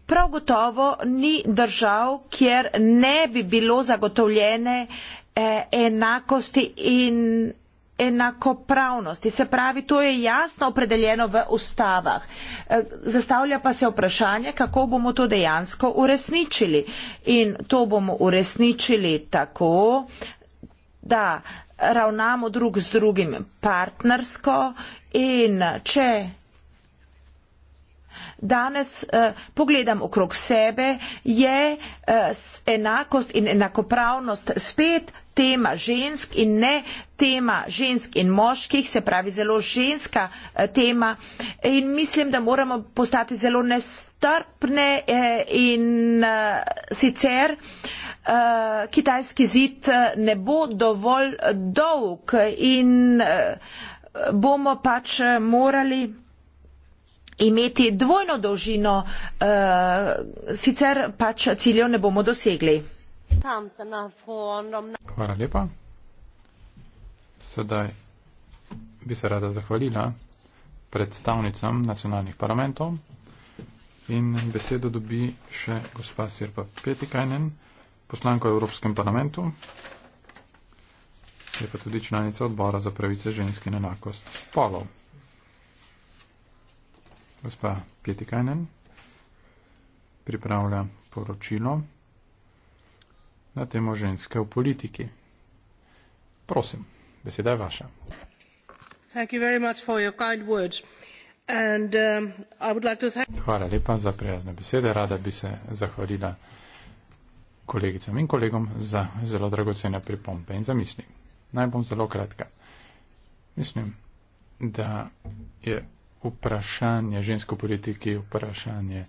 Prav gotovo ni držav, kjer ne bi bilo zagotovljene eh, enakosti in enakopravnosti. Se pravi, to je jasno opredeljeno v ustavah. Eh, zastavlja pa se vprašanje, kako bomo to dejansko uresničili. In to bomo uresničili tako, da ravnamo drug z drugim partnersko in če danes eh, pogledam okrog sebe, je eh, enakost in enakopravnost spet tema žensk in ne tema žensk in moških, se pravi zelo ženska eh, tema. In mislim, da moramo postati zelo nestrpne eh, in eh, sicer. Uh, kitajski zid eh, ne bo dovolj dolg in uh, bomo pač morali imeti dvojno dolžino, eh, sicer pač ciljev ne bomo dosegli. Hvala lepa. Sedaj bi se rada zahvalila predstavnicam nacionalnih parlamentov in besedo dobi še gospa Sirpa Petikajnen, poslanko Evropskem parlamentu, je pa tudi članica odbora za pravice ženske in enakost spolov gospa Pietikajnen pripravlja poročilo na temo ženske v politiki. Prosim, beseda je vaša. And, um, like thank... Hvala lepa za prijazne besede. Rada bi se zahvalila kolegicam in kolegom za zelo dragocene pripombe in zamisli. Naj bom zelo kratka. Mislim, da je vprašanje, žensko politiki vprašanje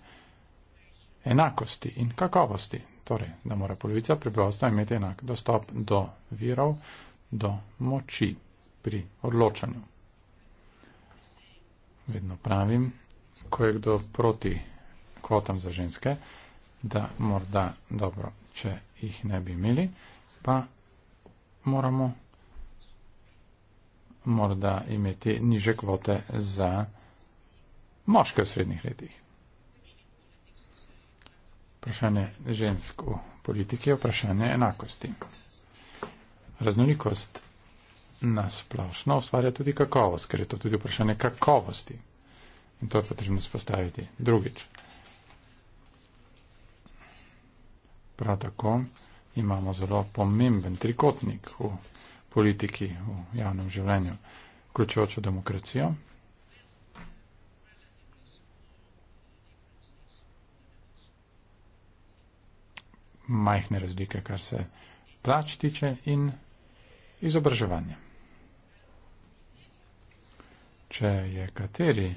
enakosti in kakovosti. Torej, da mora polovica prebivalstva imeti enak dostop do virov, do moči pri odločanju. Vedno pravim, ko je kdo proti kvotam za ženske, da morda dobro, če jih ne bi imeli, pa moramo morda imeti niže kvote za moške v srednjih letih. Vprašanje žensk v politiki je vprašanje enakosti. Raznolikost nasplošno ustvarja tudi kakovost, ker je to tudi vprašanje kakovosti. In to je potrebno spostaviti drugič. Prav tako imamo zelo pomemben trikotnik v politiki, v javnem življenju, vključujočo demokracijo, majhne razlike, kar se plač tiče in izobraževanja. Če je kateri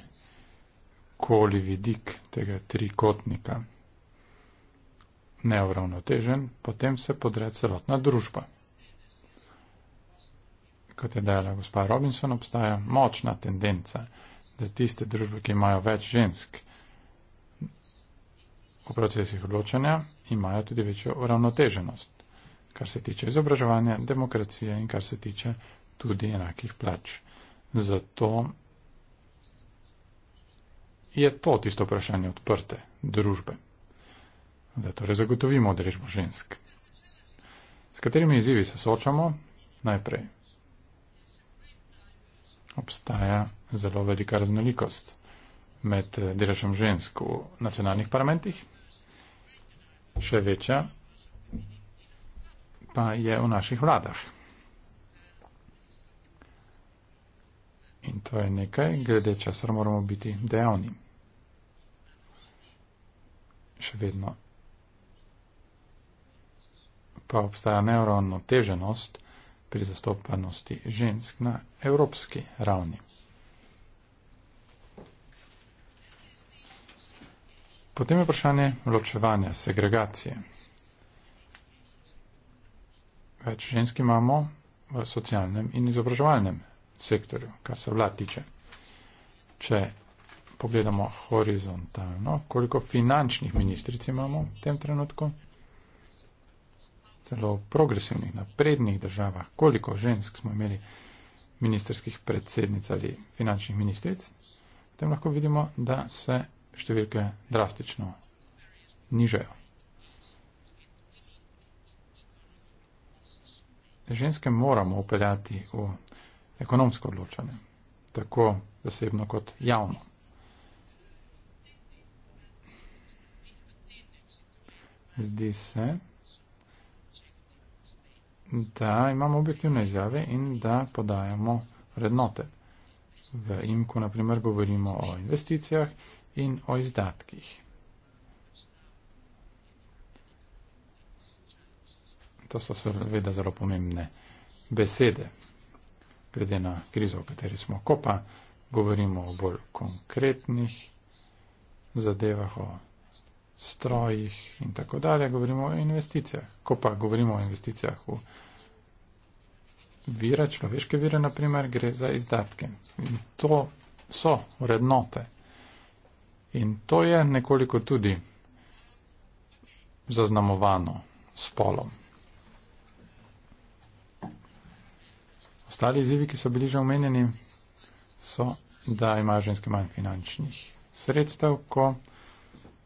koli vidik tega trikotnika neuravnotežen, potem se podre celotna družba. Kot je dejala gospa Robinson, obstaja močna tendenca, da tiste družbe, ki imajo več žensk, V procesih odločanja imajo tudi večjo uravnoteženost, kar se tiče izobraževanja, demokracije in kar se tiče tudi enakih plač. Zato je to tisto vprašanje odprte družbe, da torej zagotovimo odrežbo žensk. S katerimi izzivi se soočamo? Najprej. Obstaja zelo velika raznolikost med deležem žensk v nacionalnih parlamentih še večja pa je v naših vladah. In to je nekaj, glede časar moramo biti dejavni. Še vedno pa obstaja neuronno teženost pri zastopanosti žensk na evropski ravni. Potem je vprašanje ločevanja, segregacije. Več ženski imamo v socialnem in izobraževalnem sektorju, kar se vlad tiče. Če pogledamo horizontalno, koliko finančnih ministric imamo v tem trenutku, celo v progresivnih, naprednih državah, koliko žensk smo imeli ministerskih predsednic ali finančnih ministric, potem lahko vidimo, da se številke drastično nižajo. Ženske moramo upeljati v ekonomsko odločanje, tako zasebno kot javno. Zdi se, da imamo objektivne izjave in da podajamo vrednote. V imku, naprimer, govorimo o investicijah in o izdatkih. To so seveda zelo pomembne besede, glede na krizo, v kateri smo, ko pa govorimo o bolj konkretnih zadevah, o strojih in tako dalje, govorimo o investicijah. Ko pa govorimo o investicijah v vire, človeške vire, naprimer, gre za izdatke. In to so vrednote. In to je nekoliko tudi zaznamovano spolom. Ostali izzivi, ki so bili že omenjeni, so, da imajo ženske manj finančnih sredstev, ko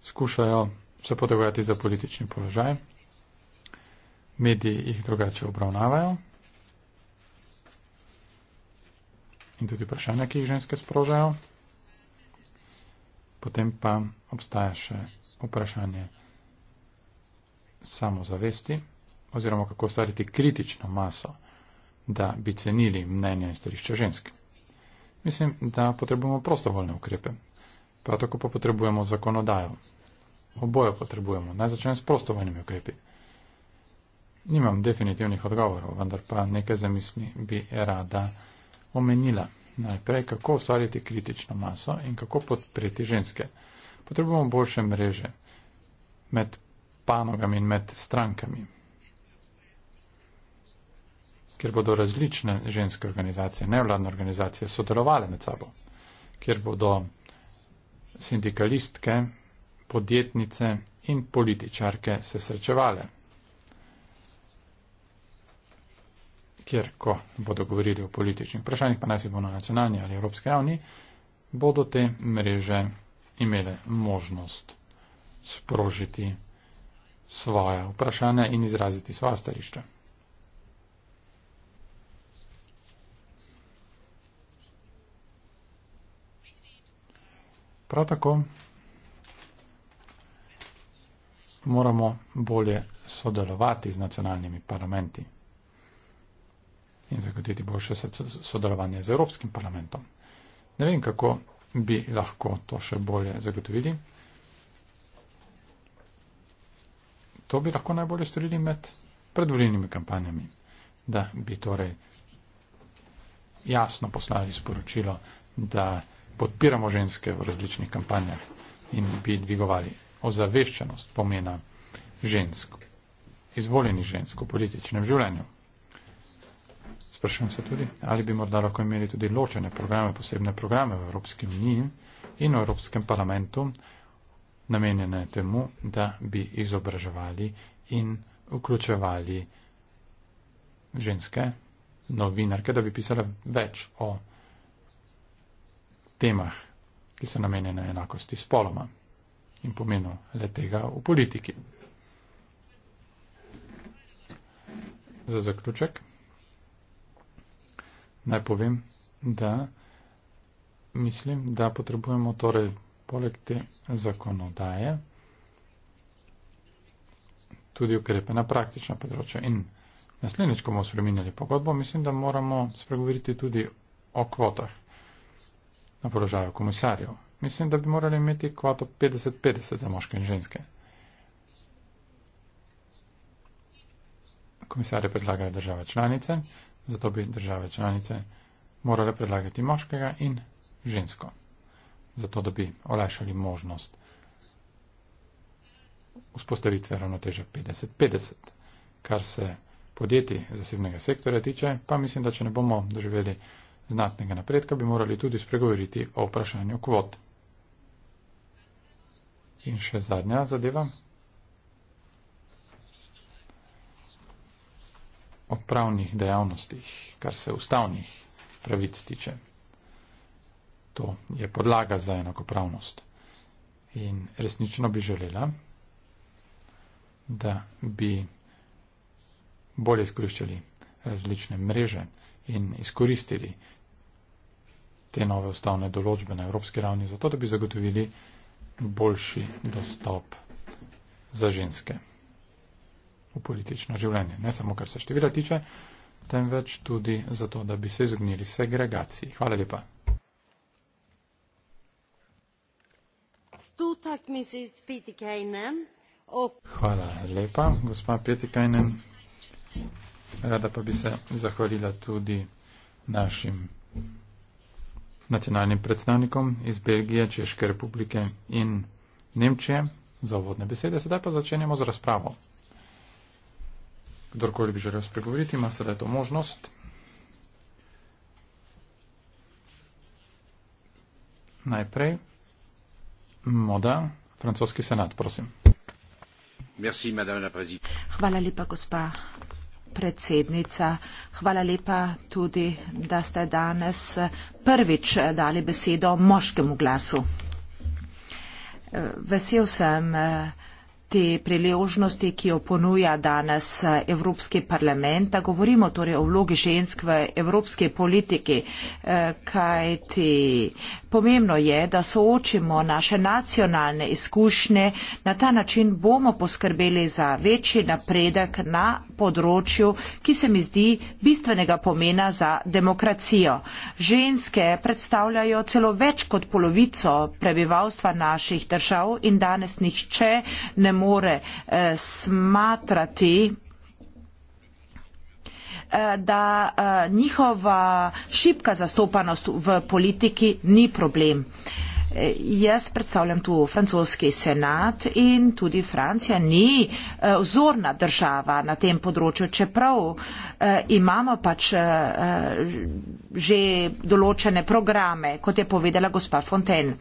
skušajo se potegovati za politični položaj. Mediji jih drugače obravnavajo. In tudi vprašanja, ki jih ženske sprožajo. Potem pa obstaja še vprašanje samozavesti oziroma kako ustvariti kritično maso, da bi cenili mnenja in stališča žensk. Mislim, da potrebujemo prostovoljne ukrepe, prav tako pa potrebujemo zakonodajo. Oboje potrebujemo. Naj začnem s prostovoljnimi ukrepi. Nimam definitivnih odgovorov, vendar pa nekaj zamisli bi rada omenila najprej, kako ustvariti kritično maso in kako podpreti ženske. Potrebujemo boljše mreže med panogami in med strankami, kjer bodo različne ženske organizacije, nevladne organizacije sodelovali med sabo, kjer bodo sindikalistke, podjetnice in političarke se srečevali. kjer, ko bodo govorili o političnih vprašanjih, pa naj se bo na nacionalni ali evropski ravni, bodo te mreže imele možnost sprožiti svoje vprašanje in izraziti svoje stališče. Prav tako moramo bolje sodelovati z nacionalnimi parlamenti in zagotoviti boljše sodelovanje z Evropskim parlamentom. Ne vem, kako bi lahko to še bolje zagotovili. To bi lahko najbolje storili med predvoljenimi kampanjami, da bi torej jasno poslali sporočilo, da podpiramo ženske v različnih kampanjah in bi dvigovali ozaveščenost pomena žensk, izvoljenih žensk v političnem življenju. Sprašujem se tudi, ali bi morda lahko imeli tudi ločene programe, posebne programe v Evropski uniji in v Evropskem parlamentu, namenjene temu, da bi izobraževali in vključevali ženske novinarke, da bi pisale več o temah, ki so namenjene enakosti spoloma in pomenu le tega v politiki. Za zaključek. Naj povem, da mislim, da potrebujemo torej poleg te zakonodaje tudi ukrepe na praktično področje. In naslednjič, ko bomo spreminjali pogodbo, mislim, da moramo spregovoriti tudi o kvotah na položaju komisarjev. Mislim, da bi morali imeti kvoto 50-50 za moške in ženske. Komisarje predlagajo države članice, zato bi države članice morale predlagati moškega in žensko, zato da bi olajšali možnost vzpostavitve ravnoteže 50-50. Kar se podjetij zasebnega sektorja tiče, pa mislim, da če ne bomo doživeli znatnega napredka, bi morali tudi spregovoriti o vprašanju kvot. In še zadnja zadeva, o pravnih dejavnostih, kar se ustavnih pravic tiče. To je podlaga za enakopravnost. In resnično bi želela, da bi bolje izkoriščali različne mreže in izkoristili te nove ustavne določbe na evropski ravni, zato da bi zagotovili boljši dostop za ženske v politično življenje. Ne samo, kar se števila tiče, temveč tudi zato, da bi se izognili segregaciji. Hvala lepa. Hvala lepa, gospa Petikajnen. Rada pa bi se zahvalila tudi našim nacionalnim predstavnikom iz Belgije, Češke republike in Nemčije za uvodne besede. Sedaj pa začenjamo z razpravo kdorkoli bi želel spregovoriti, ima sedaj to možnost. Najprej, moda, francoski senat, prosim. Merci, Hvala lepa, gospa predsednica. Hvala lepa tudi, da ste danes prvič dali besedo moškemu glasu. Vesel sem, te priložnosti, ki jo ponuja danes eh, Evropski parlament, da govorimo torej o vlogi žensk v evropski politiki, eh, kaj ti Pomembno je, da soočimo naše nacionalne izkušnje, na ta način bomo poskrbeli za večji napredek na področju, ki se mi zdi bistvenega pomena za demokracijo. Ženske predstavljajo celo več kot polovico prebivalstva naših držav in danes nihče ne more eh, smatrati Eh, da eh, njihova šibka zastopanost v politiki ni problem. Eh, jaz predstavljam tu francoski senat in tudi Francija ni vzorna država na tem področju, čeprav imamo pač že določene programe, kot je povedala gospa Fontaine.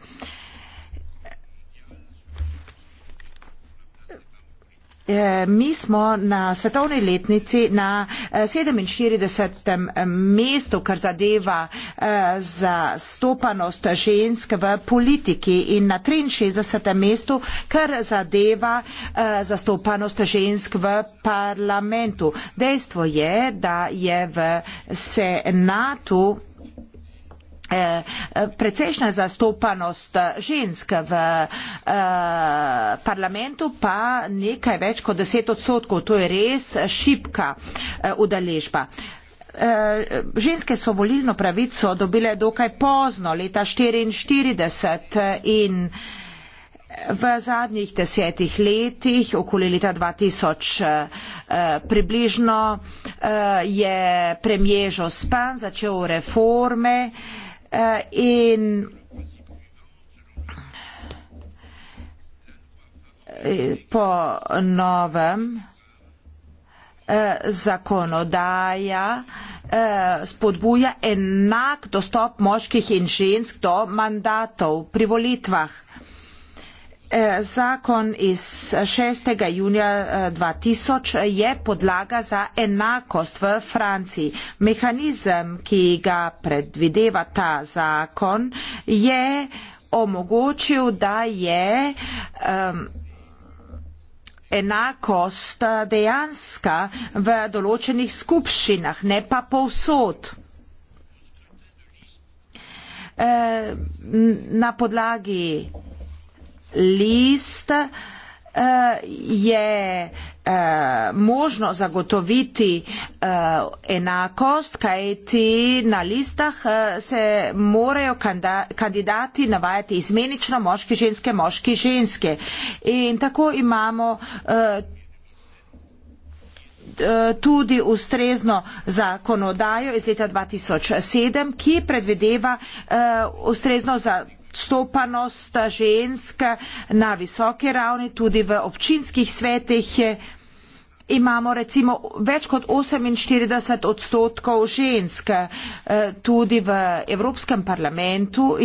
Eh, mi smo na svetovni letnici na 47. Eh, eh, mestu, kar zadeva zastopanost žensk v politiki in na 63. mestu, kar zadeva zastopanost žensk v parlamentu. Dejstvo je, da je v senatu Eh, precejšna zastopanost eh, žensk v eh, parlamentu pa nekaj več kot deset odstotkov. To je res šipka udeležba. Ženske so volilno pravico dobile dokaj pozno, leta 1944 in v zadnjih desetih letih, okoli leta 2000 približno, je premije Žospan začel reforme Eh, in eh, po novem eh, zakonodaja spodbuja enak dostop moških in žensk do mandatov pri volitvah. E, zakon iz 6. junija 2000 e, je podlaga za enakost v Franciji. Mehanizem, ki ga predvideva ta zakon, je omogočil, da je um, enakost dejanska v določenih skupščinah, ne pa povsod. E, na podlagi list eh, je eh, možno zagotoviti eh, enakost, kajti na listah se morajo kandidati navajati izmenično moški, ženske, moški, ženske. In tako imamo tudi ustrezno zakonodajo iz leta 2007, ki predvedeva ustrezno zakonodajo podstopanost ženska na visoke ravni, tudi v občinskih svetih imamo recimo več kot 48 odstotkov žensk, e, tudi v Evropskem parlamentu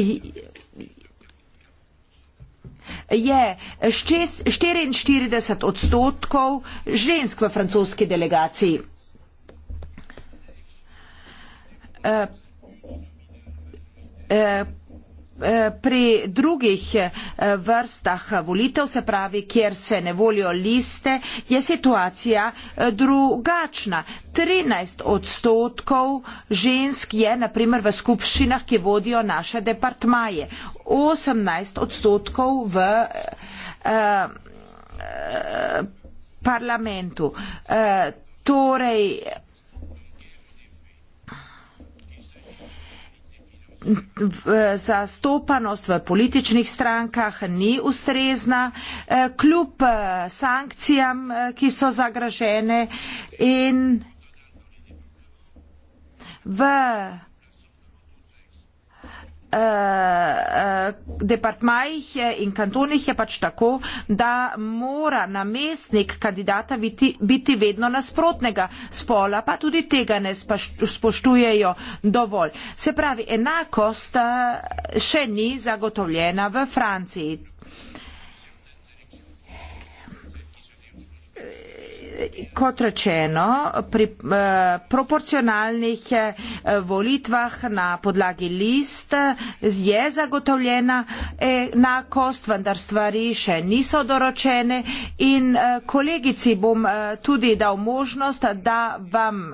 je 44 odstotkov žensk v francoski delegaciji. Uh, uh, Eh, pri drugih eh, vrstah volitev, se pravi, kjer se ne volijo liste, je situacija eh, drugačna. 13 odstotkov žensk je naprimer v skupščinah, ki vodijo naše departmaje. 18 odstotkov v eh, eh, parlamentu. Eh, torej, zastopanost v političnih strankah ni ustrezna, eh, kljub eh, sankcijam, eh, ki so zagražene in v Eh, eh, departmajih in kantonih je pač tako, da mora namestnik kandidata biti, biti vedno nasprotnega spola, pa tudi tega ne spoštujejo dovolj. Se pravi, enakost eh, še ni zagotovljena v Franciji. Uh, kot rečeno, pri eh, proporcionalnih eh, volitvah na podlagi list je zagotovljena enakost, vendar stvari še niso doročene in eh, kolegici bom tudi dal možnost, da vam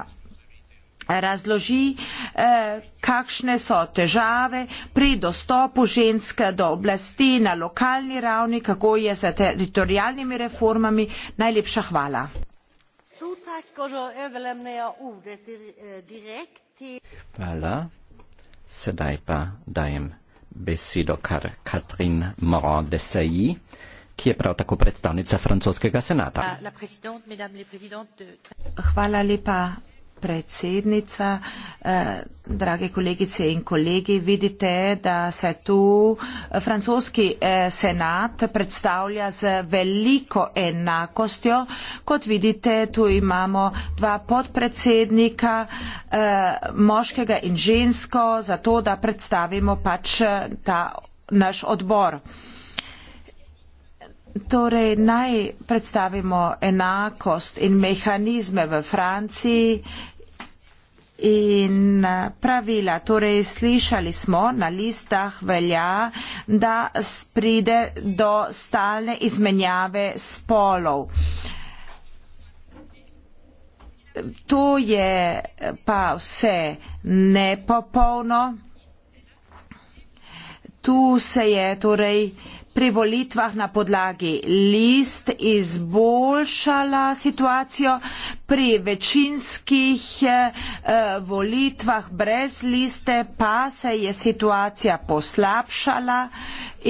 razloži, kakšne so težave pri dostopu ženske do oblasti na lokalni ravni, kako je z teritorijalnimi reformami. Najlepša hvala. Stort tack och då överlämnar jag ordet eh, direkt till Hvala. Sedaj pa dajem besedo kar Katrin Moran de Sailly, ki je prav tako predstavnica francoskega senata. Hvala lepa, predsednica. Eh, drage kolegice in kolegi, vidite, da se tu eh, francoski eh, senat predstavlja z veliko enakostjo. Kot vidite, tu imamo dva podpredsednika, eh, moškega in žensko, zato da predstavimo pač eh, ta naš odbor. Torej, naj predstavimo enakost in mehanizme v Franciji, in eh, pravila. Torej, slišali smo na listah velja, da pride do stalne izmenjave spolov. To je eh, pa vse nepopolno. Tu se je torej uh, pri volitvah na podlagi list izboljšala situacijo, pri večinskih eh, volitvah brez liste pa se je situacija poslabšala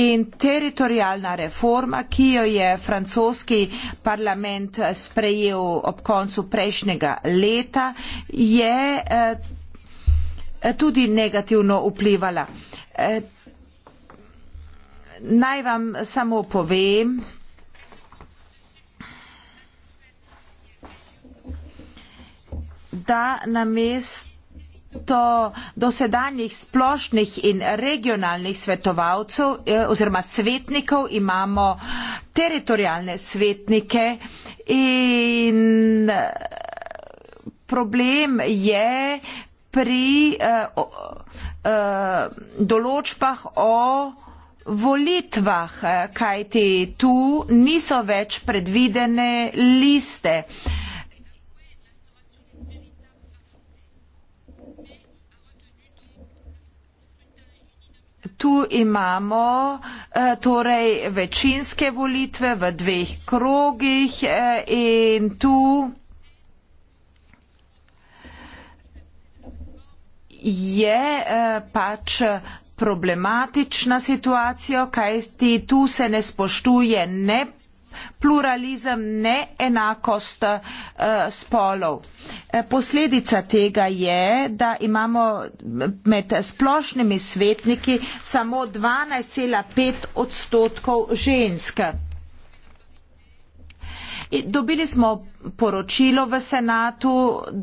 in teritorijalna reforma, ki jo je francoski parlament sprejel ob koncu prejšnjega leta, je eh, tudi negativno vplivala. Eh, naj vam samo povem, da namesto dosedanjih splošnih in regionalnih svetovalcev eh, oziroma svetnikov imamo teritorijalne svetnike in eh, problem je pri uh, uh, določbah o volitvah, eh, kajti tu niso več predvidene liste. Tu imamo eh, torej večinske volitve v dveh krogih eh, in tu je pač problematična situacija, kaj ti tu se ne spoštuje ne pluralizem, ne enakost uh, spolov. Eh, posledica tega je, da imamo med splošnimi svetniki samo 12,5 odstotkov ženske. Dobili smo poročilo v senatu,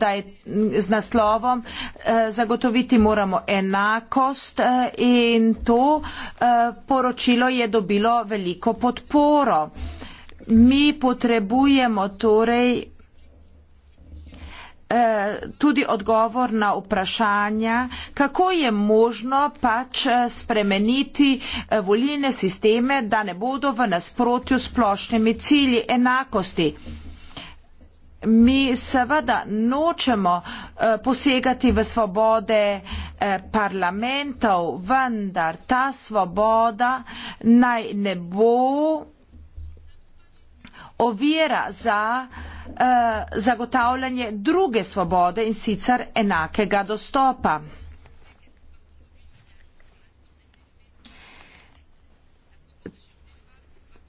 da je z naslovom eh, zagotoviti moramo enakost eh, in to eh, poročilo je dobilo veliko podporo. Mi potrebujemo torej Eh, tudi odgovor na vprašanja, kako je možno pač eh, spremeniti eh, volilne sisteme, da ne bodo v nasprotju s splošnimi cilji enakosti. Mi seveda nočemo posegati v svobode parlamentov, vendar ta svoboda naj ne bo ovira za eh, zagotavljanje druge svobode in sicer enakega dostopa.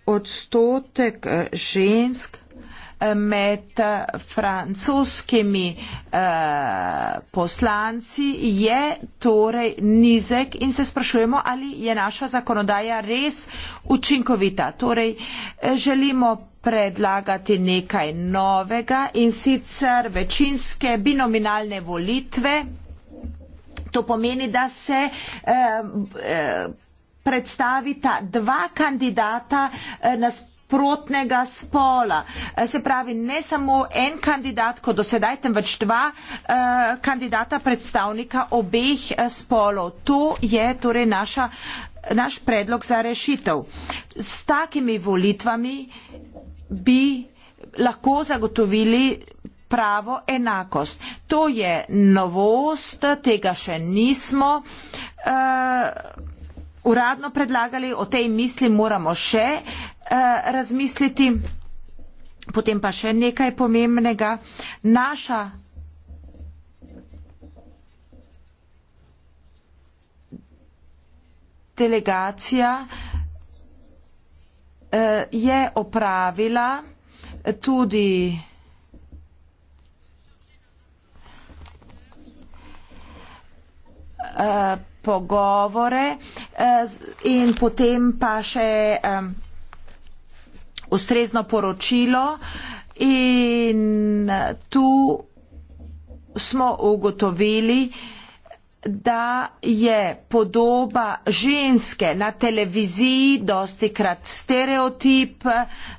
Odstotek eh, žensk eh, med eh, francoskimi poslanci je torej nizek in se sprašujemo, ali je naša zakonodaja res učinkovita. Torej, želimo predlagati nekaj novega in sicer večinske binominalne volitve. To pomeni, da se eh, eh, predstavita dva kandidata eh, nasprotnega spola. Eh, se pravi, ne samo en kandidat, kot dosedaj, temveč dva eh, kandidata predstavnika obeh eh, spolov. To je torej naša, naš predlog za rešitev. S takimi volitvami bi lahko zagotovili pravo enakost. To je novost, tega še nismo uh, uradno predlagali, o tej misli moramo še uh, razmisliti. Potem pa še nekaj pomembnega. Naša delegacija uh, Eh, je opravila tudi eh, pogovore eh, in potem pa še ustrezno poročilo in tu smo ugotovili, da je da je podoba ženske na televiziji dosti krat stereotip,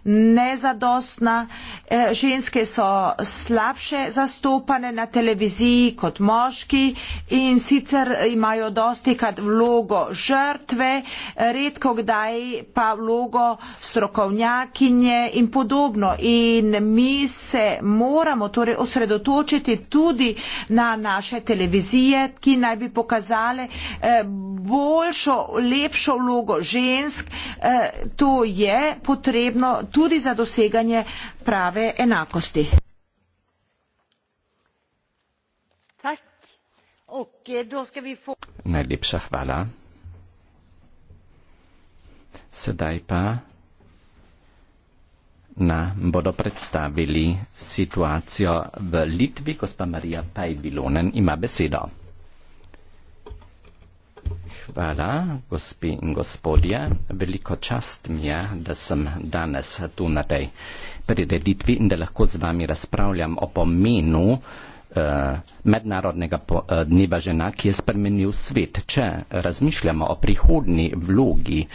nezadostna. E, ženske so slabše zastopane na televiziji kot moški in sicer imajo dosti krat vlogo žrtve, redko kdaj pa vlogo strokovnjakinje in podobno. In mi se moramo torej osredotočiti tudi na naše televizije, ki na naj bi pokazale eh, boljšo, lepšo vlogo žensk. Eh, to je potrebno tudi za doseganje prave enakosti. Najlepša hvala. Sedaj pa nam bodo predstavili situacijo v Litvi, gospa Marija Pajvilonen ima besedo hvala, gospi in gospodje. Veliko čast mi je, da sem danes tu na tej prireditvi in da lahko z vami razpravljam o pomenu eh, mednarodnega po, eh, dneva žena, ki je spremenil svet. Če razmišljamo o prihodni vlogi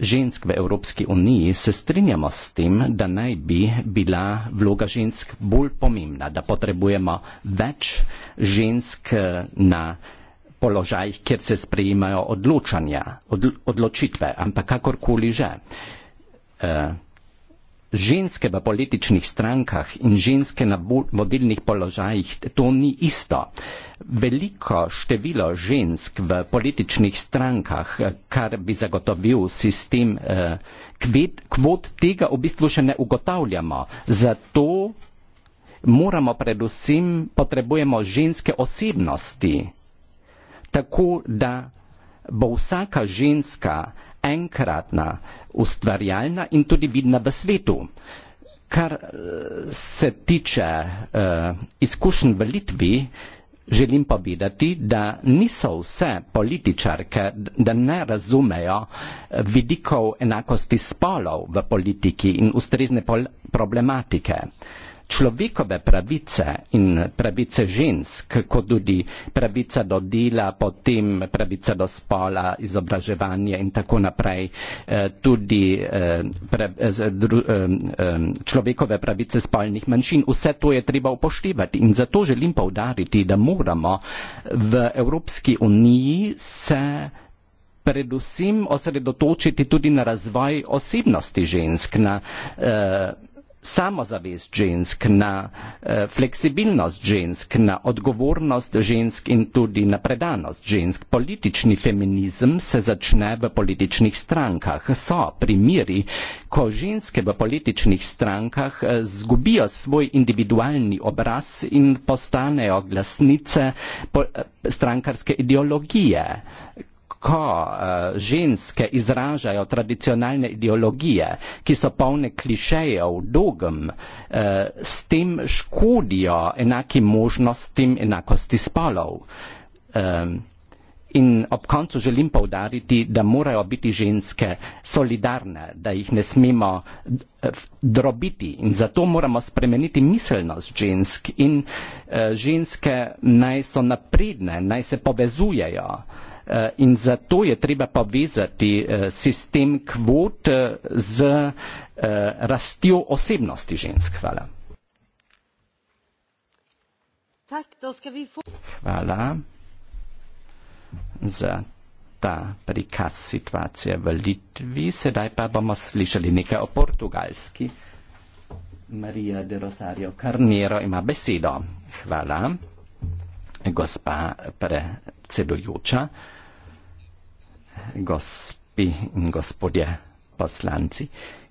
žensk v Evropski uniji, se strinjamo s tem, da naj bi bila vloga žensk bolj pomembna, da potrebujemo več žensk eh, na. Eh, položajih, kjer se sprejemajo odločanja, od, odločitve, ampak kakorkoli že. E, ženske v političnih strankah in ženske na vodilnih položajih, to ni isto. Veliko število žensk v političnih strankah, eh, kar bi zagotovil sistem eh, kvot, tega v bistvu še ne ugotavljamo. Zato moramo predvsem potrebujemo ženske osebnosti tako da bo vsaka ženska enkratna, ustvarjalna in tudi vidna v svetu. Kar eh, se tiče uh, izkušenj v Litvi, želim povedati, da niso vse političarke, da ne razumejo eh, vidikov enakosti spolov v politiki in ustrezne problematike. Uh, človekove pravice in pravice žensk, kot tudi pravica do dela, potem pravica do spola, izobraževanja in tako naprej, eh, tudi eh, eh, človekove pravice spolnih manjšin, vse to je treba upoštevati. In zato želim povdariti, da moramo v Evropski uniji se predvsem osredotočiti tudi na razvoj osebnosti žensk, na eh, samozavest žensk, na eh, fleksibilnost žensk, na odgovornost žensk in tudi na predanost žensk. Politični feminizem se začne v političnih strankah. So primiri, ko ženske v političnih strankah eh, zgubijo svoj individualni obraz in postanejo glasnice po, eh, strankarske ideologije, kako uh, eh, ženske izražajo tradicionalne ideologije, ki so polne klišejev, dogem, uh, s tem škodijo enakim možnostim enakosti spolov. Um, In ob koncu želim povdariti, da morajo biti ženske solidarne, da jih ne smemo eh, drobiti in zato moramo spremeniti miselnost žensk in uh, ženske naj so napredne, naj se povezujejo. Eh, in zato je treba povezati eh, sistem kvot eh, z rastjo osebnosti žensk. Hvala. Hvala za ta prikaz situacije v Litvi. Sedaj pa bomo slišali nekaj o portugalski. Marija de Rosario Carnero ima besedo. Hvala gospa predsedujoča, gospi in gospodje poslanci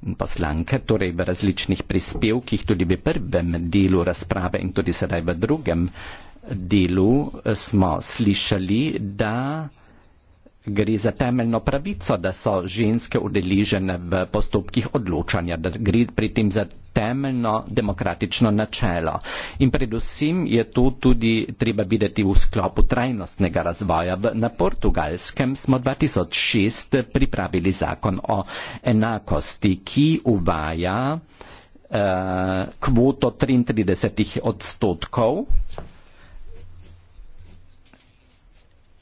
in poslanke, torej v različnih prispevkih, tudi v prvem delu razprave in tudi sedaj v drugem delu smo slišali, da Gre za temeljno pravico, da so ženske udeležene v postopkih odločanja, da gre pri tem za temeljno demokratično načelo. In predvsem je to tudi treba videti v sklopu trajnostnega razvoja. Na portugalskem smo 2006 pripravili zakon o enakosti, ki uvaja uh, kvoto 33 odstotkov.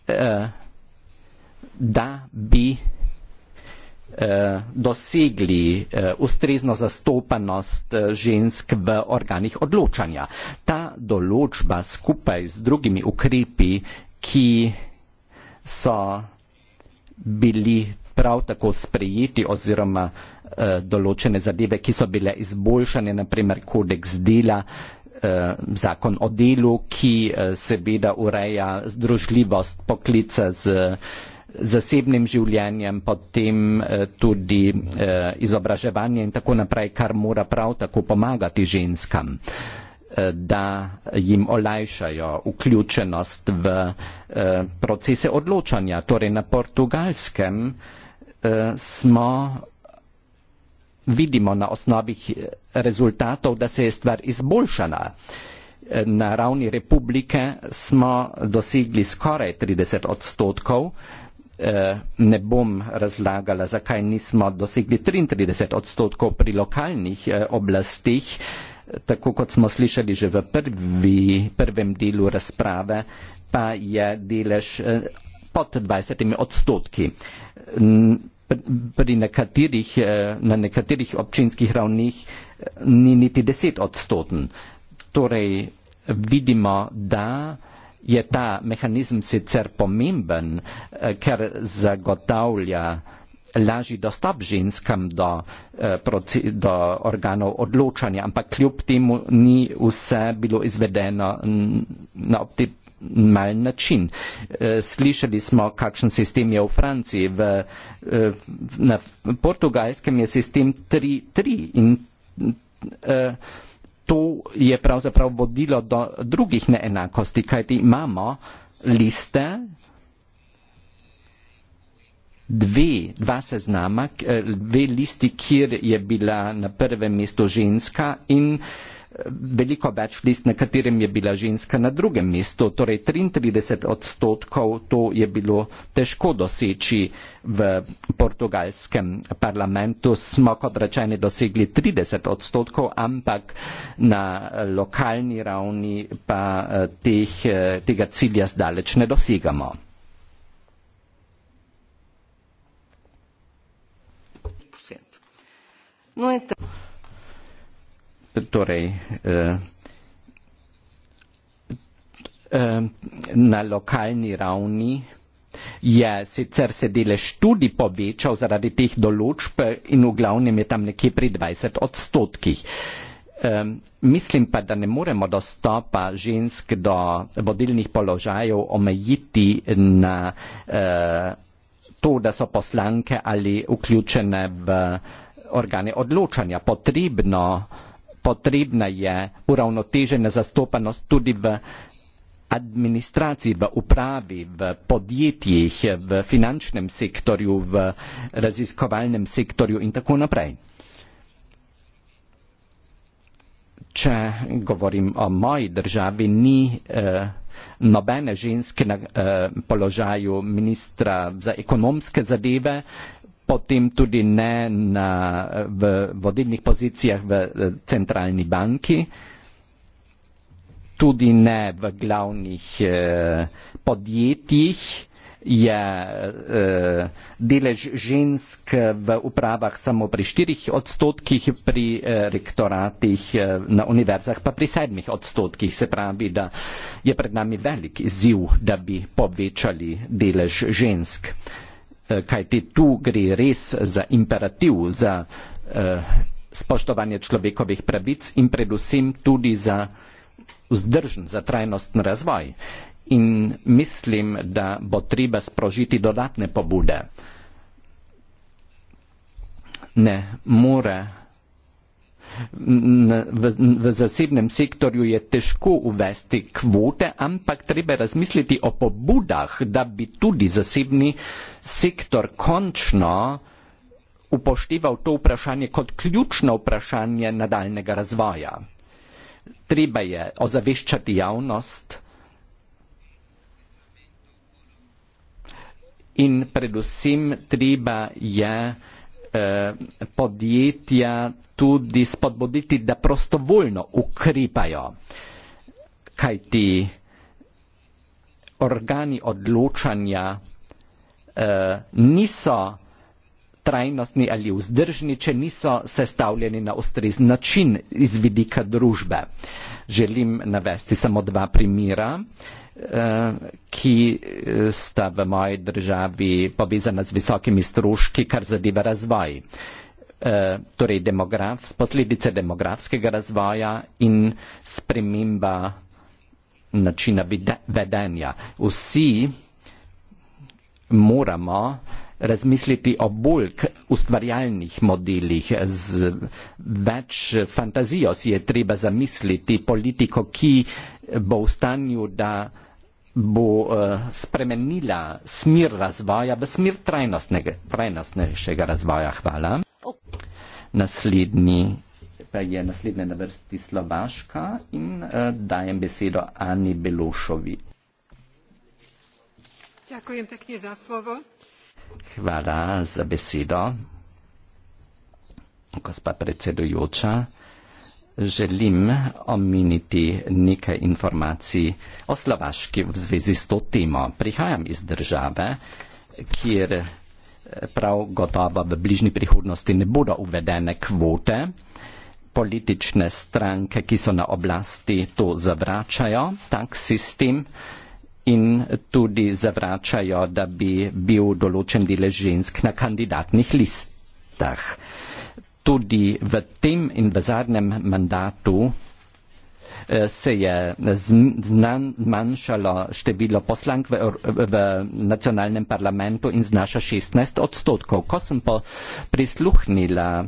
Uh, da bi eh, dosegli eh, ustrezno zastopanost eh, žensk v organih odločanja. Ta določba skupaj z drugimi ukrepi, ki so bili prav tako sprejeti oziroma določene zadeve, ki so bile izboljšane, naprimer kodeks dela, zakon o delu, ki seveda ureja združljivost poklica z delom, zasebnim življenjem, potem eh, tudi eh, izobraževanje in tako naprej, kar mora prav tako pomagati ženskam, eh, da jim olajšajo vključenost v procese odločanja. Torej na portugalskem smo, vidimo na osnovi rezultatov, da se je stvar izboljšala. Na ravni republike smo dosegli skoraj 30 odstotkov Eh, ne bom razlagala, zakaj nismo dosegli 33 odstotkov pri lokalnih eh, oblastih, tako kot smo slišali že v prvi, prvem delu razprave, pa je delež eh, pod 20 odstotki. Pri nekaterih, na nekaterih občinskih ravnih ni niti 10 odstoten. Torej vidimo, da je ta mehanizem sicer pomemben, eh, ker zagotavlja lažji dostop ženskam do, eh, do organov odločanja, ampak kljub temu ni vse bilo izvedeno na optimalen način. Eh, slišali smo, kakšen sistem je v Franciji, v, na portugalskem je sistem 3-3 in tu je pravzaprav vodilo do drugih neenakosti, kajti imamo liste, dve, dva seznama, eh, dve listi, kjer je bila na prvem mestu ženska in veliko več list, na katerem je bila ženska na drugem mestu. Torej 33 odstotkov to je bilo težko doseči v portugalskem parlamentu. Smo kot rečeni dosegli 30 odstotkov, ampak na eh, lokalni ravni pa eh, teh, eh, tega cilja zdaleč ne dosegamo. No entonces torej eh, eh, na lokalni ravni je sicer se delež tudi povečal zaradi teh določb in v glavnem je tam nekje pri 20 odstotkih. Um, mislim pa, da ne moremo dostopa žensk do vodilnih položajev omejiti na uh, to, da so poslanke ali vključene v organe odločanja. Potrebno uh, potrebna je uravnotežena zastopanost tudi v administraciji, v upravi, v podjetjih, v finančnem sektorju, v raziskovalnem sektorju in tako naprej. Če govorim o moji državi, ni eh, nobene ženske na eh, položaju ministra za ekonomske zadeve, eh, potem tudi ne na, v vodilnih pozicijah v eh, centralni banki, tudi ne v glavnih eh, podjetjih je eh, delež žensk eh, v upravah samo pri štirih odstotkih, pri eh, rektoratih eh, na univerzah pa pri sedmih odstotkih. Se pravi, da je pred nami velik ziv, da bi povečali delež žensk. Eh, kajti tu gre res za imperativ, za eh, spoštovanje človekovih pravic in predvsem tudi za vzdržen, za trajnostni razvoj. In mislim, da bo treba sprožiti dodatne pobude. Ne more v, v zasebnem sektorju je težko uvesti kvote, ampak treba razmisliti o pobudah, da bi tudi zasebni sektor končno upošteval to vprašanje kot ključno vprašanje nadaljnega razvoja. Treba je ozaveščati javnost in predvsem treba je eh, podjetja tudi spodbuditi, da prostovoljno ukripajo, kaj ti organi odločanja eh, niso trajnostni ali vzdržni, če niso sestavljeni na ustrezen način iz vidika družbe. Želim navesti samo dva primira, eh, ki eh, sta v moji državi povezana z visokimi stroški, kar zadeva razvoj. Eh, Eh, torej demograf, posledice demografskega razvoja in sprememba načina vedenja. Vsi moramo razmisliti o bolj ustvarjalnih modelih. Z več fantazijo si je treba zamisliti politiko, ki bo v stanju, da bo eh, spremenila smer razvoja v smer trajnostnejšega razvoja. Hvala. Naslednji pa je naslednja na vrsti Slovaška in uh, dajem besedo Ani Belošovi. Za slovo. Hvala za besedo. Gospa predsedujoča, želim omeniti nekaj informacij o Slovaški v zvezi s to temo. Prihajam iz države, kjer prav gotovo v bližnji prihodnosti ne bodo uvedene kvote. Politične stranke, ki so na oblasti, to zavračajo, tak sistem in tudi zavračajo, da bi bil določen delež žensk na kandidatnih listah. Tudi v tem in v zadnjem mandatu Eh, se je znan, zmanjšalo število poslank v, v nacionalnem parlamentu in znaša 16 odstotkov. Ko sem pa prisluhnila eh,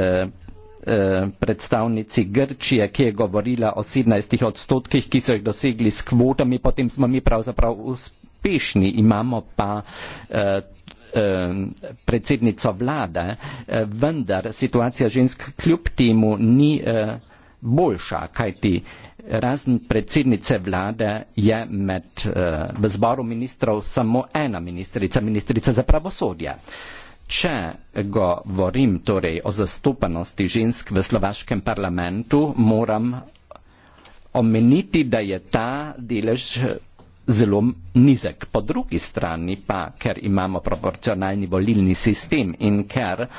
eh, predstavnici Grčije, ki je govorila o 17 odstotkih, ki so jih dosegli s kvotami, potem smo mi pravzaprav uspešni. Imamo pa eh, eh, predsednico vlade, eh, vendar situacija žensk kljub temu ni. Eh, boljša, kajti razen predsednice vlade je med eh, v zboru ministrov samo ena ministrica, ministrica za pravosodje. Če govorim torej o zastopanosti žensk v slovaškem parlamentu, moram omeniti, da je ta delež zelo nizek. Po drugi strani pa, ker imamo proporcionalni volilni sistem in ker uh,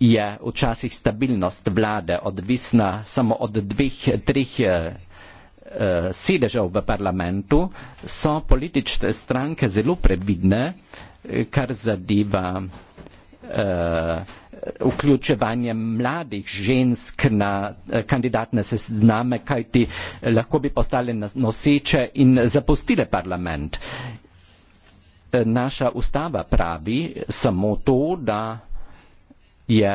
je včasih stabilnost vlade odvisna samo od dveh, treh eh, eh sedežev v parlamentu, so politične stranke zelo previdne, eh, kar zadeva eh, vključevanje mladih žensk na eh, kandidatne sezname, kajti eh, lahko bi postale noseče in zapustile parlament. Naša ustava pravi samo to, da je,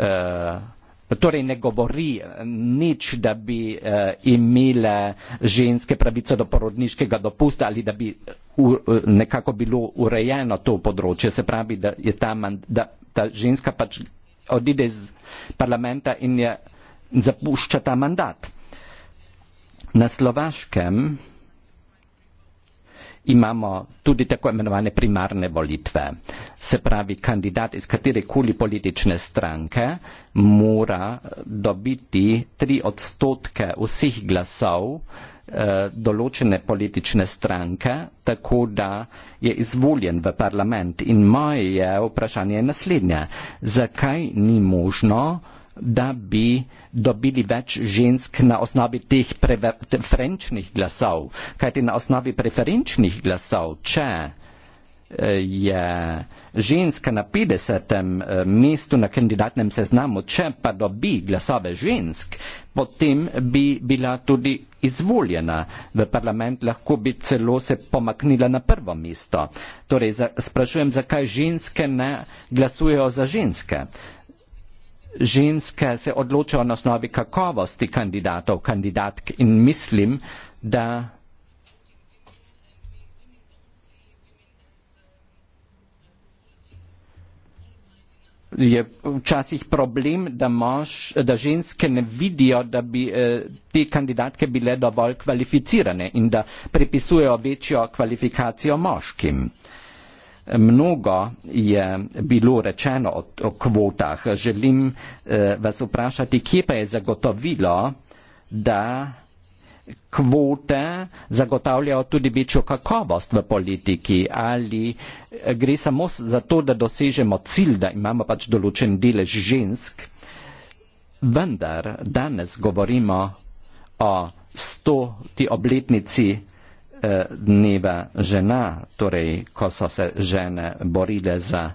uh, torej ne govori nič, da bi uh, imele ženske pravico do porodniškega dopusta ali da bi u, nekako bilo urejeno to področje. Se pravi, da je ta, man, da, ta ženska pač odide iz parlamenta in je zapušča ta mandat. Na slovaškem imamo tudi tako imenovane primarne volitve. Se pravi, kandidat iz katerekoli politične stranke mora dobiti tri odstotke vseh glasov eh, določene politične stranke, tako da je izvoljen v parlament. In moje vprašanje je naslednje. Zakaj ni možno, da bi eh, dobili več žensk na osnovi teh preferenčnih glasov. Kajti na osnovi preferenčnih glasov, če eh, je ženska na 50. Eh, mestu na kandidatnem seznamu, če pa dobi glasove žensk, potem bi bila tudi izvoljena v parlament, lahko bi celo se pomaknila na prvo mesto. Torej, za, sprašujem, zakaj ženske ne glasujejo za ženske? Uh, ženske se odločajo na osnovi kakovosti kandidatov, kandidatk in mislim, da je včasih problem, da, mož, da ženske ne vidijo, da bi eh, te kandidatke bile dovolj kvalificirane in da pripisujejo večjo kvalifikacijo moškim. Mnogo je bilo rečeno o, o kvotah. Želim eh, vas vprašati, kje pa je zagotovilo, da kvote zagotavljajo tudi večjo kakovost v politiki ali eh, gre samo za to, da dosežemo cilj, da imamo pač določen delež žensk. Vendar danes govorimo o stoti obletnici dneva eh, žena, torej ko so se žene borile za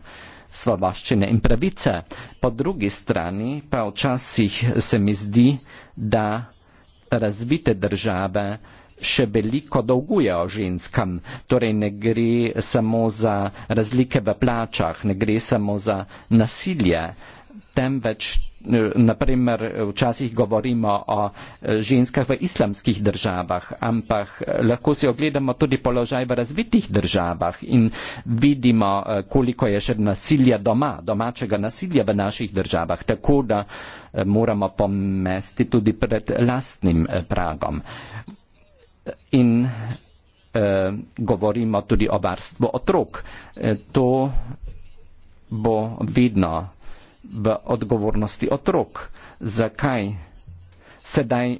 svoboščine in pravice. Po drugi strani pa včasih se mi zdi, da razvite države še veliko dolgujejo ženskam. Torej ne gre samo za razlike v plačah, ne gre samo za nasilje, temveč eh, naprimer včasih govorimo o eh, ženskah v islamskih državah, ampak eh, lahko si ogledamo tudi položaj v razvitih državah in vidimo, koliko je še nasilja doma, domačega nasilja v naših državah, tako da moramo pomesti tudi pred lastnim pragom. In eh, govorimo tudi o varstvu otrok. Eh, to bo vidno v odgovornosti otrok. Zakaj sedaj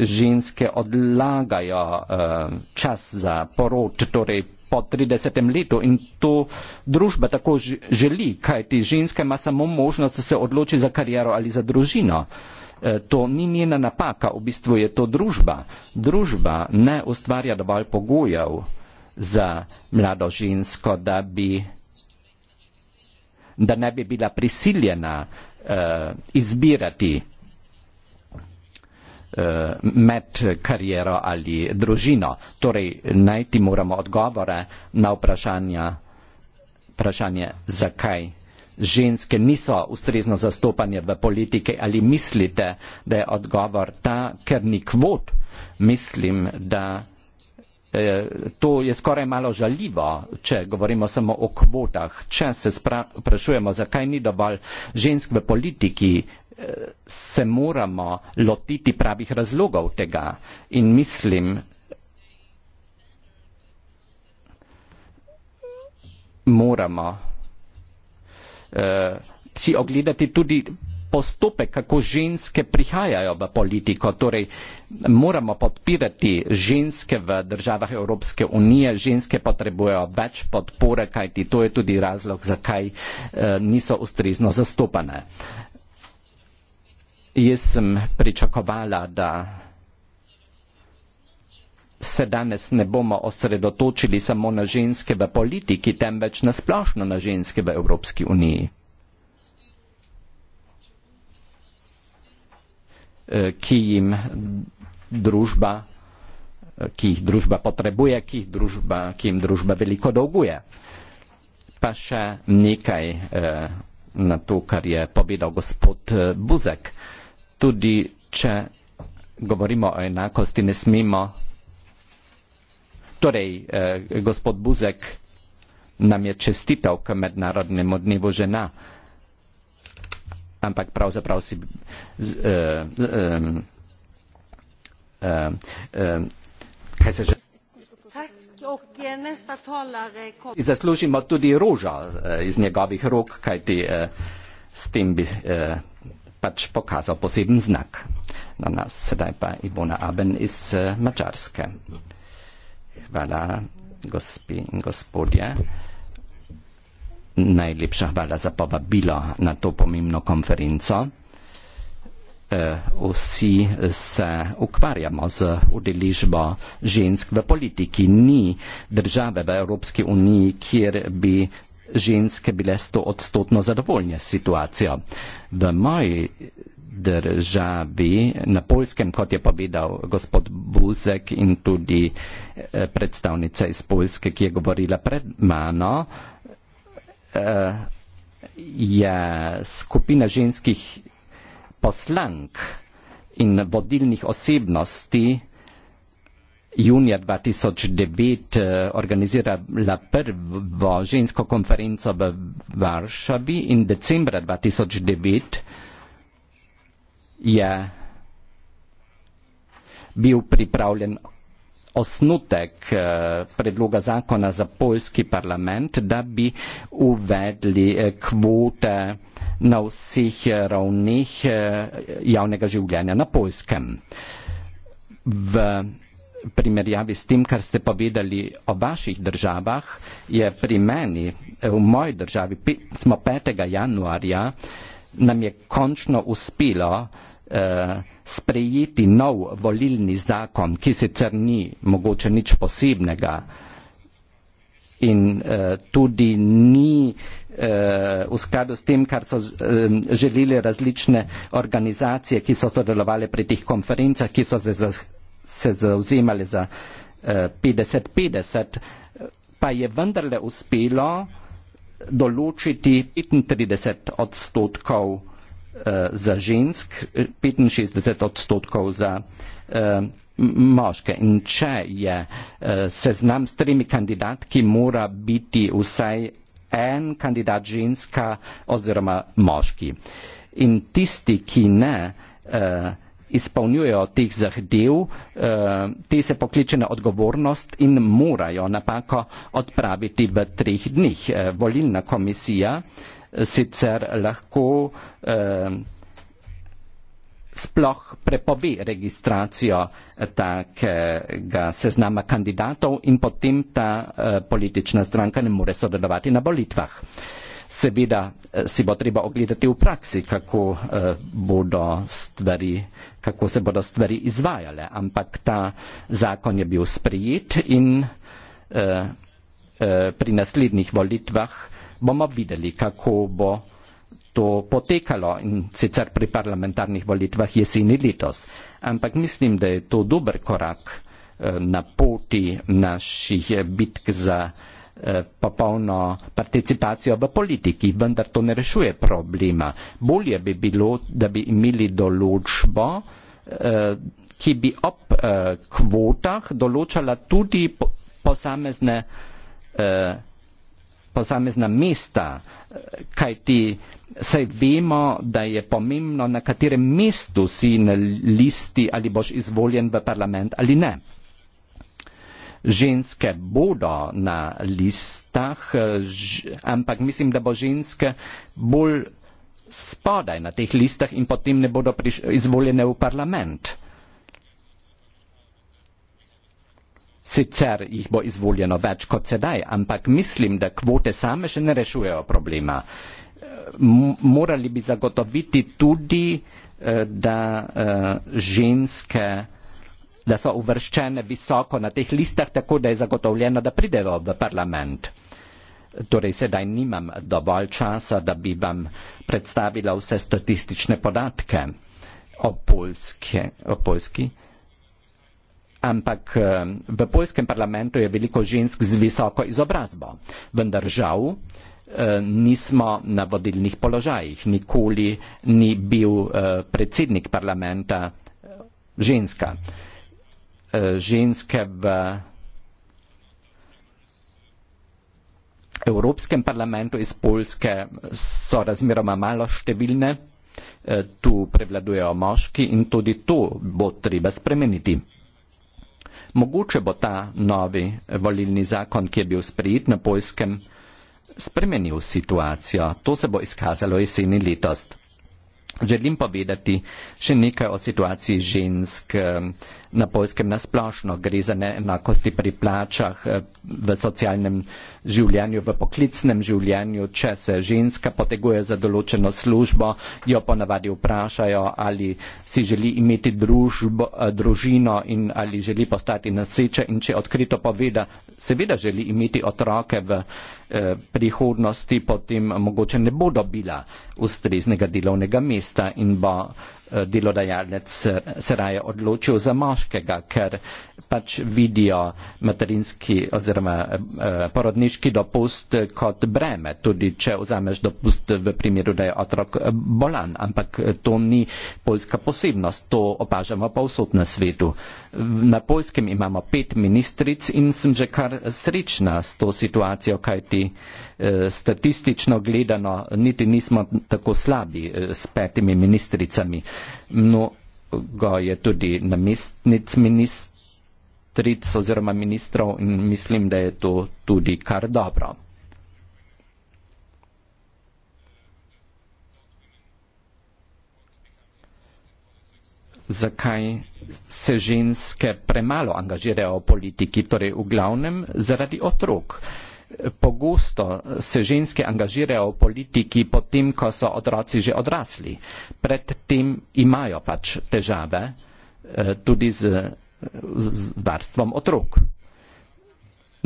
ženske odlagajo uh, čas za porod, torej po 30. letu in to družba tako želi, kajti ženska ima samo možnost, da se odloči za kariero ali za družino. Eh, to ni njena napaka, v bistvu je to družba. Družba ne ustvarja dovolj pogojev za mlado žensko, da bi da ne bi bila prisiljena uh, izbirati eh, med kariero ali družino. Torej, najti moramo odgovore na vprašanja, vprašanje, zakaj ženske niso ustrezno zastopanje v politike ali mislite, da je odgovor ta, ker ni kvot. Mislim, da Eh, to je skoraj malo žaljivo, če govorimo samo o kvotah. Če se sprašujemo, zakaj ni dovolj žensk v politiki, eh, se moramo lotiti pravih razlogov tega. In mislim, moramo eh, si ogledati tudi postopek, kako ženske prihajajo v politiko. Torej, moramo podpirati ženske v državah Evropske unije. Ženske potrebujejo več podpore, kajti to je tudi razlog, zakaj eh, niso ustrezno zastopane. Jaz sem pričakovala, da se danes ne bomo osredotočili samo na ženske v politiki, temveč na splošno na ženske v Evropski uniji. Eh, ki jim družba, eh, ki jih družba potrebuje, ki, jih družba, ki jim družba veliko dolguje. Pa še nekaj eh, na to, kar je povedal gospod Buzek. Tudi če govorimo o enakosti, ne smemo. Torej, gospod Buzek nam je čestital k mednarodnemu dnevu žena ampak pravzaprav si uh, uh, uh, uh, uh, kaj se že zaslužimo tudi roža uh, iz njegovih rok, kajti uh, s tem bi uh, pač pokazal poseben znak na nas. Sedaj pa Ibona Aben iz uh, Mačarske. Hvala, gospi in gospodje najlepša hvala za povabilo na to pomembno konferenco. Eh, vsi se ukvarjamo z udeležbo žensk v politiki. Ni države v Evropski uniji, kjer bi ženske bile sto odstotno zadovoljne s situacijo. V moji državi, na Poljskem, kot je povedal gospod Buzek in tudi eh, predstavnica iz Poljske, ki je govorila pred mano, uh, je skupina ženskih poslank in vodilnih osebnosti junija 2009 eh, organizirala prvo žensko konferenco v Varšavi in decembra 2009 je bil pripravljen osnutek eh, predloga zakona za polski parlament, da bi uvedli eh, kvote na vseh eh, ravnih javnega življenja na polskem. V primerjavi s tem, kar ste povedali o vaših državah, je pri meni, v moji državi, smo 5. januarja, nam je končno uspelo eh, sprejeti nov volilni zakon, ki sicer ni mogoče nič posebnega in uh, tudi ni uh, v skladu s tem, kar so uh, želeli različne organizacije, ki so sodelovali pri teh konferencah, ki so se, za, se zauzemali za 50-50, uh, pa je vendarle uspelo določiti 35 odstotkov Eh, za žensk, 65 odstotkov za eh, moške. In če je eh, seznam s tremi kandidatki, mora biti vsaj en kandidat ženska oziroma moški. In tisti, ki ne izpolnjujejo teh zahdev, te se pokliče na odgovornost in morajo napako odpraviti v treh dneh. Volilna komisija sicer lahko eh, sploh prepove registracijo takega eh, seznama kandidatov in potem ta eh, politična stranka ne more sodelovati na volitvah. Seveda eh, si bo treba ogledati v praksi, kako, eh, bodo stvari, kako se bodo stvari izvajale, ampak ta zakon je bil sprijet in eh, eh, pri naslednjih volitvah bomo videli, kako bo to potekalo in sicer pri parlamentarnih volitvah jeseni letos. Ampak mislim, da je to dober korak eh, na poti naših eh, bitk za eh, popolno participacijo v politiki, vendar to ne rešuje problema. Bolje bi bilo, da bi imeli določbo, ki bi ob kvotah določala tudi posamezne posamezna mesta, kaj ti saj vemo, da je pomembno, na katerem mestu si na listi ali boš izvoljen v parlament ali ne. Ženske bodo na listah, ampak mislim, da bo ženske bolj spodaj na teh listah in potem ne bodo izvoljene v parlament. Sicer jih bo izvoljeno več kot sedaj, ampak mislim, da kvote same še ne rešujejo problema. Morali bi zagotoviti tudi, eh, da eh, ženske, da so uvrščene visoko na teh listah, tako da je zagotovljeno, da pridejo v parlament. Torej, sedaj nimam dovolj časa, da bi vam predstavila vse statistične podatke o Poljski. O Poljski ampak eh, v polskem parlamentu je veliko žensk z visoko izobrazbo, vendar žal eh, nismo na vodilnih položajih, nikoli ni bil eh, predsednik parlamenta ženska. Ženske v Evropskem parlamentu iz Polske so razmeroma malo številne, tu prevladujejo moški in tudi to bo treba spremeniti. Mogoče bo ta novi volilni zakon, ki je bil sprejet na Poljskem, spremenil situacijo. To se bo izkazalo jeseni letos. Želim povedati še nekaj o situaciji žensk. Eh, na polskem nasplošno. Gre za neenakosti pri plačah eh, v socialnem življenju, v poklicnem življenju. Če se ženska poteguje za določeno službo, jo ponavadi vprašajo, ali si želi imeti družbo, eh, družino in ali želi postati naseče. In če odkrito poveda, seveda želi imeti otroke v eh, prihodnosti, potem mogoče ne bo dobila ustreznega delovnega mesta in bo Eh, delodajalec eh, se raje odločil za moškega, ker pač vidijo materinski oziroma eh, porodniški dopust kot breme, tudi če vzameš dopust v primeru, da je otrok bolan. Ampak to ni poljska posebnost, to opažamo pa vsot na svetu. Na Poljskem imamo pet ministric in sem že kar srečna s to situacijo, kajti eh, statistično gledano niti nismo tako slabi eh, s petimi ministricami. Mnogo je tudi namestnic ministric oziroma ministrov in mislim, da je to tudi kar dobro. zakaj se ženske premalo angažirajo v politiki, torej v glavnem zaradi otrok. Pogosto se ženske angažirajo v politiki potem, ko so otroci že odrasli. Predtem imajo pač težave eh, tudi z, z varstvom otrok.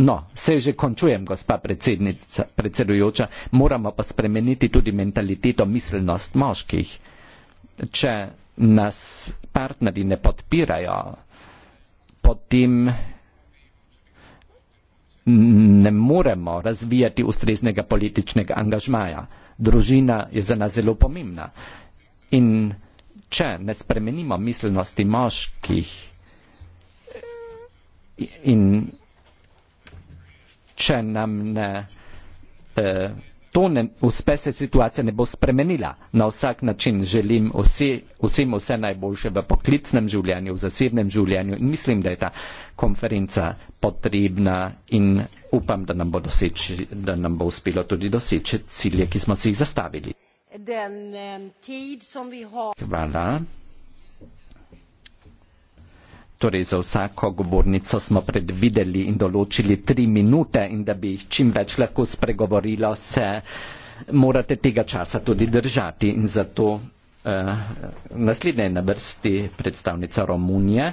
No, se že končujem, gospa predsedujoča, moramo pa spremeniti tudi mentaliteto, miselnost moških. Če nas partnerji ne podpirajo, potem ne moremo razvijati ustreznega političnega angažmaja. Družina je za nas zelo pomembna. In če ne spremenimo miselnosti moških in če nam ne eh, to ne uspe, se situacija ne bo spremenila. Na vsak način želim vsi, vsem vse najboljše v poklicnem življenju, v zasebnem življenju in mislim, da je ta konferenca potrebna in upam, da nam bo, doseči, da nam bo uspelo tudi doseči cilje, ki smo si jih zastavili. Eh, Hvala. Torej, za vsako govornico smo predvideli in določili tri minute in da bi jih čim več lahko spregovorilo, se morate tega časa tudi držati in zato eh, naslednja je na vrsti predstavnica Romunije,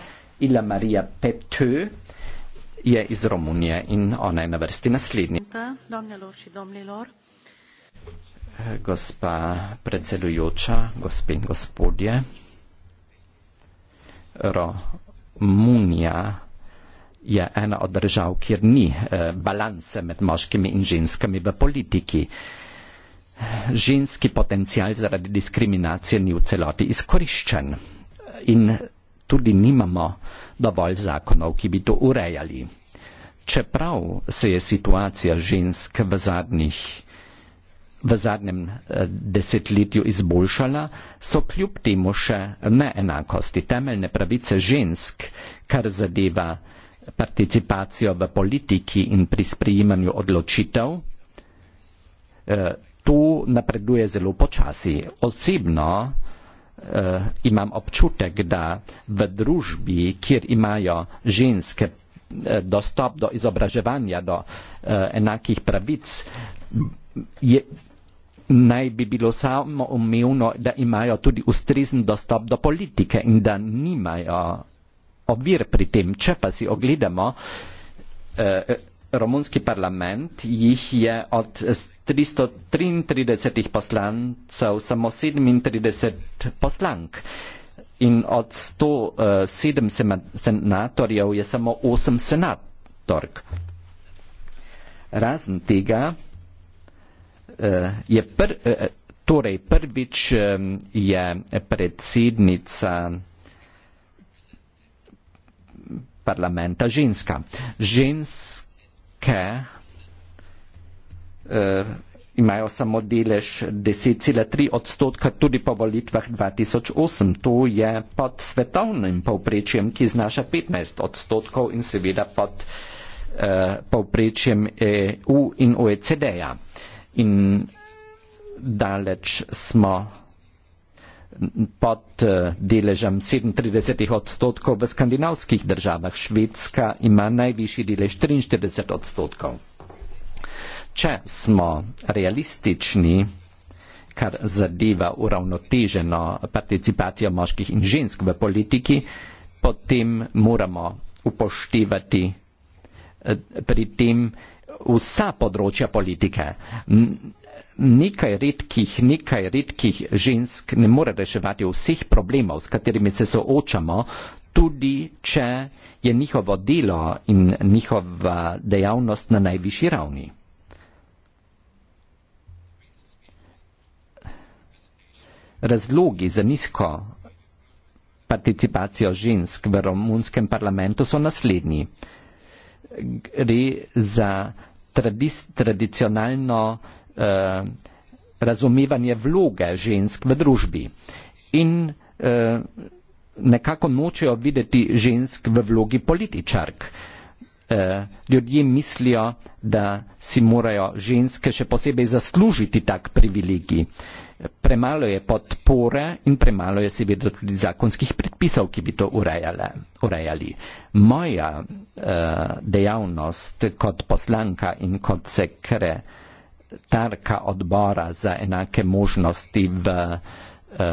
Ila Marija Petö je iz Romunije in ona je na vrsti naslednji. Gospa predsedujoča, gospe in gospodje, ro, Munija je ena od držav, kjer ni eh, balanse med moškimi in ženskami v politiki. Ženski potencial zaradi diskriminacije ni v celoti izkoriščen in tudi nimamo dovolj zakonov, ki bi to urejali. Čeprav se je situacija žensk v zadnjih letih, v zadnjem eh, desetletju izboljšala, so kljub temu še neenakosti, temeljne pravice žensk, kar zadeva participacijo v politiki in pri sprejemanju odločitev, eh, to napreduje zelo počasi. Osebno eh, imam občutek, da v družbi, kjer imajo ženske dostop do izobraževanja, do enakih pravic, je naj bi bilo samo umevno, da imajo tudi ustrezen dostop do politike in da nimajo obvir pri tem. Če pa si ogledamo, eh, romunski parlament jih je od 333 poslancev samo 37 poslank in od 107 eh, senatorjev je samo 8 senatork. Razen tega, Eh, je pr, eh, eh, torej prvič je predsednica parlamenta ženska. Ženske imajo samo delež 10,3 odstotka tudi po volitvah 2008. To je pod svetovnim povprečjem, ki znaša 15 odstotkov in seveda pod uh, povprečjem EU in OECD-ja in daleč smo pod eh, deležem 37 odstotkov, v skandinavskih državah Švedska ima najvišji delež 43 odstotkov. Če smo realistični, kar zadeva uravnoteženo participacijo moških in žensk v politiki, potem moramo upoštevati eh, pri tem, vsa področja politike. Nekaj redkih, nekaj redkih žensk ne more reševati vseh problemov, s katerimi se soočamo, tudi če je njihovo delo in njihova dejavnost na najvišji ravni. Razlogi za nizko participacijo žensk v romunskem parlamentu so naslednji. Gre za tradis, tradicionalno eh, razumevanje vloge žensk v družbi in eh, nekako nočejo videti žensk v vlogi političark. Eh, ljudje mislijo, da si morajo ženske še posebej zaslužiti tak privilegij premalo je podpore in premalo je seveda tudi zakonskih predpisov, ki bi to urejale, urejali. Moja uh, dejavnost kot poslanka in kot sekretarka odbora za enake možnosti v uh,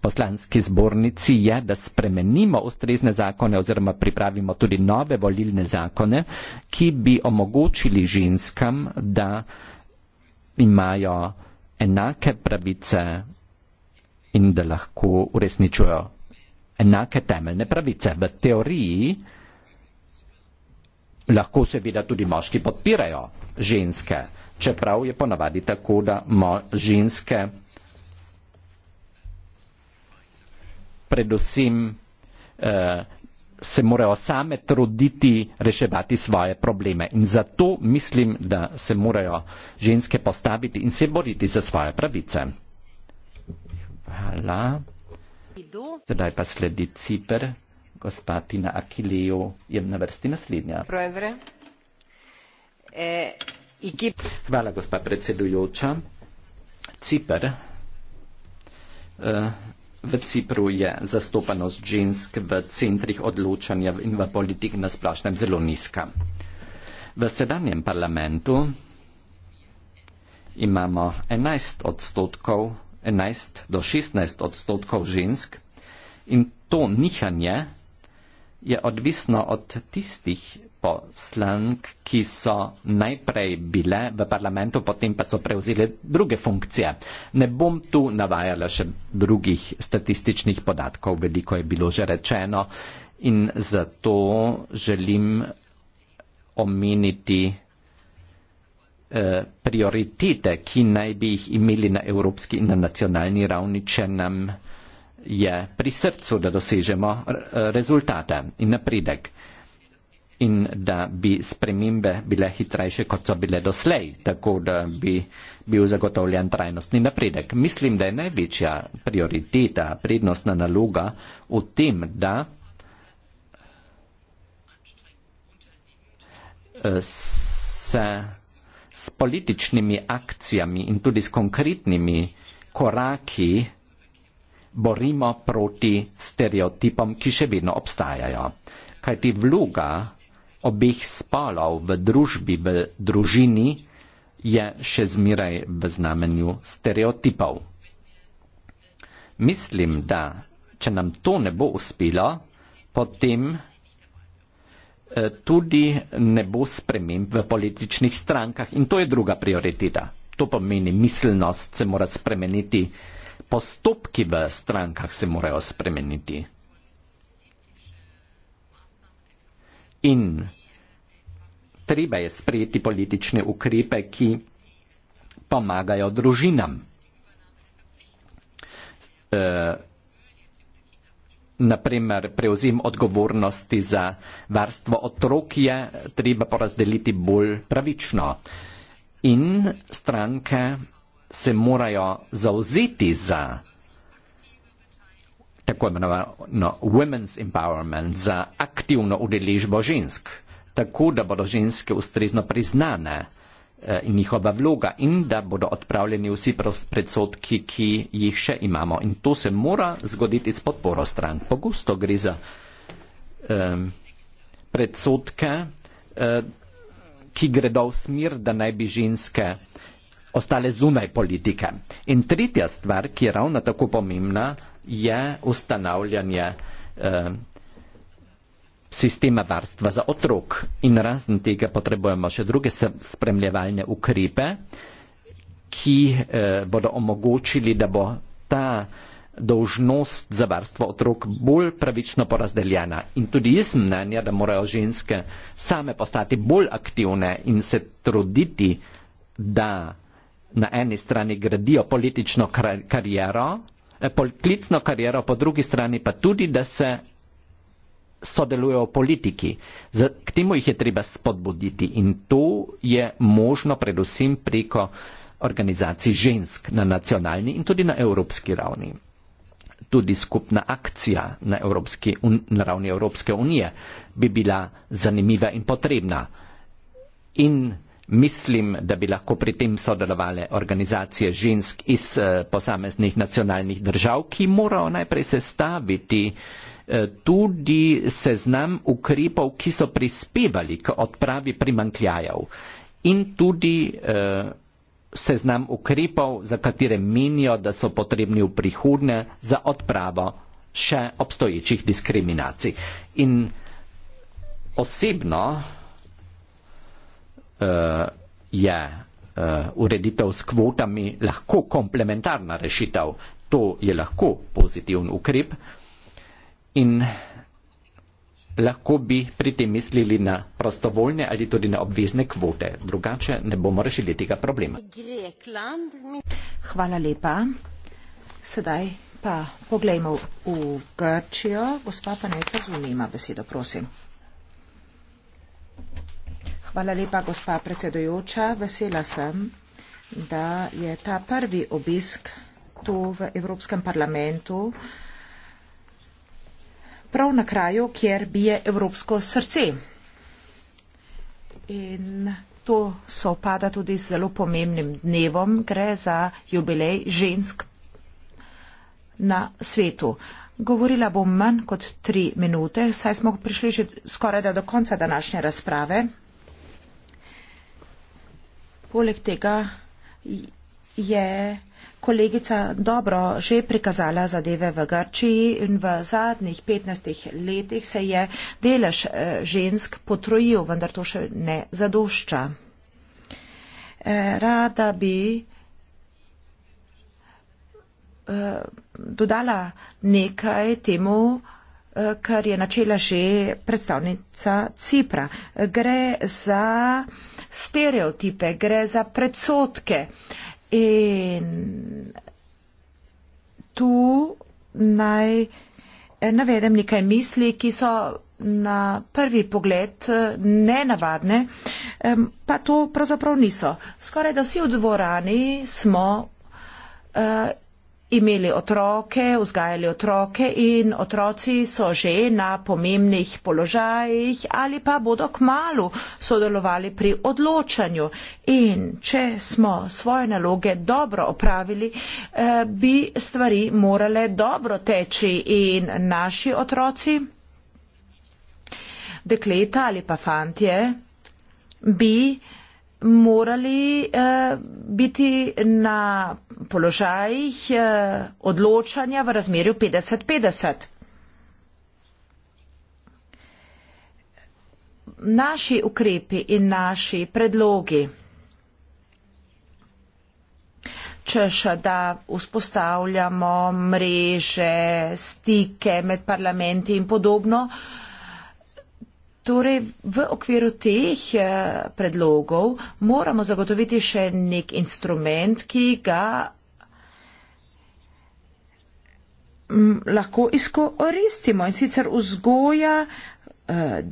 poslanski zbornici je, da spremenimo ustrezne zakone oziroma pripravimo tudi nove volilne zakone, ki bi omogočili ženskam, da imajo enake pravice in da lahko uresničujejo enake temeljne pravice. V teoriji lahko seveda tudi moški podpirajo ženske, čeprav je ponavadi tako, da ženske predvsem eh, se morajo same truditi reševati svoje probleme. In zato mislim, da se morajo ženske postaviti in se boriti za svoje pravice. Hvala. Zdaj pa sledi Cipr, gospa Tina Akilijo, je na vrsti naslednja. E, Hvala, gospa predsedujoča. Cipr. E, v Cipru je zastopanost žensk v centrih odločanja in v politik na splošnem zelo nizka. V sedanjem parlamentu imamo 11 odstotkov, 11 do 16 odstotkov žensk in to nihanje je odvisno od tistih poslank, ki so najprej bile v parlamentu, potem pa so prevzeli druge funkcije. Ne bom tu navajala še drugih statističnih podatkov, veliko je bilo že rečeno in zato želim omeniti eh, prioritete, ki naj bi jih imeli na evropski in na nacionalni ravni, če nam je pri srcu, da dosežemo rezultate in napredek in da bi spremembe bile hitrejše, kot so bile doslej, tako da bi bil zagotovljen trajnostni napredek. Mislim, da je največja prioriteta, prednostna naloga v tem, da eh, se s političnimi akcijami in tudi s konkretnimi koraki borimo proti stereotipom, ki še vedno obstajajo. Kajti vloga obeh spolov v družbi, v družini, je še zmeraj v znamenju stereotipov. Mislim, da če nam to ne bo uspelo, potem eh, tudi ne bo sprememb v političnih strankah in to je druga prioriteta. To pomeni, miselnost se mora spremeniti, postopki v strankah se morajo spremeniti. in treba je sprejeti politične ukrepe, ki pomagajo družinam. E, naprimer, prevzem odgovornosti za varstvo otrok je treba porazdeliti bolj pravično. In stranke se morajo zauzeti za tako imenovano no, women's empowerment, za aktivno udeležbo žensk, tako da bodo ženske ustrezno priznane eh, in njihova vloga in da bodo odpravljeni vsi predsotki, ki jih še imamo. In to se mora zgoditi s podporo stran. Pogosto gre za um, predsotke, uh, eh, ki gredo v smer, da naj bi ženske ostale zunaj politike. In tretja stvar, ki je ravno tako pomembna, je ustanavljanje eh, sistema varstva za otrok in razen tega potrebujemo še druge spremljevalne ukrepe, ki eh, bodo omogočili, da bo ta dolžnost za varstvo otrok bolj pravično porazdeljena. In tudi jaz mnenja, da morajo ženske same postati bolj aktivne in se truditi, da na eni strani gradijo politično kariero, Eh, poklicno kariero, po drugi strani pa tudi, da se sodelujejo v politiki. Z, k temu jih je treba spodbuditi in to je možno predvsem preko organizacij žensk na nacionalni in tudi na evropski ravni. Tudi skupna akcija na, evropski, na ravni Evropske unije bi bila zanimiva in potrebna. In Mislim, da bi lahko pri tem sodelovali organizacije žensk iz eh, posameznih nacionalnih držav, ki morajo najprej sestaviti eh, tudi seznam ukrepov, ki so prispevali k odpravi primankljajev in tudi eh, seznam ukrepov, za katere menijo, da so potrebni v prihodnje za odpravo še obstoječih diskriminacij. In osebno, je eh, ureditev s kvotami lahko komplementarna rešitev. To je lahko pozitiven ukrep in lahko bi pri tem mislili na prostovoljne ali tudi na obvezne kvote. Drugače ne bomo rešili tega problema. Hvala lepa. Sedaj pa poglejmo v Grčijo. Gospa Paneta, zunima besedo, prosim. Hvala lepa, gospa predsedojoča. Vesela sem, da je ta prvi obisk tu v Evropskem parlamentu prav na kraju, kjer bije evropsko srce. In to so pada tudi z zelo pomembnim dnevom, gre za jubilej žensk na svetu. Govorila bom manj kot tri minute, saj smo prišli že skoraj da do konca današnje razprave. Poleg tega je kolegica dobro že prikazala zadeve v Grčiji in v zadnjih 15 letih se je delež eh, žensk potrojil, vendar to še ne zadošča. Eh, rada bi eh, dodala nekaj temu, kar je načela že predstavnica Cipra. Gre za uh, stereotipe, gre za predsotke. In tu naj eh, navedem nekaj misli, ki so na prvi pogled eh, nenavadne, pa to pravzaprav niso. Skoraj da vsi v dvorani smo eh, imeli otroke, vzgajali otroke in otroci so že na pomembnih položajih ali pa bodo k malu sodelovali pri odločanju. In če smo svoje naloge dobro opravili, eh, bi stvari morale dobro teči in naši otroci, dekleta ali pa fantje, bi morali eh, biti na položajih eh, odločanja v razmerju 50-50. Naši ukrepi in naši predlogi, češ da vzpostavljamo mreže, stike med parlamenti in podobno, eh, Torej, v okviru teh eh, predlogov moramo zagotoviti še nek instrument, ki ga lahko izkoristimo in sicer vzgoja eh,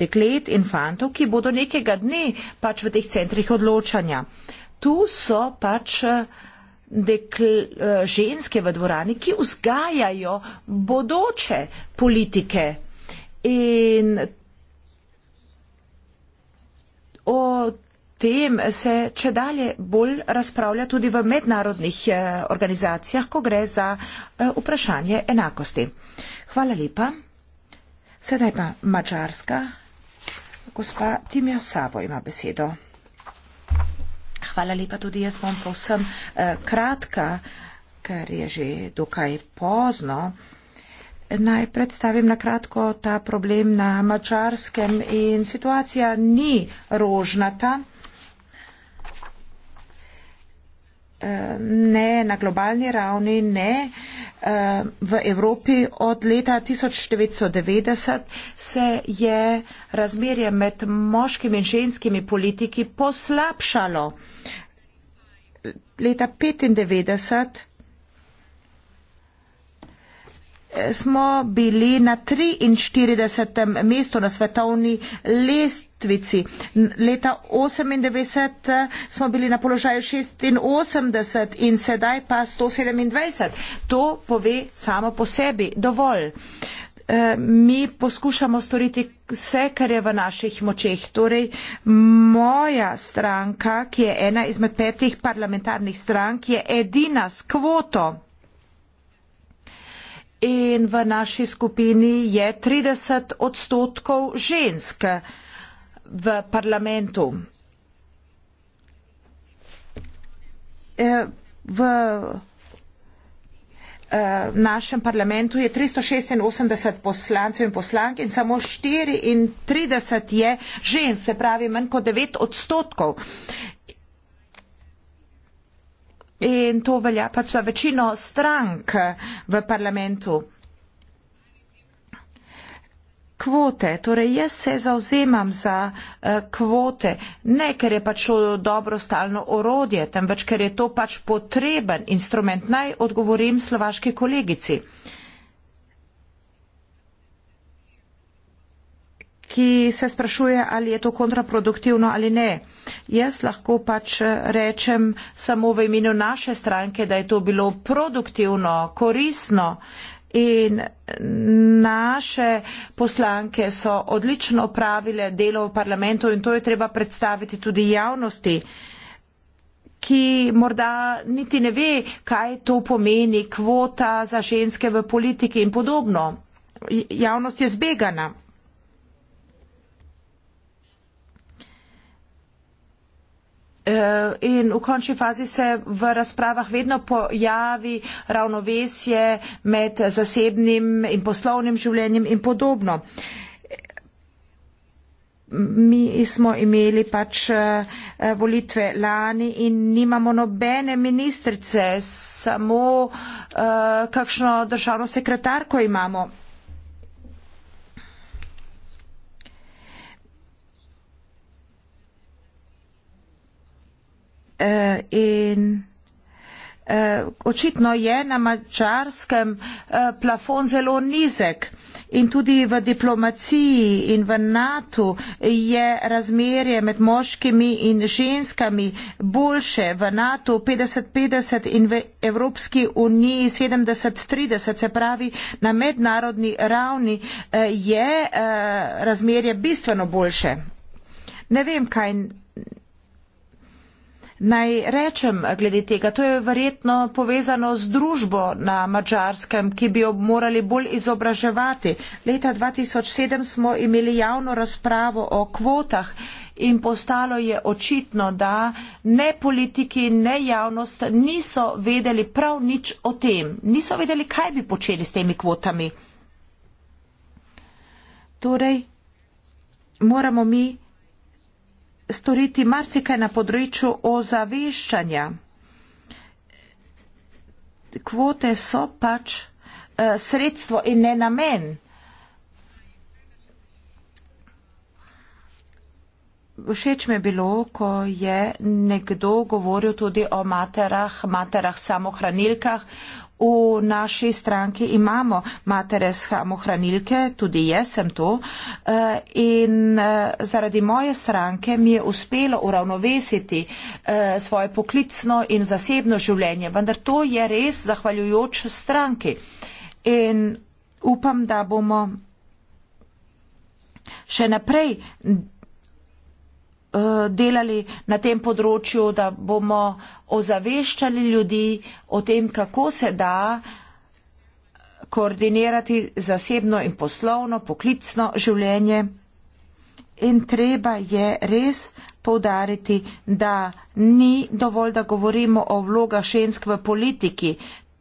deklet in fantov, ki bodo nekega dne pač v teh centrih odločanja. Tu so pač eh, dekl, ženske v dvorani, ki vzgajajo bodoče politike. In o tem se če dalje bolj razpravlja tudi v mednarodnih eh, organizacijah, ko gre za eh, vprašanje enakosti. Hvala lepa. Sedaj pa Mačarska. Gospa Timja Savo ima besedo. Hvala lepa, tudi jaz bom povsem eh, kratka, ker je že dokaj pozno. Eh, Naj predstavim na kratko ta problem na mačarskem in situacija ni rožnata. Ne na globalni ravni, ne v Evropi. Od leta 1990 se je razmerje med moškimi in ženskimi politiki poslabšalo. Leta 1995 smo bili na 43. mestu na svetovni lestvici. Leta 98 smo bili na položaju 86 in sedaj pa 127. To pove samo po sebi. Dovolj. Eh, mi poskušamo storiti vse, kar je v naših močeh. Torej, moja stranka, ki je ena izmed petih parlamentarnih strank, je edina s kvoto in v naši skupini je 30 odstotkov žensk v parlamentu. E, v e, našem parlamentu je 386 poslancev in poslank in samo 34 je žensk, se pravi manj kot 9 odstotkov in to velja pač za večino strank v parlamentu. Kvote, torej jaz se zauzemam za eh, kvote, ne ker je pač dobro stalno orodje, temveč ker je to pač potreben instrument. Naj odgovorim slovaški kolegici. ki se sprašuje, ali je to kontraproduktivno ali ne. Jaz lahko pač rečem samo v imenu naše stranke, da je to bilo produktivno, korisno. In naše poslanke so odlično opravile delo v parlamentu in to je treba predstaviti tudi javnosti, ki morda niti ne ve, kaj to pomeni kvota za ženske v politiki in podobno. Javnost je zbegana. Eh, in v končni fazi se v razpravah vedno pojavi ravnovesje med zasebnim in poslovnim življenjem in podobno. Mi smo imeli pač eh, volitve lani in nimamo nobene ministrice, samo uh, kakšno državno sekretarko imamo. Uh, in uh, očitno je na mačarskem uh, eh, plafon zelo nizek in tudi v diplomaciji in v NATO je razmerje med moškimi in ženskami boljše v NATO 50-50 in v Evropski uniji 70-30, se pravi na mednarodni ravni uh, je uh, razmerje bistveno boljše. Ne vem, kaj. Naj rečem glede tega, to je verjetno povezano z družbo na mačarskem, ki bi jo morali bolj izobraževati. Leta 2007 smo imeli javno razpravo o kvotah in postalo je očitno, da ne politiki, ne javnost niso vedeli prav nič o tem. Niso vedeli, kaj bi počeli s temi kvotami. Torej, moramo mi storiti marsikaj na področju ozaveščanja. Kvote so pač eh, sredstvo in ne namen. Všeč mi je bilo, ko je nekdo govoril tudi o materah, materah samohranilkah, V naši stranki imamo matere samohranilke, tudi jaz sem to. Eh, in eh, zaradi moje stranke mi je uspelo uravnovesiti eh, svoje poklicno in zasebno življenje. Vendar to je res zahvaljujoč stranki. In upam, da bomo še naprej Eh, delali na tem področju, da bomo ozaveščali ljudi o tem, kako se da koordinirati zasebno in poslovno, poklicno življenje. In treba je res povdariti, da ni dovolj, da govorimo o vloga žensk v politiki.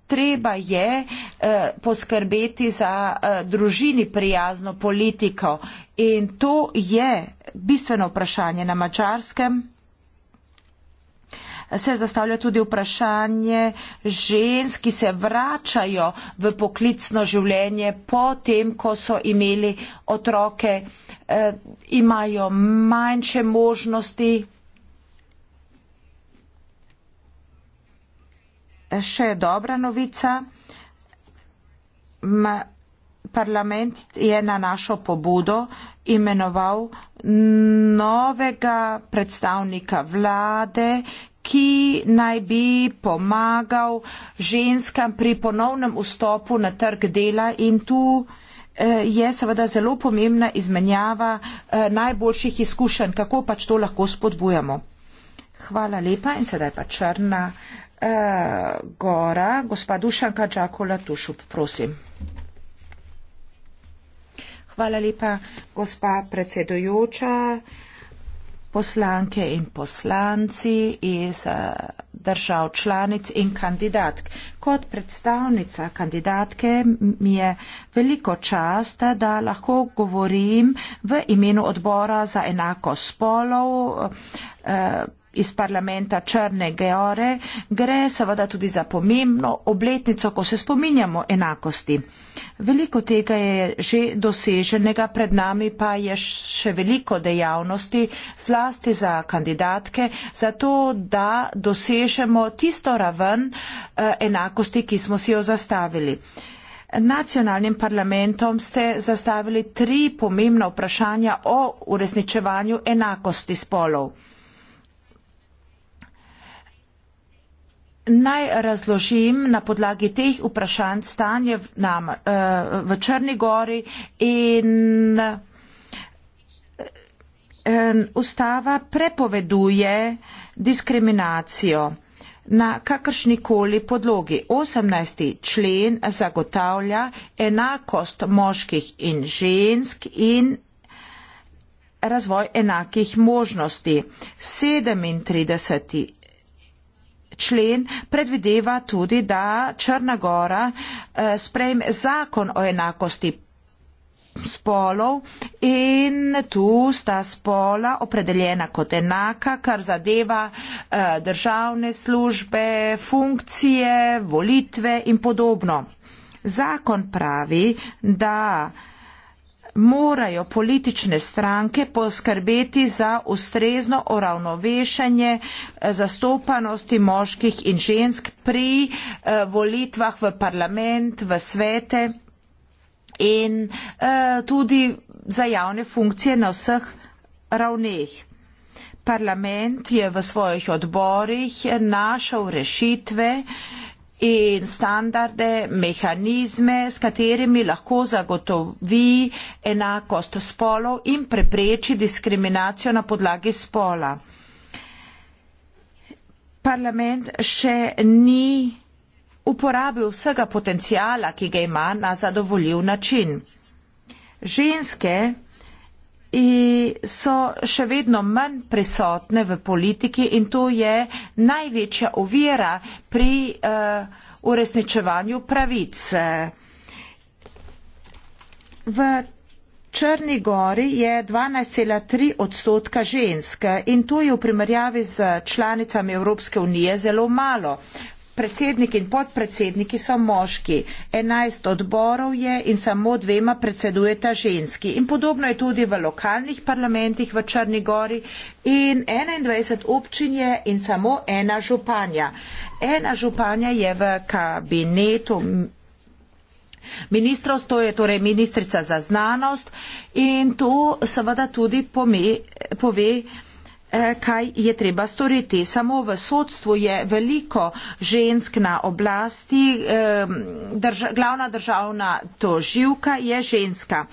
Treba je eh, poskrbeti za eh, družini prijazno politiko in to je bistveno vprašanje na mačarskem. Se zastavlja tudi vprašanje žensk, ki se vračajo v poklicno življenje po tem, ko so imeli otroke, eh, imajo manjše možnosti. Še dobra novica. Ma parlament je na našo pobudo imenoval novega predstavnika vlade, ki naj bi pomagal ženskam pri ponovnem vstopu na trg dela in tu eh, je seveda zelo pomembna izmenjava eh, najboljših izkušenj, kako pač to lahko spodbujamo. Hvala lepa in sedaj pa Črna uh, Gora, gospa Dušanka Đakola Tušup, prosim. Hvala lepa, gospa predsedujoča, poslanke in poslanci iz eh, držav članic in kandidatk. Kot predstavnica kandidatke mi je veliko čast, da lahko govorim v imenu odbora za enako spolov. Eh, iz parlamenta Črne Geore, gre seveda tudi za pomembno obletnico, ko se spominjamo enakosti. Veliko tega je že doseženega, pred nami pa je še veliko dejavnosti, zlasti za kandidatke, zato da dosežemo tisto raven eh, enakosti, ki smo si jo zastavili. Nacionalnim parlamentom ste zastavili tri pomembna vprašanja o uresničevanju enakosti spolov. Naj razložim na podlagi teh vprašanj stanje v, nam, eh, v Črni gori in eh, ustava prepoveduje diskriminacijo na kakršnikoli podlogi. 18. člen zagotavlja enakost moških in žensk in razvoj enakih možnosti. 37 člen predvideva tudi, da Črna Gora eh, sprejme zakon o enakosti spolov in tu sta spola opredeljena kot enaka, kar zadeva eh, državne službe, funkcije, volitve in podobno. Zakon pravi, da morajo politične stranke poskrbeti za ustrezno uravnovešanje eh, zastopanosti moških in žensk pri eh, volitvah v parlament, v svete in eh, tudi za javne funkcije na vseh ravneh. Parlament je v svojih odborih našel rešitve, in standarde, mehanizme, s katerimi lahko zagotovi enakost spolov in prepreči diskriminacijo na podlagi spola. Parlament še ni uporabil vsega potencijala, ki ga ima na zadovoljiv način. Ženske so še vedno manj prisotne v politiki in to je največja ovira pri eh, uresničevanju pravic. V Črni gori je 12,3 odstotka ženske in to je v primerjavi z članicami Evropske unije zelo malo predsedniki in podpredsedniki so moški, enajst odborov je in samo dvema predsedujeta ženski. In podobno je tudi v lokalnih parlamentih v Črni gori in 21 občin je in samo ena županja. Ena županja je v kabinetu. Ministrost, to je torej ministrica za znanost in to seveda tudi pome, pove Eh, kaj je treba storiti. Samo v sodstvu je veliko žensk na oblasti, drž glavna državna toživka je ženska.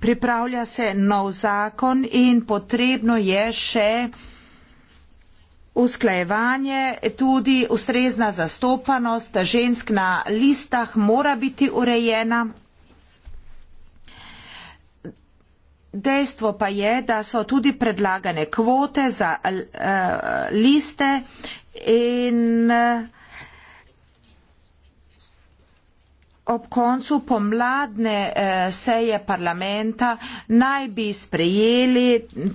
Pripravlja se nov zakon in potrebno je še usklajevanje, tudi ustrezna zastopanost žensk na listah mora biti urejena. Dejstvo pa je, da so tudi predlagane kvote za uh, liste in uh, ob koncu pomladne eh, seje parlamenta naj bi sprejeli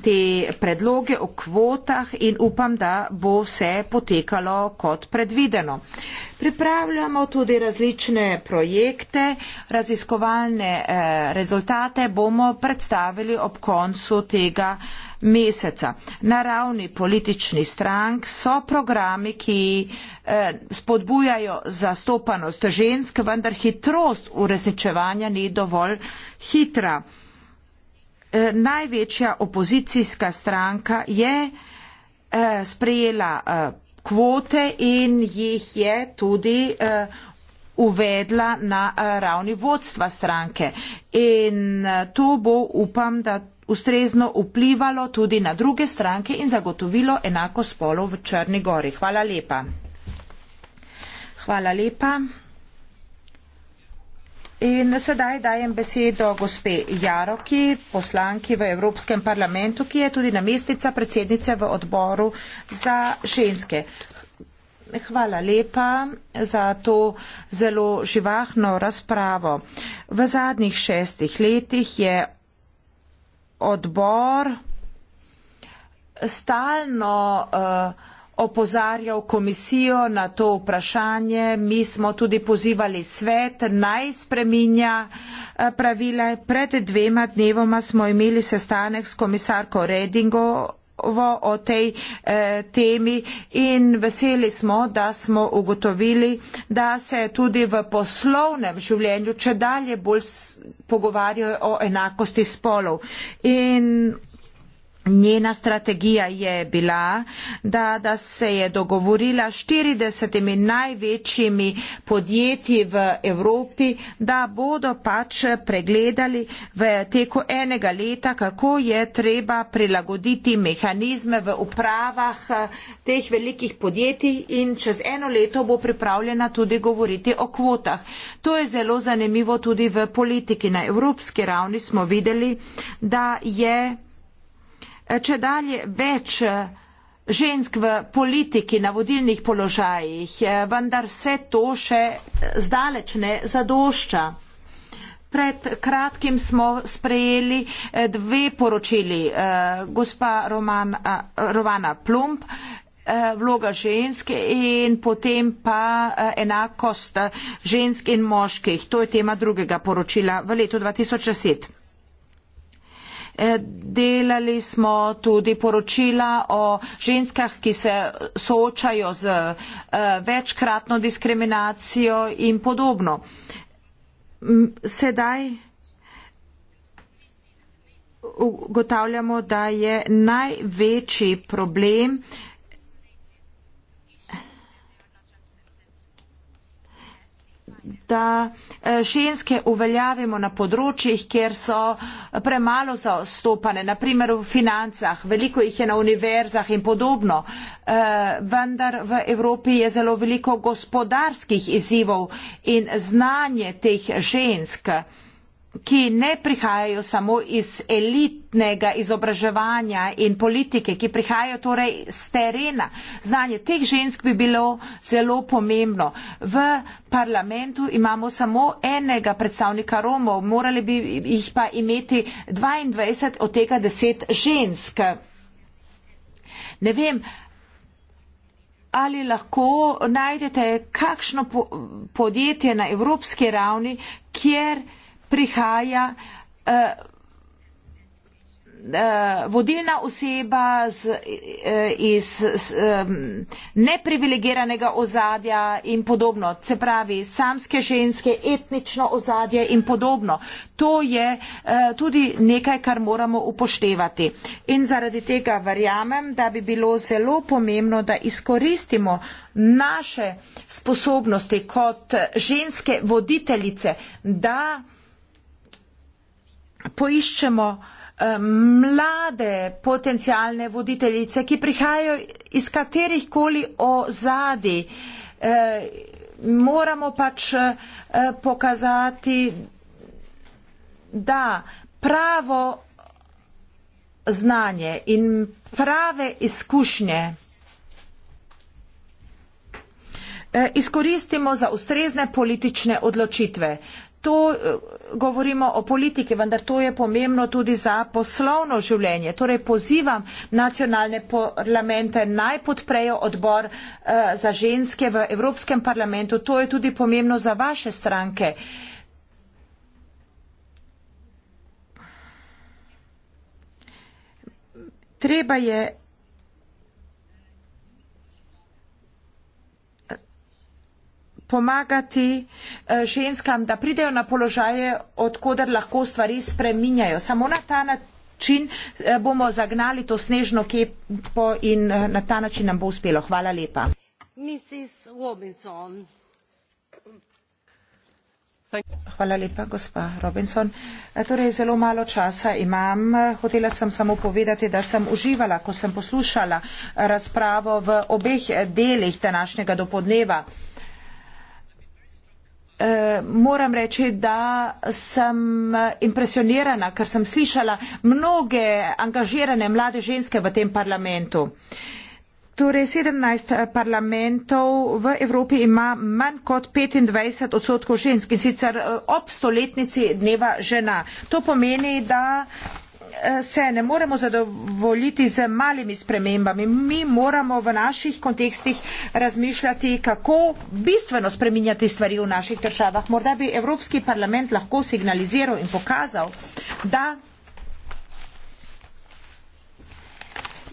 te predloge o kvotah in upam, da bo vse potekalo kot predvideno. Pripravljamo tudi različne projekte, raziskovalne eh, rezultate bomo predstavili ob koncu tega meseca. Na ravni političnih strank so programi, ki eh, spodbujajo zastopanost žensk, vendar hitrost uresničevanja ni dovolj hitra. Eh, največja opozicijska stranka je eh, sprejela kvote in jih je tudi uvedla na ravni vodstva stranke. In to bo, upam, da ustrezno vplivalo tudi na druge stranke in zagotovilo enako spolov v Črni gori. Hvala lepa. Hvala lepa. In sedaj dajem besedo gospe Jaroki, poslanki v Evropskem parlamentu, ki je tudi namestnica predsednice v odboru za ženske. Hvala lepa za to zelo živahno razpravo. V zadnjih šestih letih je odbor stalno eh, opozarjal komisijo na to vprašanje. Mi smo tudi pozivali svet naj spreminja eh, pravila. Pred dvema dnevoma smo imeli sestanek s komisarko Redingo o tej eh, temi in veseli smo, da smo ugotovili, da se tudi v poslovnem življenju če dalje bolj pogovarjajo o enakosti spolov. In Njena strategija je bila, da, da se je dogovorila s 40 največjimi podjetji v Evropi, da bodo pač pregledali v teku enega leta, kako je treba prilagoditi mehanizme v upravah eh, teh velikih podjetij in čez eno leto bo pripravljena tudi govoriti o kvotah. To je zelo zanimivo tudi v politiki. Na evropski ravni smo videli, da je Eh, čedalje več eh, žensk v politiki na vodilnih položajih, eh, vendar vse to še zdaleč ne zadošča. Pred kratkim smo sprejeli dve poročili. Gospa Romana Plump, vloga ženske in potem pa enakost žensk in moških. To je tema drugega poročila v letu 2010. Eh, delali smo tudi poročila o ženskah, ki se soočajo z eh, večkratno diskriminacijo in podobno. Sedaj ugotavljamo, da je največji problem, da eh, ženske uveljavimo na področjih, kjer so eh, premalo zastopane, naprimer v financah, veliko jih je na univerzah in podobno. Eh, vendar v Evropi je zelo veliko gospodarskih izzivov in znanje teh žensk ki ne prihajajo samo iz elitnega izobraževanja in politike, ki prihajajo torej z terena. Znanje teh žensk bi bilo zelo pomembno. V parlamentu imamo samo enega predstavnika Romov, morali bi jih pa imeti 22 od tega 10 žensk. Ne vem, ali lahko najdete kakšno podjetje na evropski ravni, kjer prihaja eh, eh, vodilna oseba z, eh, iz, iz neprivilegiranega ozadja in podobno, se pravi samske ženske, etnično ozadje in podobno. To je tudi nekaj, kar moramo upoštevati. In zaradi tega verjamem, da bi bilo zelo pomembno, da izkoristimo naše sposobnosti kot ženske voditeljice, da poiščemo eh, mlade potencijalne voditeljice, ki prihajajo iz katerih koli ozadi. Eh, moramo pač eh, pokazati, da pravo znanje in prave izkušnje izkoristimo za ustrezne politične odločitve. To eh, govorimo o politiki, vendar to je pomembno tudi za poslovno življenje. Torej pozivam nacionalne parlamente naj podprejo odbor eh, za ženske v Evropskem parlamentu. To je tudi pomembno za vaše stranke. Treba je pomagati eh, ženskam, da pridejo na položaje, odkuder lahko stvari spreminjajo. Samo na ta način eh, bomo zagnali to snežno kepo in eh, na ta način nam bo uspelo. Hvala lepa. Hvala lepa, gospa Robinson. Torej, zelo malo časa imam. Hotela sem samo povedati, da sem uživala, ko sem poslušala razpravo v obeh delih današnjega dopodneva. Eh, moram reči, da sem impresionirana, ker sem slišala mnoge angažirane mlade ženske v tem parlamentu. Torej, 17 eh, parlamentov v Evropi ima manj kot 25 odstotkov žensk in sicer eh, ob stoletnici dneva žena. To pomeni, da Eh, se ne moremo zadovoljiti z malimi spremembami. Mi moramo v naših kontekstih razmišljati, kako bistveno spreminjati stvari v naših državah. Morda bi Evropski parlament lahko signaliziral in pokazal, da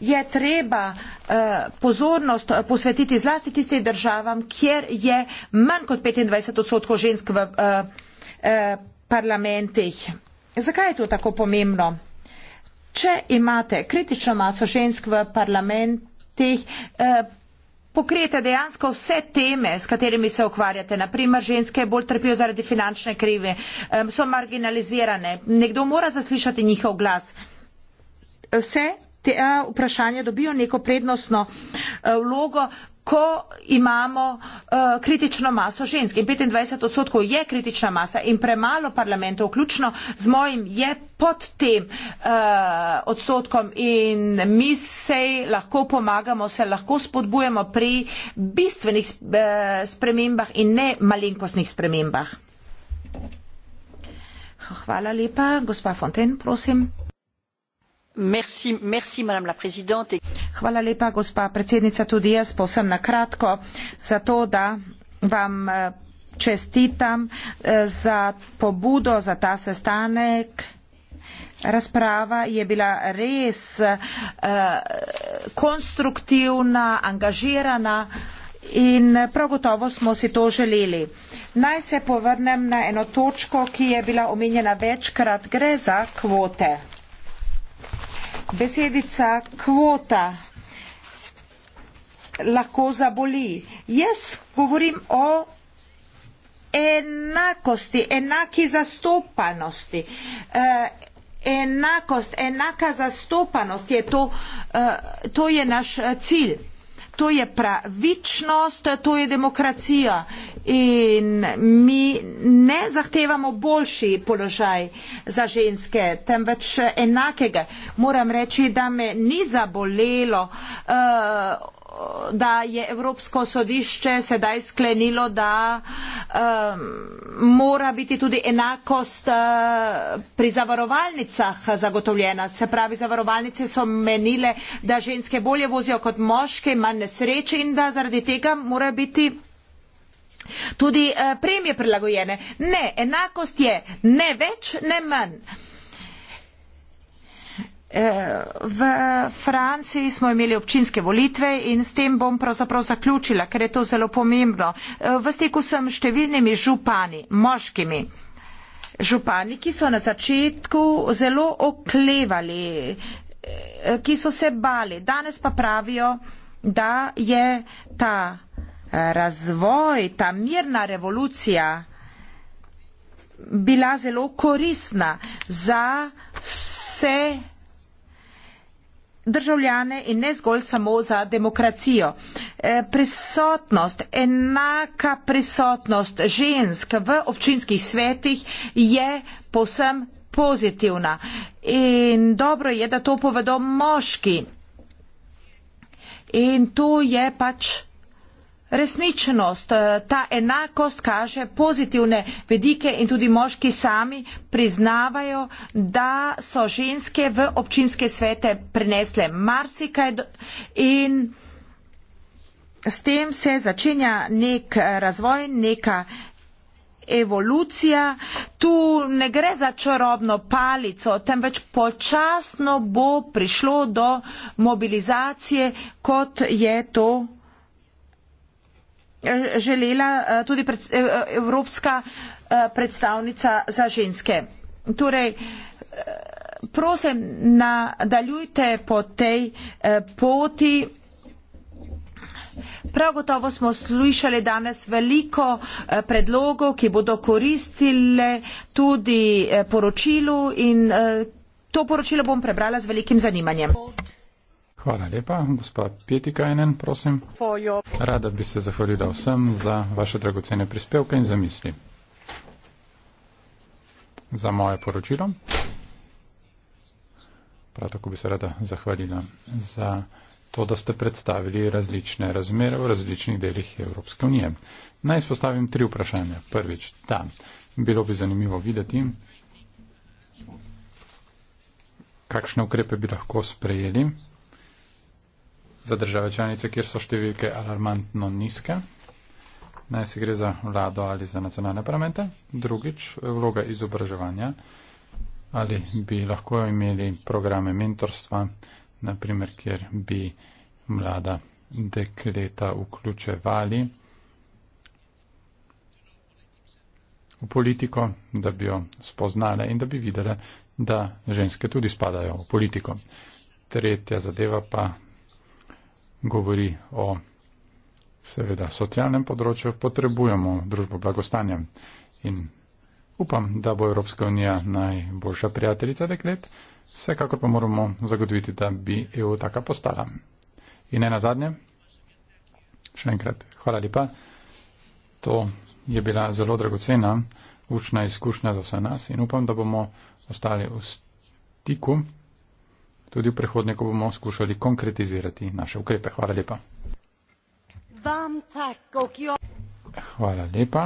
je treba eh, pozornost eh, posvetiti zlasti tistim državam, kjer je manj kot 25 odstotkov žensk v parlamentih. Zakaj je to tako pomembno? Če imate kritično maso žensk v parlamentih, eh, pokrijete dejansko vse teme, s katerimi se ukvarjate. Naprimer, ženske bolj trpijo zaradi finančne krive, so marginalizirane, nekdo mora zaslišati njihov glas. Vse te eh, vprašanja dobijo neko prednostno eh, vlogo ko imamo uh, kritično maso žensk in 25 odstotkov je kritična masa in premalo parlamentov, vključno z mojim, je pod tem uh, odstotkom in mi se lahko pomagamo, se lahko spodbujemo pri bistvenih eh, spremembah in ne malenkostnih spremembah. Hvala lepa, gospa Fonten, prosim hvala lepa gospa predsednica tudi jaz povsem na kratko zato da vam eh, čestitam eh, za pobudo za ta sestanek Razprava je bila res uh, konstruktivna, angažirana in prav gotovo smo si to želeli. Naj se povrnem na eno točko, ki je bila omenjena večkrat. Gre za kvote besedica kvota lahko zaboli. Jaz govorim o enakosti, enaki zastopanosti. Eh, enakost, enaka zastopanost je to, eh, to je naš eh, cilj to je pravičnost, to je demokracija. In mi ne zahtevamo boljši položaj za ženske, temveč enakega. Moram reči, da me ni zabolelo. Uh, da je Evropsko sodišče sedaj sklenilo, da um, mora biti tudi enakost uh, pri zavarovalnicah zagotovljena. Se pravi, zavarovalnice so menile, da ženske bolje vozijo kot moške, manj nesreče in da zaradi tega mora biti tudi uh, premije prilagojene. Ne, enakost je ne več, ne manj. Uh, V Franciji smo imeli občinske volitve in s tem bom pravzaprav zaključila, ker je to zelo pomembno. V stiku sem s številnimi župani, moškimi. Župani, ki so na začetku zelo oklevali, ki so se bali. Danes pa pravijo, da je ta eh, razvoj, ta mirna revolucija bila zelo korisna za vse državljane in ne zgolj samo za demokracijo. E, prisotnost, enaka prisotnost žensk v občinskih svetih je posem pozitivna. In dobro je, da to povedo moški. In to je pač resničnost, eh, ta enakost kaže pozitivne vedike in tudi moški sami priznavajo, da so ženske v občinske svete prenesle marsikaj in s tem se začenja nek razvoj, neka evolucija. Tu ne gre za čarobno palico, temveč počasno bo prišlo do mobilizacije, kot je to želela eh, tudi eh, evropska eh, predstavnica za ženske. Torej, prosim, nadaljujte po tej poti. Prav gotovo smo slišali danes veliko predlogov, ki bodo koristile tudi poročilu in to poročilo bom prebrala z velikim zanimanjem. Pot. Hvala lepa, gospa Pietikajnen, prosim. Rada bi se zahvalila vsem za vaše dragocene prispevke in zamisli. Za moje poročilo. Prav tako bi se rada zahvalila za to, da ste predstavili različne razmere v različnih delih Evropske unije. Naj izpostavim tri vprašanja. Prvič, da, bilo bi zanimivo videti, kakšne ukrepe bi lahko sprejeli za države članice, kjer so številke alarmantno nizke. Naj si gre za vlado ali za nacionalne parlamente. Drugič, vloga izobraževanja. Ali bi lahko imeli programe mentorstva, naprimer, kjer bi mlada dekleta vključevali v politiko, da bi jo spoznale in da bi videle, da ženske tudi spadajo v politiko. Tretja zadeva pa govori o seveda socialnem področju, potrebujemo družbo blagostanja. In upam, da bo Evropska unija najboljša prijateljica deklet, vsekakor pa moramo zagotoviti, da bi EU taka postala. In ne na zadnje, še enkrat, hvala lepa. To je bila zelo dragocena učna izkušnja za vse nas in upam, da bomo ostali v stiku tudi v prihodnje, ko bomo skušali konkretizirati naše ukrepe. Hvala lepa. Hvala lepa.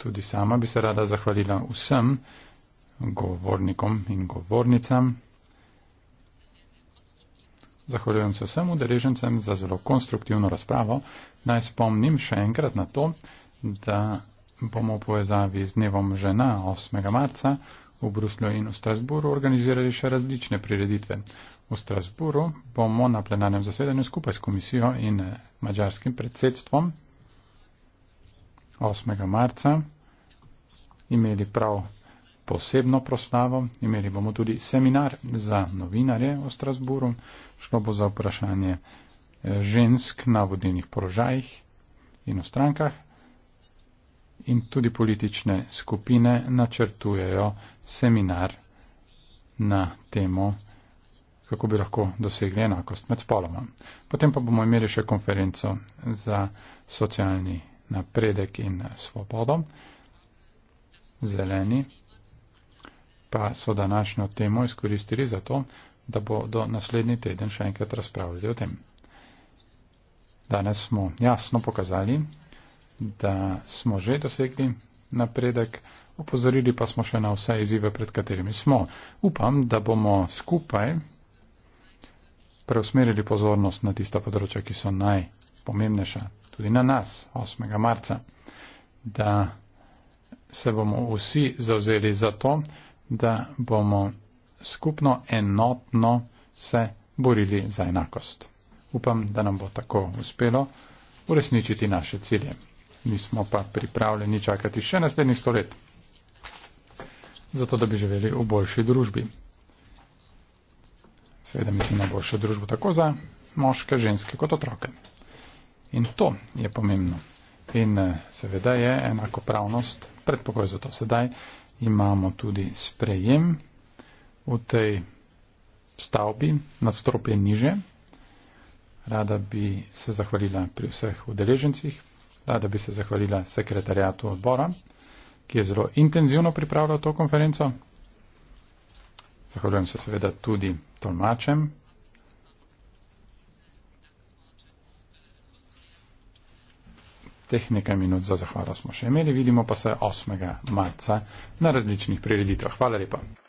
Tudi sama bi se rada zahvalila vsem govornikom in govornicam. Zahvaljujem se vsem udeležencem za zelo konstruktivno razpravo. Naj spomnim še enkrat na to, da bomo v povezavi z dnevom žena 8. marca V Bruslju in v Strasburu organizirali še različne prireditve. V Strasburu bomo na plenarnem zasedanju skupaj s komisijo in eh, mađarskim predsedstvom 8. marca imeli prav posebno proslavo. Imeli bomo tudi seminar za novinarje v Strasburu. Šlo bo za vprašanje eh, žensk na vodilnih porožajih in v strankah in tudi politične skupine načrtujejo seminar na temo, kako bi lahko dosegli enakost med spoloma. Potem pa bomo imeli še konferenco za socialni napredek in svobodo. Zeleni pa so današnjo temo izkoristili za to, da bodo naslednji teden še enkrat razpravljali o tem. Danes smo jasno pokazali, da smo že dosegli napredek, opozorili pa smo še na vse izzive, pred katerimi smo. Upam, da bomo skupaj preusmerili pozornost na tista področja, ki so najpomembnejša, tudi na nas 8. marca, da se bomo vsi zauzeli za to, da bomo skupno, enotno se borili za enakost. Upam, da nam bo tako uspelo uresničiti naše cilje nismo pa pripravljeni čakati še naslednjih sto let, zato da bi živeli v boljši družbi. Seveda mislim na boljšo družbo tako za moške, ženske kot otroke. In to je pomembno. In eh, seveda je enakopravnost predpogoj za to. Sedaj imamo tudi sprejem v tej stavbi, nadstropje niže. Rada bi se zahvalila pri vseh udeležencih, rada bi se zahvalila sekretarjatu odbora, ki je zelo intenzivno pripravljal to konferenco. Zahvaljujem se seveda tudi tolmačem. Teh nekaj minut za zahvalo smo še imeli, vidimo pa se 8. marca na različnih prireditvah. Hvala lepa.